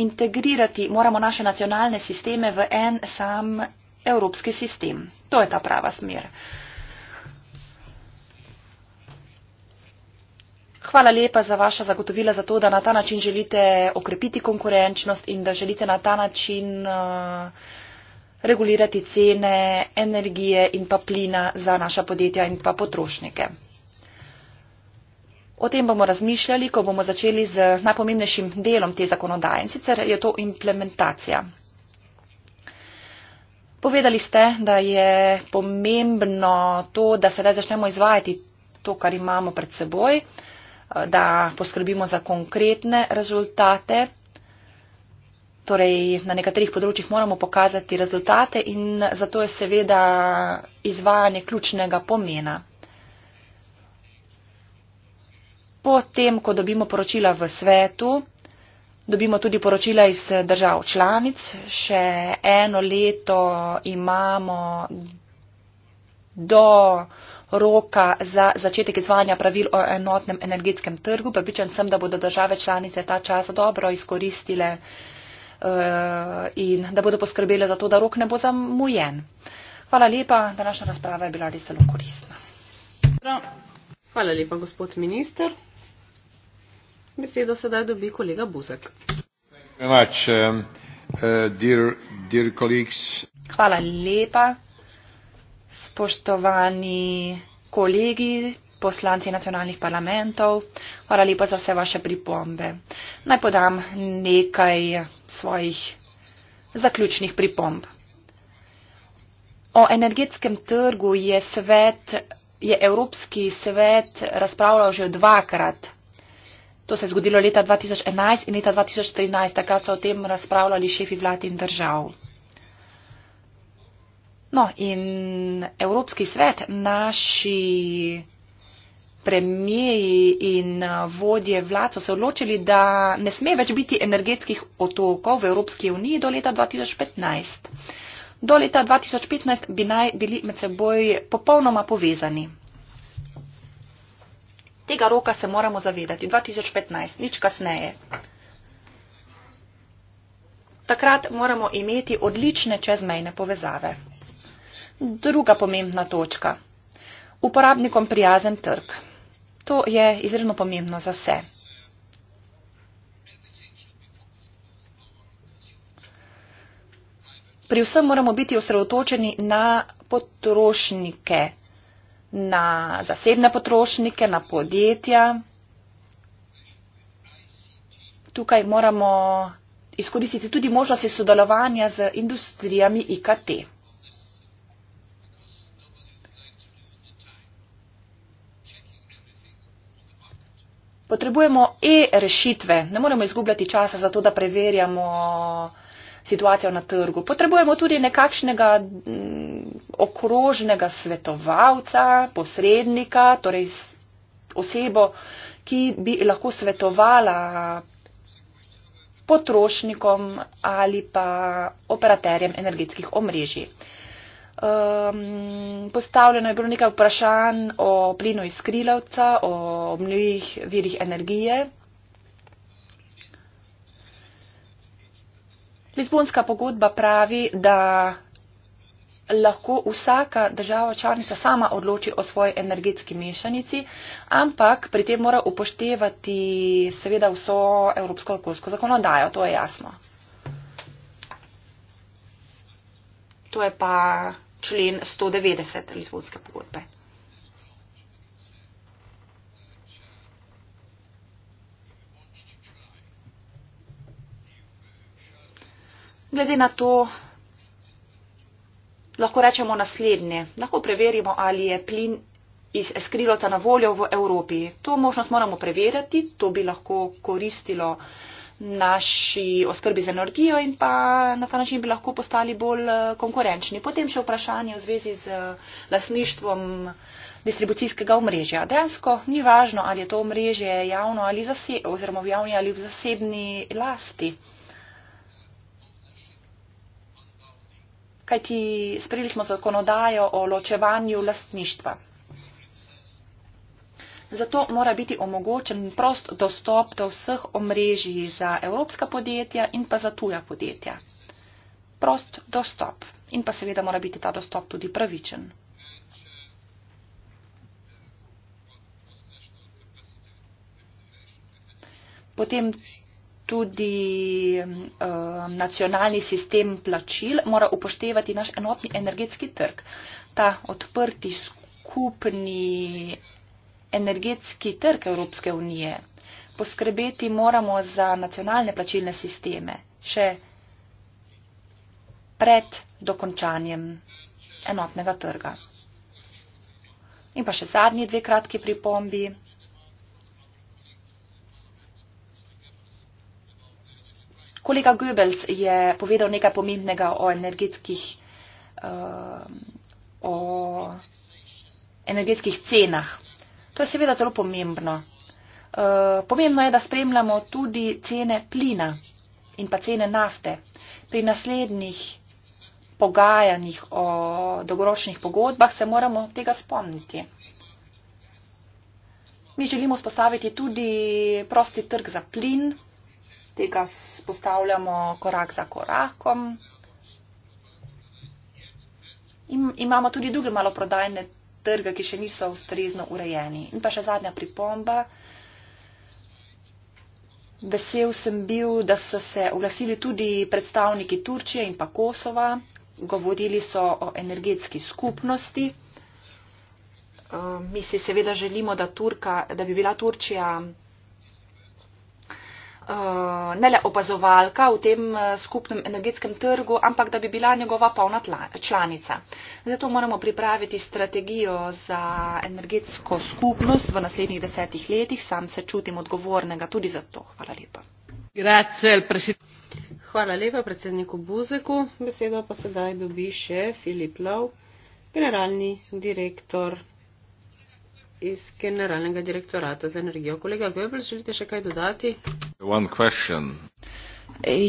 Integrirati moramo naše nacionalne sisteme v en sam evropski sistem. To je ta prava smer. Hvala lepa za vaša zagotovila za to, da na ta način želite okrepiti konkurenčnost in da želite na ta način uh, regulirati cene energije in pa plina za naša podjetja in pa potrošnike. O tem bomo razmišljali, ko bomo začeli z najpomembnejšim delom te zakonodaje in sicer je to implementacija. Povedali ste, da je pomembno to, da se le začnemo izvajati to, kar imamo pred seboj da poskrbimo za konkretne rezultate. Torej, na nekaterih področjih moramo pokazati rezultate in zato je seveda izvajanje ključnega pomena. Potem, ko dobimo poročila v svetu, dobimo tudi poročila iz držav članic. Še eno leto imamo do roka za začetek izvajanja pravil o enotnem energetskem trgu. Pripričan sem, da bodo države članice ta čas dobro izkoristile eh, in da bodo poskrbele za to, da rok ne bo zamujen. Hvala lepa, današnja razprava je bila res zelo koristna. Hvala lepa, gospod minister. Besedo sedaj dobi kolega Buzek. Um, uh, Hvala lepa spoštovani kolegi, poslanci nacionalnih parlamentov, hvala lepa za vse vaše pripombe. Naj podam nekaj svojih zaključnih pripomb. O energetskem trgu je, svet, je Evropski svet razpravljal že dvakrat. To se je zgodilo leta 2011 in leta 2013, takrat so o tem razpravljali šefi vlad in držav. No, in Evropski svet, naši premijeji in vodje vlad so se odločili, da ne sme več biti energetskih otokov v Evropski uniji do leta 2015. Do leta 2015 bi naj bili med seboj popolnoma povezani. Tega roka se moramo zavedati. 2015, nič kasneje. Takrat moramo imeti odlične čezmejne povezave. Druga pomembna točka. Uporabnikom prijazen trg. To je izredno pomembno za vse. Pri vsem moramo biti osredotočeni na potrošnike, na zasebne potrošnike, na podjetja. Tukaj moramo izkoristiti tudi možnosti sodelovanja z industrijami IKT. Potrebujemo e-rešitve, ne moremo izgubljati časa za to, da preverjamo situacijo na trgu. Potrebujemo tudi nekakšnega mm, okrožnega svetovalca, posrednika, torej osebo, ki bi lahko svetovala potrošnikom ali pa operaterjem energetskih omrežij. Um, postavljeno je bilo nekaj vprašanj o plinu iz Krilovca, o obnovljivih virih energije. Lizbonska pogodba pravi, da lahko vsaka država članica sama odloči o svoji energetski mešanici, ampak pri tem mora upoštevati seveda vso evropsko okoljsko zakonodajo, to je jasno. To je pa člen 190 Lizbonske pogodbe. Glede na to lahko rečemo naslednje. Lahko preverimo, ali je plin iz eskrilota na voljo v Evropi. To možnost moramo preverjati, to bi lahko koristilo naši oskrbi z energijo in pa na ta način bi lahko postali bolj eh, konkurenčni. Potem še vprašanje v zvezi z eh, lasništvom distribucijskega omrežja. Dejansko ni važno, ali je to omrežje javno ali, zase, oziroma v, javni ali v zasebni lasti. Kaj ti sprejeli smo zakonodajo o ločevanju lastništva zato mora biti omogočen prost dostop do vseh omrežij za evropska podjetja in pa za tuja podjetja. Prost dostop. In pa seveda mora biti ta dostop tudi pravičen. Potem tudi uh, nacionalni sistem plačil mora upoštevati naš enotni energetski trg. Ta odprti skupni energetski trg Evropske unije. Poskrbeti moramo za nacionalne plačilne sisteme še pred dokončanjem enotnega trga. In pa še zadnji dve kratki pripombi. Kolega Goebbels je povedal nekaj pomembnega o energetskih, uh, o energetskih cenah. To je seveda zelo pomembno. Eh, pomembno je, da spremljamo tudi cene plina in pa cene nafte. Pri naslednjih pogajanjih o dolgoročnih pogodbah se moramo tega spomniti. Mi želimo spostaviti tudi prosti trg za plin, tega spostavljamo korak za korakom. Imamo tudi druge maloprodajne trga, ki še niso ustrezno urejeni. In pa še zadnja pripomba. Vesel sem bil, da so se oglasili tudi predstavniki Turčije in pa Kosova. Govorili so o energetski skupnosti. Ehm, mi si seveda želimo, da, Turka, da bi bila Turčija Eh, ne le opazovalka v tem eh, skupnem energetskem trgu, ampak da bi bila njegova polna članica. Zato moramo pripraviti strategijo za energetsko skupnost v naslednjih desetih letih. Sam se čutim odgovornega tudi za to. Hvala lepa. Hvala lepa predsedniku Buzeku. Besedo pa sedaj dobi še Filip Lov, generalni direktor iz Generalnega direktorata za energijo. Kolega Goebel, želite še kaj dodati?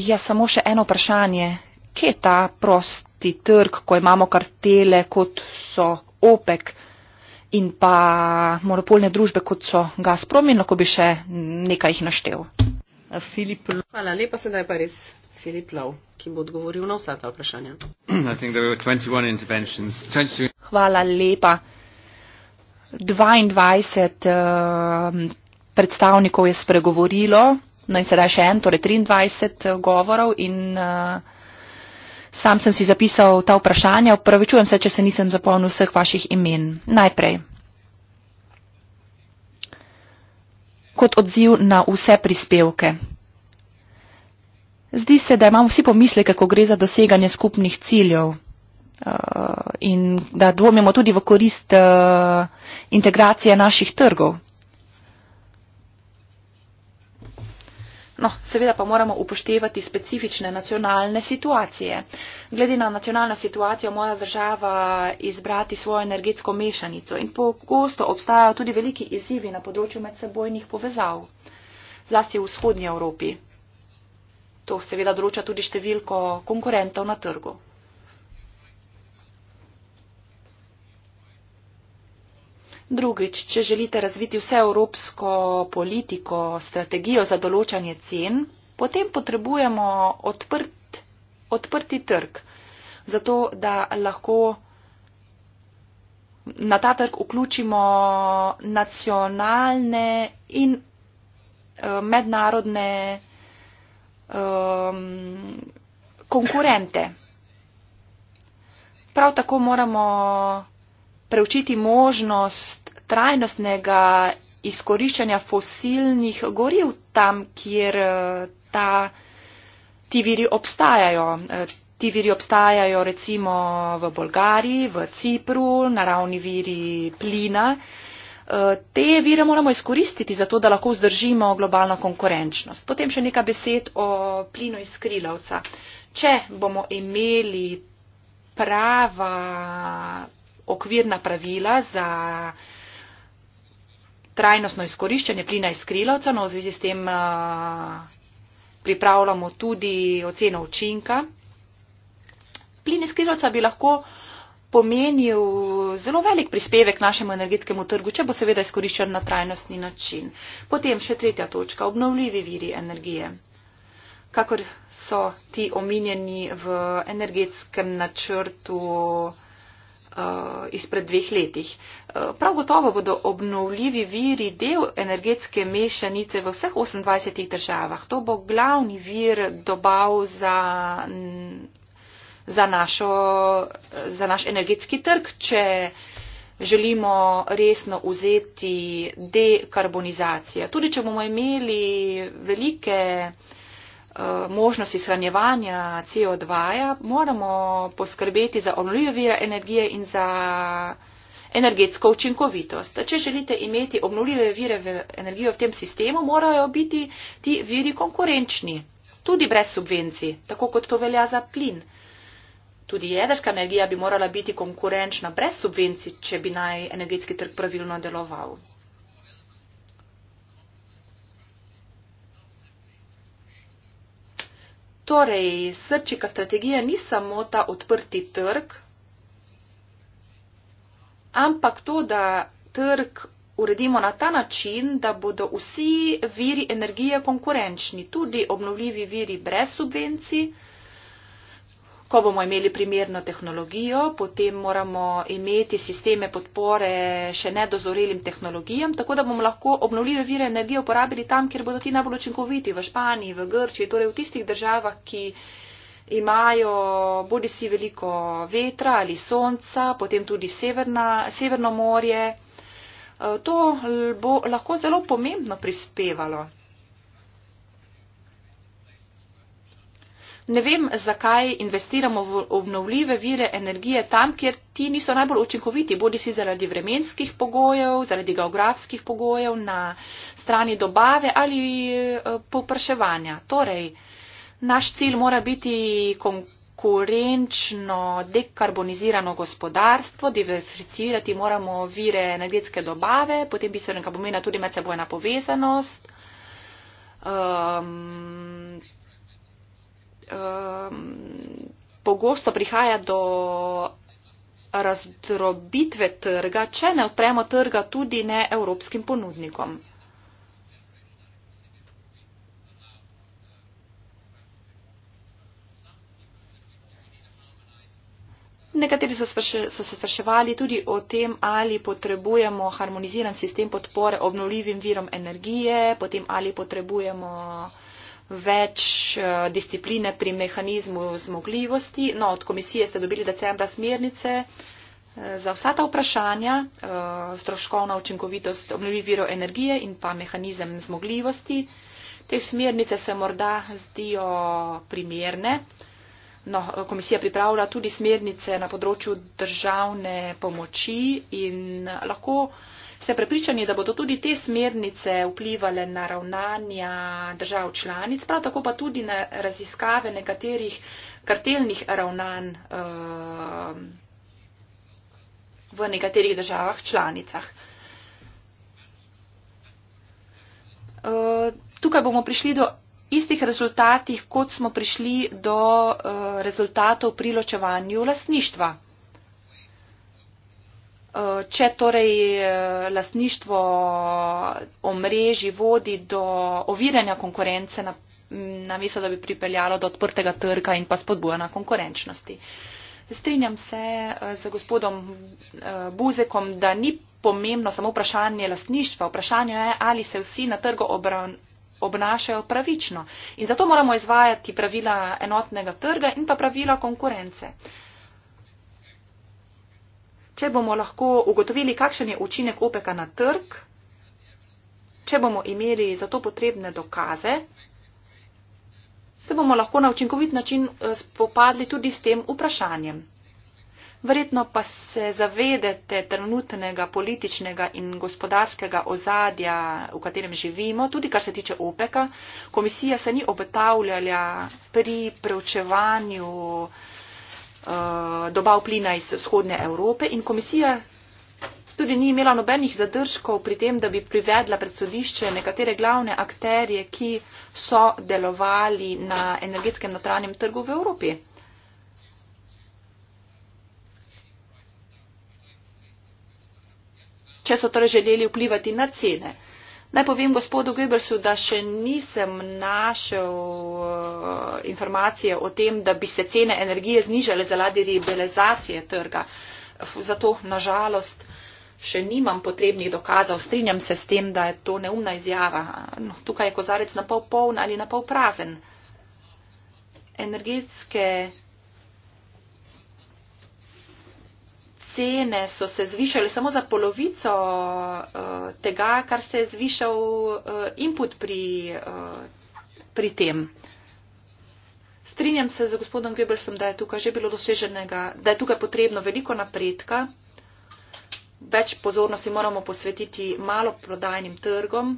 Ja, samo še eno vprašanje. Kje je ta prosti trg, ko imamo kartele, kot so OPEC in pa monopolne družbe, kot so Gazprom in lahko bi še nekaj jih naštel? Filip. Hvala lepa, sedaj pa res Filip Lov, ki bo odgovoril na vsa ta vprašanja. [CLEARS THROAT] Hvala lepa. 22 uh, ehm, predstavnikov je spregovorilo, no in sedaj še en, torej 23 eh, govorov in uh, sam sem si zapisal ta vprašanja. Opravičujem se, če se nisem zapolnil vseh vaših imen. Najprej. Kot odziv na vse prispevke. Zdi se, da imamo vsi pomisleke, ko gre za doseganje skupnih ciljev. Eh, in da dvomimo tudi v korist eh, integracije naših trgov. No, seveda pa moramo upoštevati specifične nacionalne situacije. Glede na nacionalno situacijo mora država izbrati svojo energetsko mešanico in pogosto obstajajo tudi veliki izzivi na področju medsebojnih povezav, zlasti v vzhodnji Evropi. To seveda določa tudi številko konkurentov na trgu. Drugič, če želite razviti vseevropsko politiko, strategijo za določanje cen, potem potrebujemo odprt, odprti trg, zato da lahko na ta trg vključimo nacionalne in eh, mednarodne um, konkurente. Prav tako moramo preučiti možnost trajnostnega izkoriščanja fosilnih goriv tam, kjer eh, ta, ti viri obstajajo. Eh, ti viri obstajajo recimo v Bolgariji, v Cipru, naravni viri plina. Eh, te vire moramo izkoristiti, zato da lahko vzdržimo globalno konkurenčnost. Potem še nekaj besed o plinu iz Krilovca. Če bomo imeli prava, okvirna pravila za trajnostno izkoriščanje plina iz skrilovca. No, v zvezi s tem eh, pripravljamo tudi oceno učinka. Plin iz skrilovca bi lahko pomenil zelo velik prispevek našemu energetskemu trgu, če bo seveda izkoriščen na trajnostni način. Potem še tretja točka, obnovljivi viri energije. Kakor so ti omenjeni v energetskem načrtu, uh, izpred dveh letih. Eh, prav gotovo bodo obnovljivi viri del energetske mešanice v vseh 28 državah. To bo glavni vir dobav za, za, našo, za naš energetski trg, če želimo resno vzeti dekarbonizacijo. Tudi če bomo imeli velike uh, Eh, možnosti shranjevanja CO2, -ja, moramo poskrbeti za obnovljive vire energije in za energetsko učinkovitost. Če želite imeti obnovljive vire v energijo v tem sistemu, morajo biti ti viri konkurenčni, tudi brez subvencij, tako kot to velja za plin. Tudi jedrska energija bi morala biti konkurenčna brez subvencij, če bi naj energetski trg pravilno deloval. Torej, srčika strategija ni samo ta odprti trg, ampak to, da trg uredimo na ta način, da bodo vsi viri energije konkurenčni, tudi obnovljivi viri brez subvencij. Ko bomo imeli primerno tehnologijo, potem moramo imeti sisteme podpore še nedozorelim tehnologijam, tako da bomo lahko obnovljive vire energije uporabili tam, kjer bodo ti najbolj učinkoviti, v Španiji, v Grčiji, torej v tistih državah, ki imajo bodi si veliko vetra ali sonca, potem tudi severna, severno morje. To bo lahko zelo pomembno prispevalo. ne vem, zakaj investiramo v obnovljive vire energije tam, kjer ti niso najbolj učinkoviti, bodi si zaradi vremenskih pogojev, zaradi geografskih pogojev na strani dobave ali eh, popraševanja. Torej, naš cilj mora biti konkurenčno dekarbonizirano gospodarstvo, diversificirati moramo vire energetske dobave, potem bi se nekaj pomenila tudi medsebojna povezanost. Um, um, pogosto prihaja do razdrobitve trga, če ne odpremo trga tudi ne evropskim ponudnikom. Nekateri so, sprše, so se spraševali tudi o tem, ali potrebujemo harmoniziran sistem podpore obnovljivim virom energije, potem ali potrebujemo uh, več eh, discipline pri mehanizmu zmogljivosti. No, od komisije ste dobili decembra smernice eh, za vsa ta vprašanja, eh, stroškovna učinkovitost obnovljivih virov energije in pa mehanizem zmogljivosti. Te smernice se morda zdijo primerne. No, komisija pripravlja tudi smernice na področju državne pomoči in lahko Ste prepričani, da bodo tudi te smernice vplivali na ravnanja držav članic, prav tako pa tudi na raziskave nekaterih kartelnih ravnanj uh, v nekaterih državah članicah? Uh, tukaj bomo prišli do istih rezultatih, kot smo prišli do uh, rezultatov pri ločevanju lastništva. Eh, če torej eh, lastništvo omrežji vodi do oviranja konkurence, namesto da bi pripeljalo do odprtega trga in pa spodbujanja konkurenčnosti. Strinjam se eh, z gospodom Buzekom, da ni pomembno samo vprašanje lastništva, vprašanje je, ali se vsi na trgu obravn obnašajo pravično. In zato moramo izvajati pravila enotnega trga in pa pravila konkurence. Uh, če bomo lahko ugotovili, kakšen je učinek OPEK-a na trg, če bomo imeli za to potrebne dokaze, se bomo lahko na učinkovit način eh, spopadli tudi s tem vprašanjem. Verjetno pa se zavedete trenutnega političnega in gospodarskega ozadja, v katerem živimo, tudi kar se tiče OPEK-a. Komisija se ni obetavljala pri preučevanju Eh, dobav plina iz vzhodne Evrope in komisija tudi ni imela nobenih zadržkov pri tem, da bi privedla pred sodišče nekatere glavne akterje, ki so delovali na energetskem notranjem trgu v Evropi. Če so torej želeli vplivati na cene. Naj povem gospodu Goebbelsu, da še nisem našel uh, informacije o tem, da bi se cene energije znižale zaradi rebelizacije trga. Zato nažalost še nimam potrebnih dokazov. Strinjam se s tem, da je to neumna izjava. No, tukaj je kozarec napol poln ali napol prazen. Energetske cene so se zvišale samo za polovico uh, tega, kar se je zvišal uh, input pri, uh, pri tem. Strinjam se z gospodom Goebbelsom, da je tukaj že bilo doseženega, da je tukaj potrebno veliko napredka, več pozornosti moramo posvetiti malo prodajnim trgom.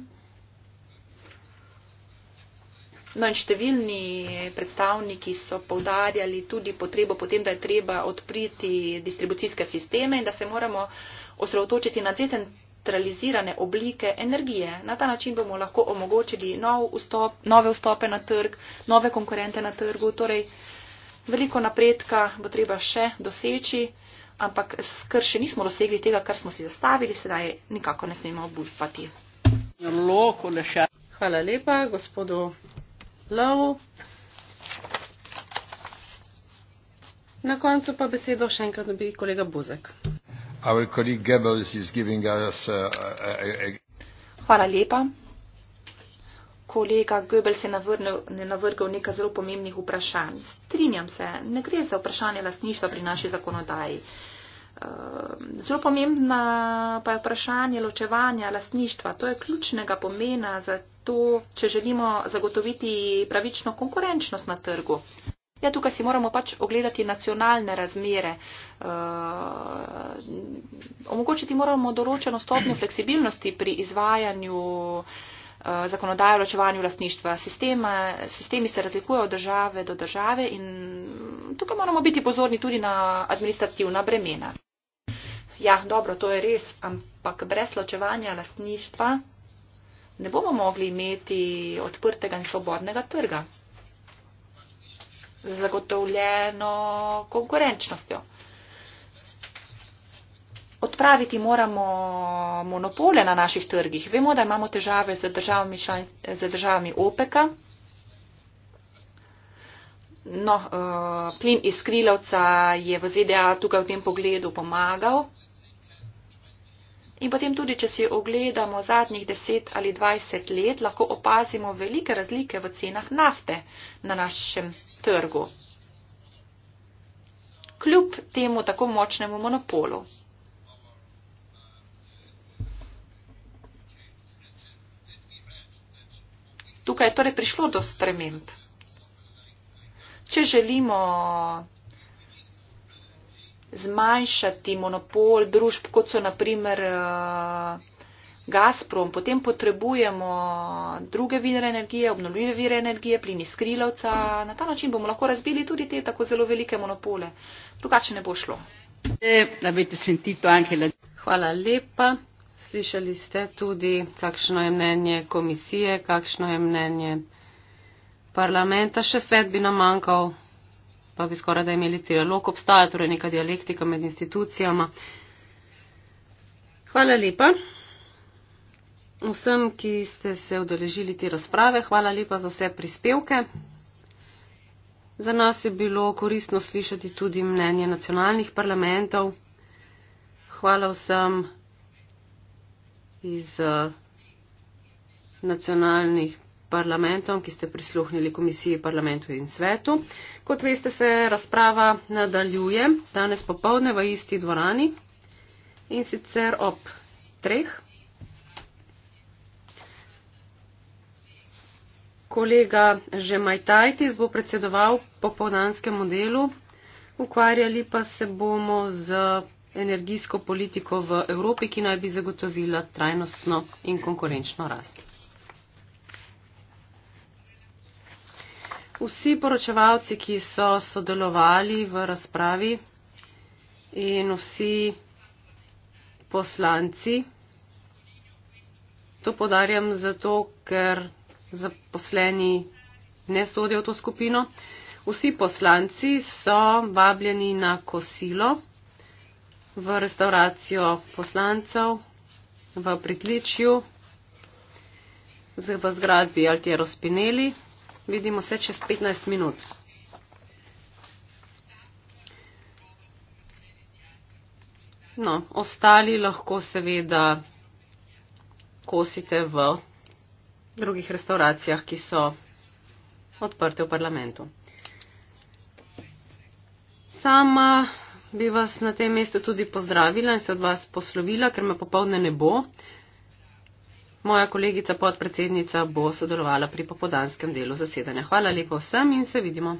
No in številni predstavniki so povdarjali tudi potrebo potem, da je treba odpriti distribucijske sisteme in da se moramo osredotočiti na decentralizirane oblike energije. Na ta način bomo lahko omogočili nov vstop, nove vstope na trg, nove konkurente na trgu. Torej, veliko napredka bo treba še doseči, ampak skrš še nismo dosegli tega, kar smo si zastavili, sedaj nikako ne smemo obupati. Hvala lepa gospodu lov. Na koncu pa besedo še enkrat dobi kolega Buzek. Us, uh, a, a, a... Hvala lepa. Kolega Goebbels je navrnil, navrgal nekaj zelo pomembnih vprašanj. Strinjam se, ne gre za vprašanje lastništva pri naši zakonodaji. Ehm, zelo pomembna pa je vprašanje ločevanja lastništva. To je ključnega pomena za to, če želimo zagotoviti pravično konkurenčnost na trgu. Ja, tukaj si moramo pač ogledati nacionalne razmere. Ehm, omogočiti moramo določeno stopnjo fleksibilnosti pri izvajanju eh, zakonodaje o ločevanju lastništva. Sistema, sistemi se razlikujejo od države do države in tukaj moramo biti pozorni tudi na administrativna bremena ja, dobro, to je res, ampak brez ločevanja lastništva ne bomo mogli imeti odprtega in svobodnega trga. Zagotovljeno konkurenčnostjo. Odpraviti moramo monopole na naših trgih. Vemo, da imamo težave z državami, z državami OPEK-a. No, uh, plin iz Krilovca je v ZDA tukaj v tem pogledu pomagal, In potem tudi, če si ogledamo zadnjih 10 ali 20 let, lahko opazimo velike razlike v cenah nafte na našem trgu. Kljub temu tako močnemu monopolu. Tukaj je torej prišlo do sprememb. Če želimo zmanjšati monopol družb, kot so naprimer uh, eh, Gazprom, potem potrebujemo druge vire energije, obnovljive vire energije, plini skrilovca. Na ta način bomo lahko razbili tudi te tako zelo velike monopole. Drugače ne bo šlo. E, Hvala lepa. Slišali ste tudi, kakšno je mnenje komisije, kakšno je mnenje parlamenta. Še svet bi nam manjkal pa bi skoraj da imeli trialog, obstaja torej neka dialektika med institucijama. Hvala lepa vsem, ki ste se udeležili te razprave. Hvala lepa za vse prispevke. Za nas je bilo koristno slišati tudi mnenje nacionalnih parlamentov. Hvala vsem iz eh, nacionalnih parlamentov parlamentom, ki ste prisluhnili komisiji parlamentu in svetu. Kot veste, se razprava nadaljuje danes popovdne v isti dvorani in sicer ob treh. Kolega Žemajtajtis bo predsedoval popovdanskem modelu, ukvarjali pa se bomo z energijsko politiko v Evropi, ki naj bi zagotovila trajnostno in konkurenčno rast. vsi poročevalci, ki so sodelovali v razpravi in vsi poslanci. To podarjam zato, ker zaposleni ne sodijo v to skupino. Vsi poslanci so vabljeni na kosilo v restauracijo poslancev v pritličju v zgradbi Altiero Spinelli. Vidimo se čez 15 minut. No, ostali lahko seveda kosite v drugih restauracijah, ki so odprte v parlamentu. Sama bi vas na tem mestu tudi pozdravila in se od vas poslovila, ker me popovdne ne bo. Uh, Moja kolegica podpredsednica bo sodelovala pri popodanskem delu zasedanja. Hvala lepo vsem in se vidimo.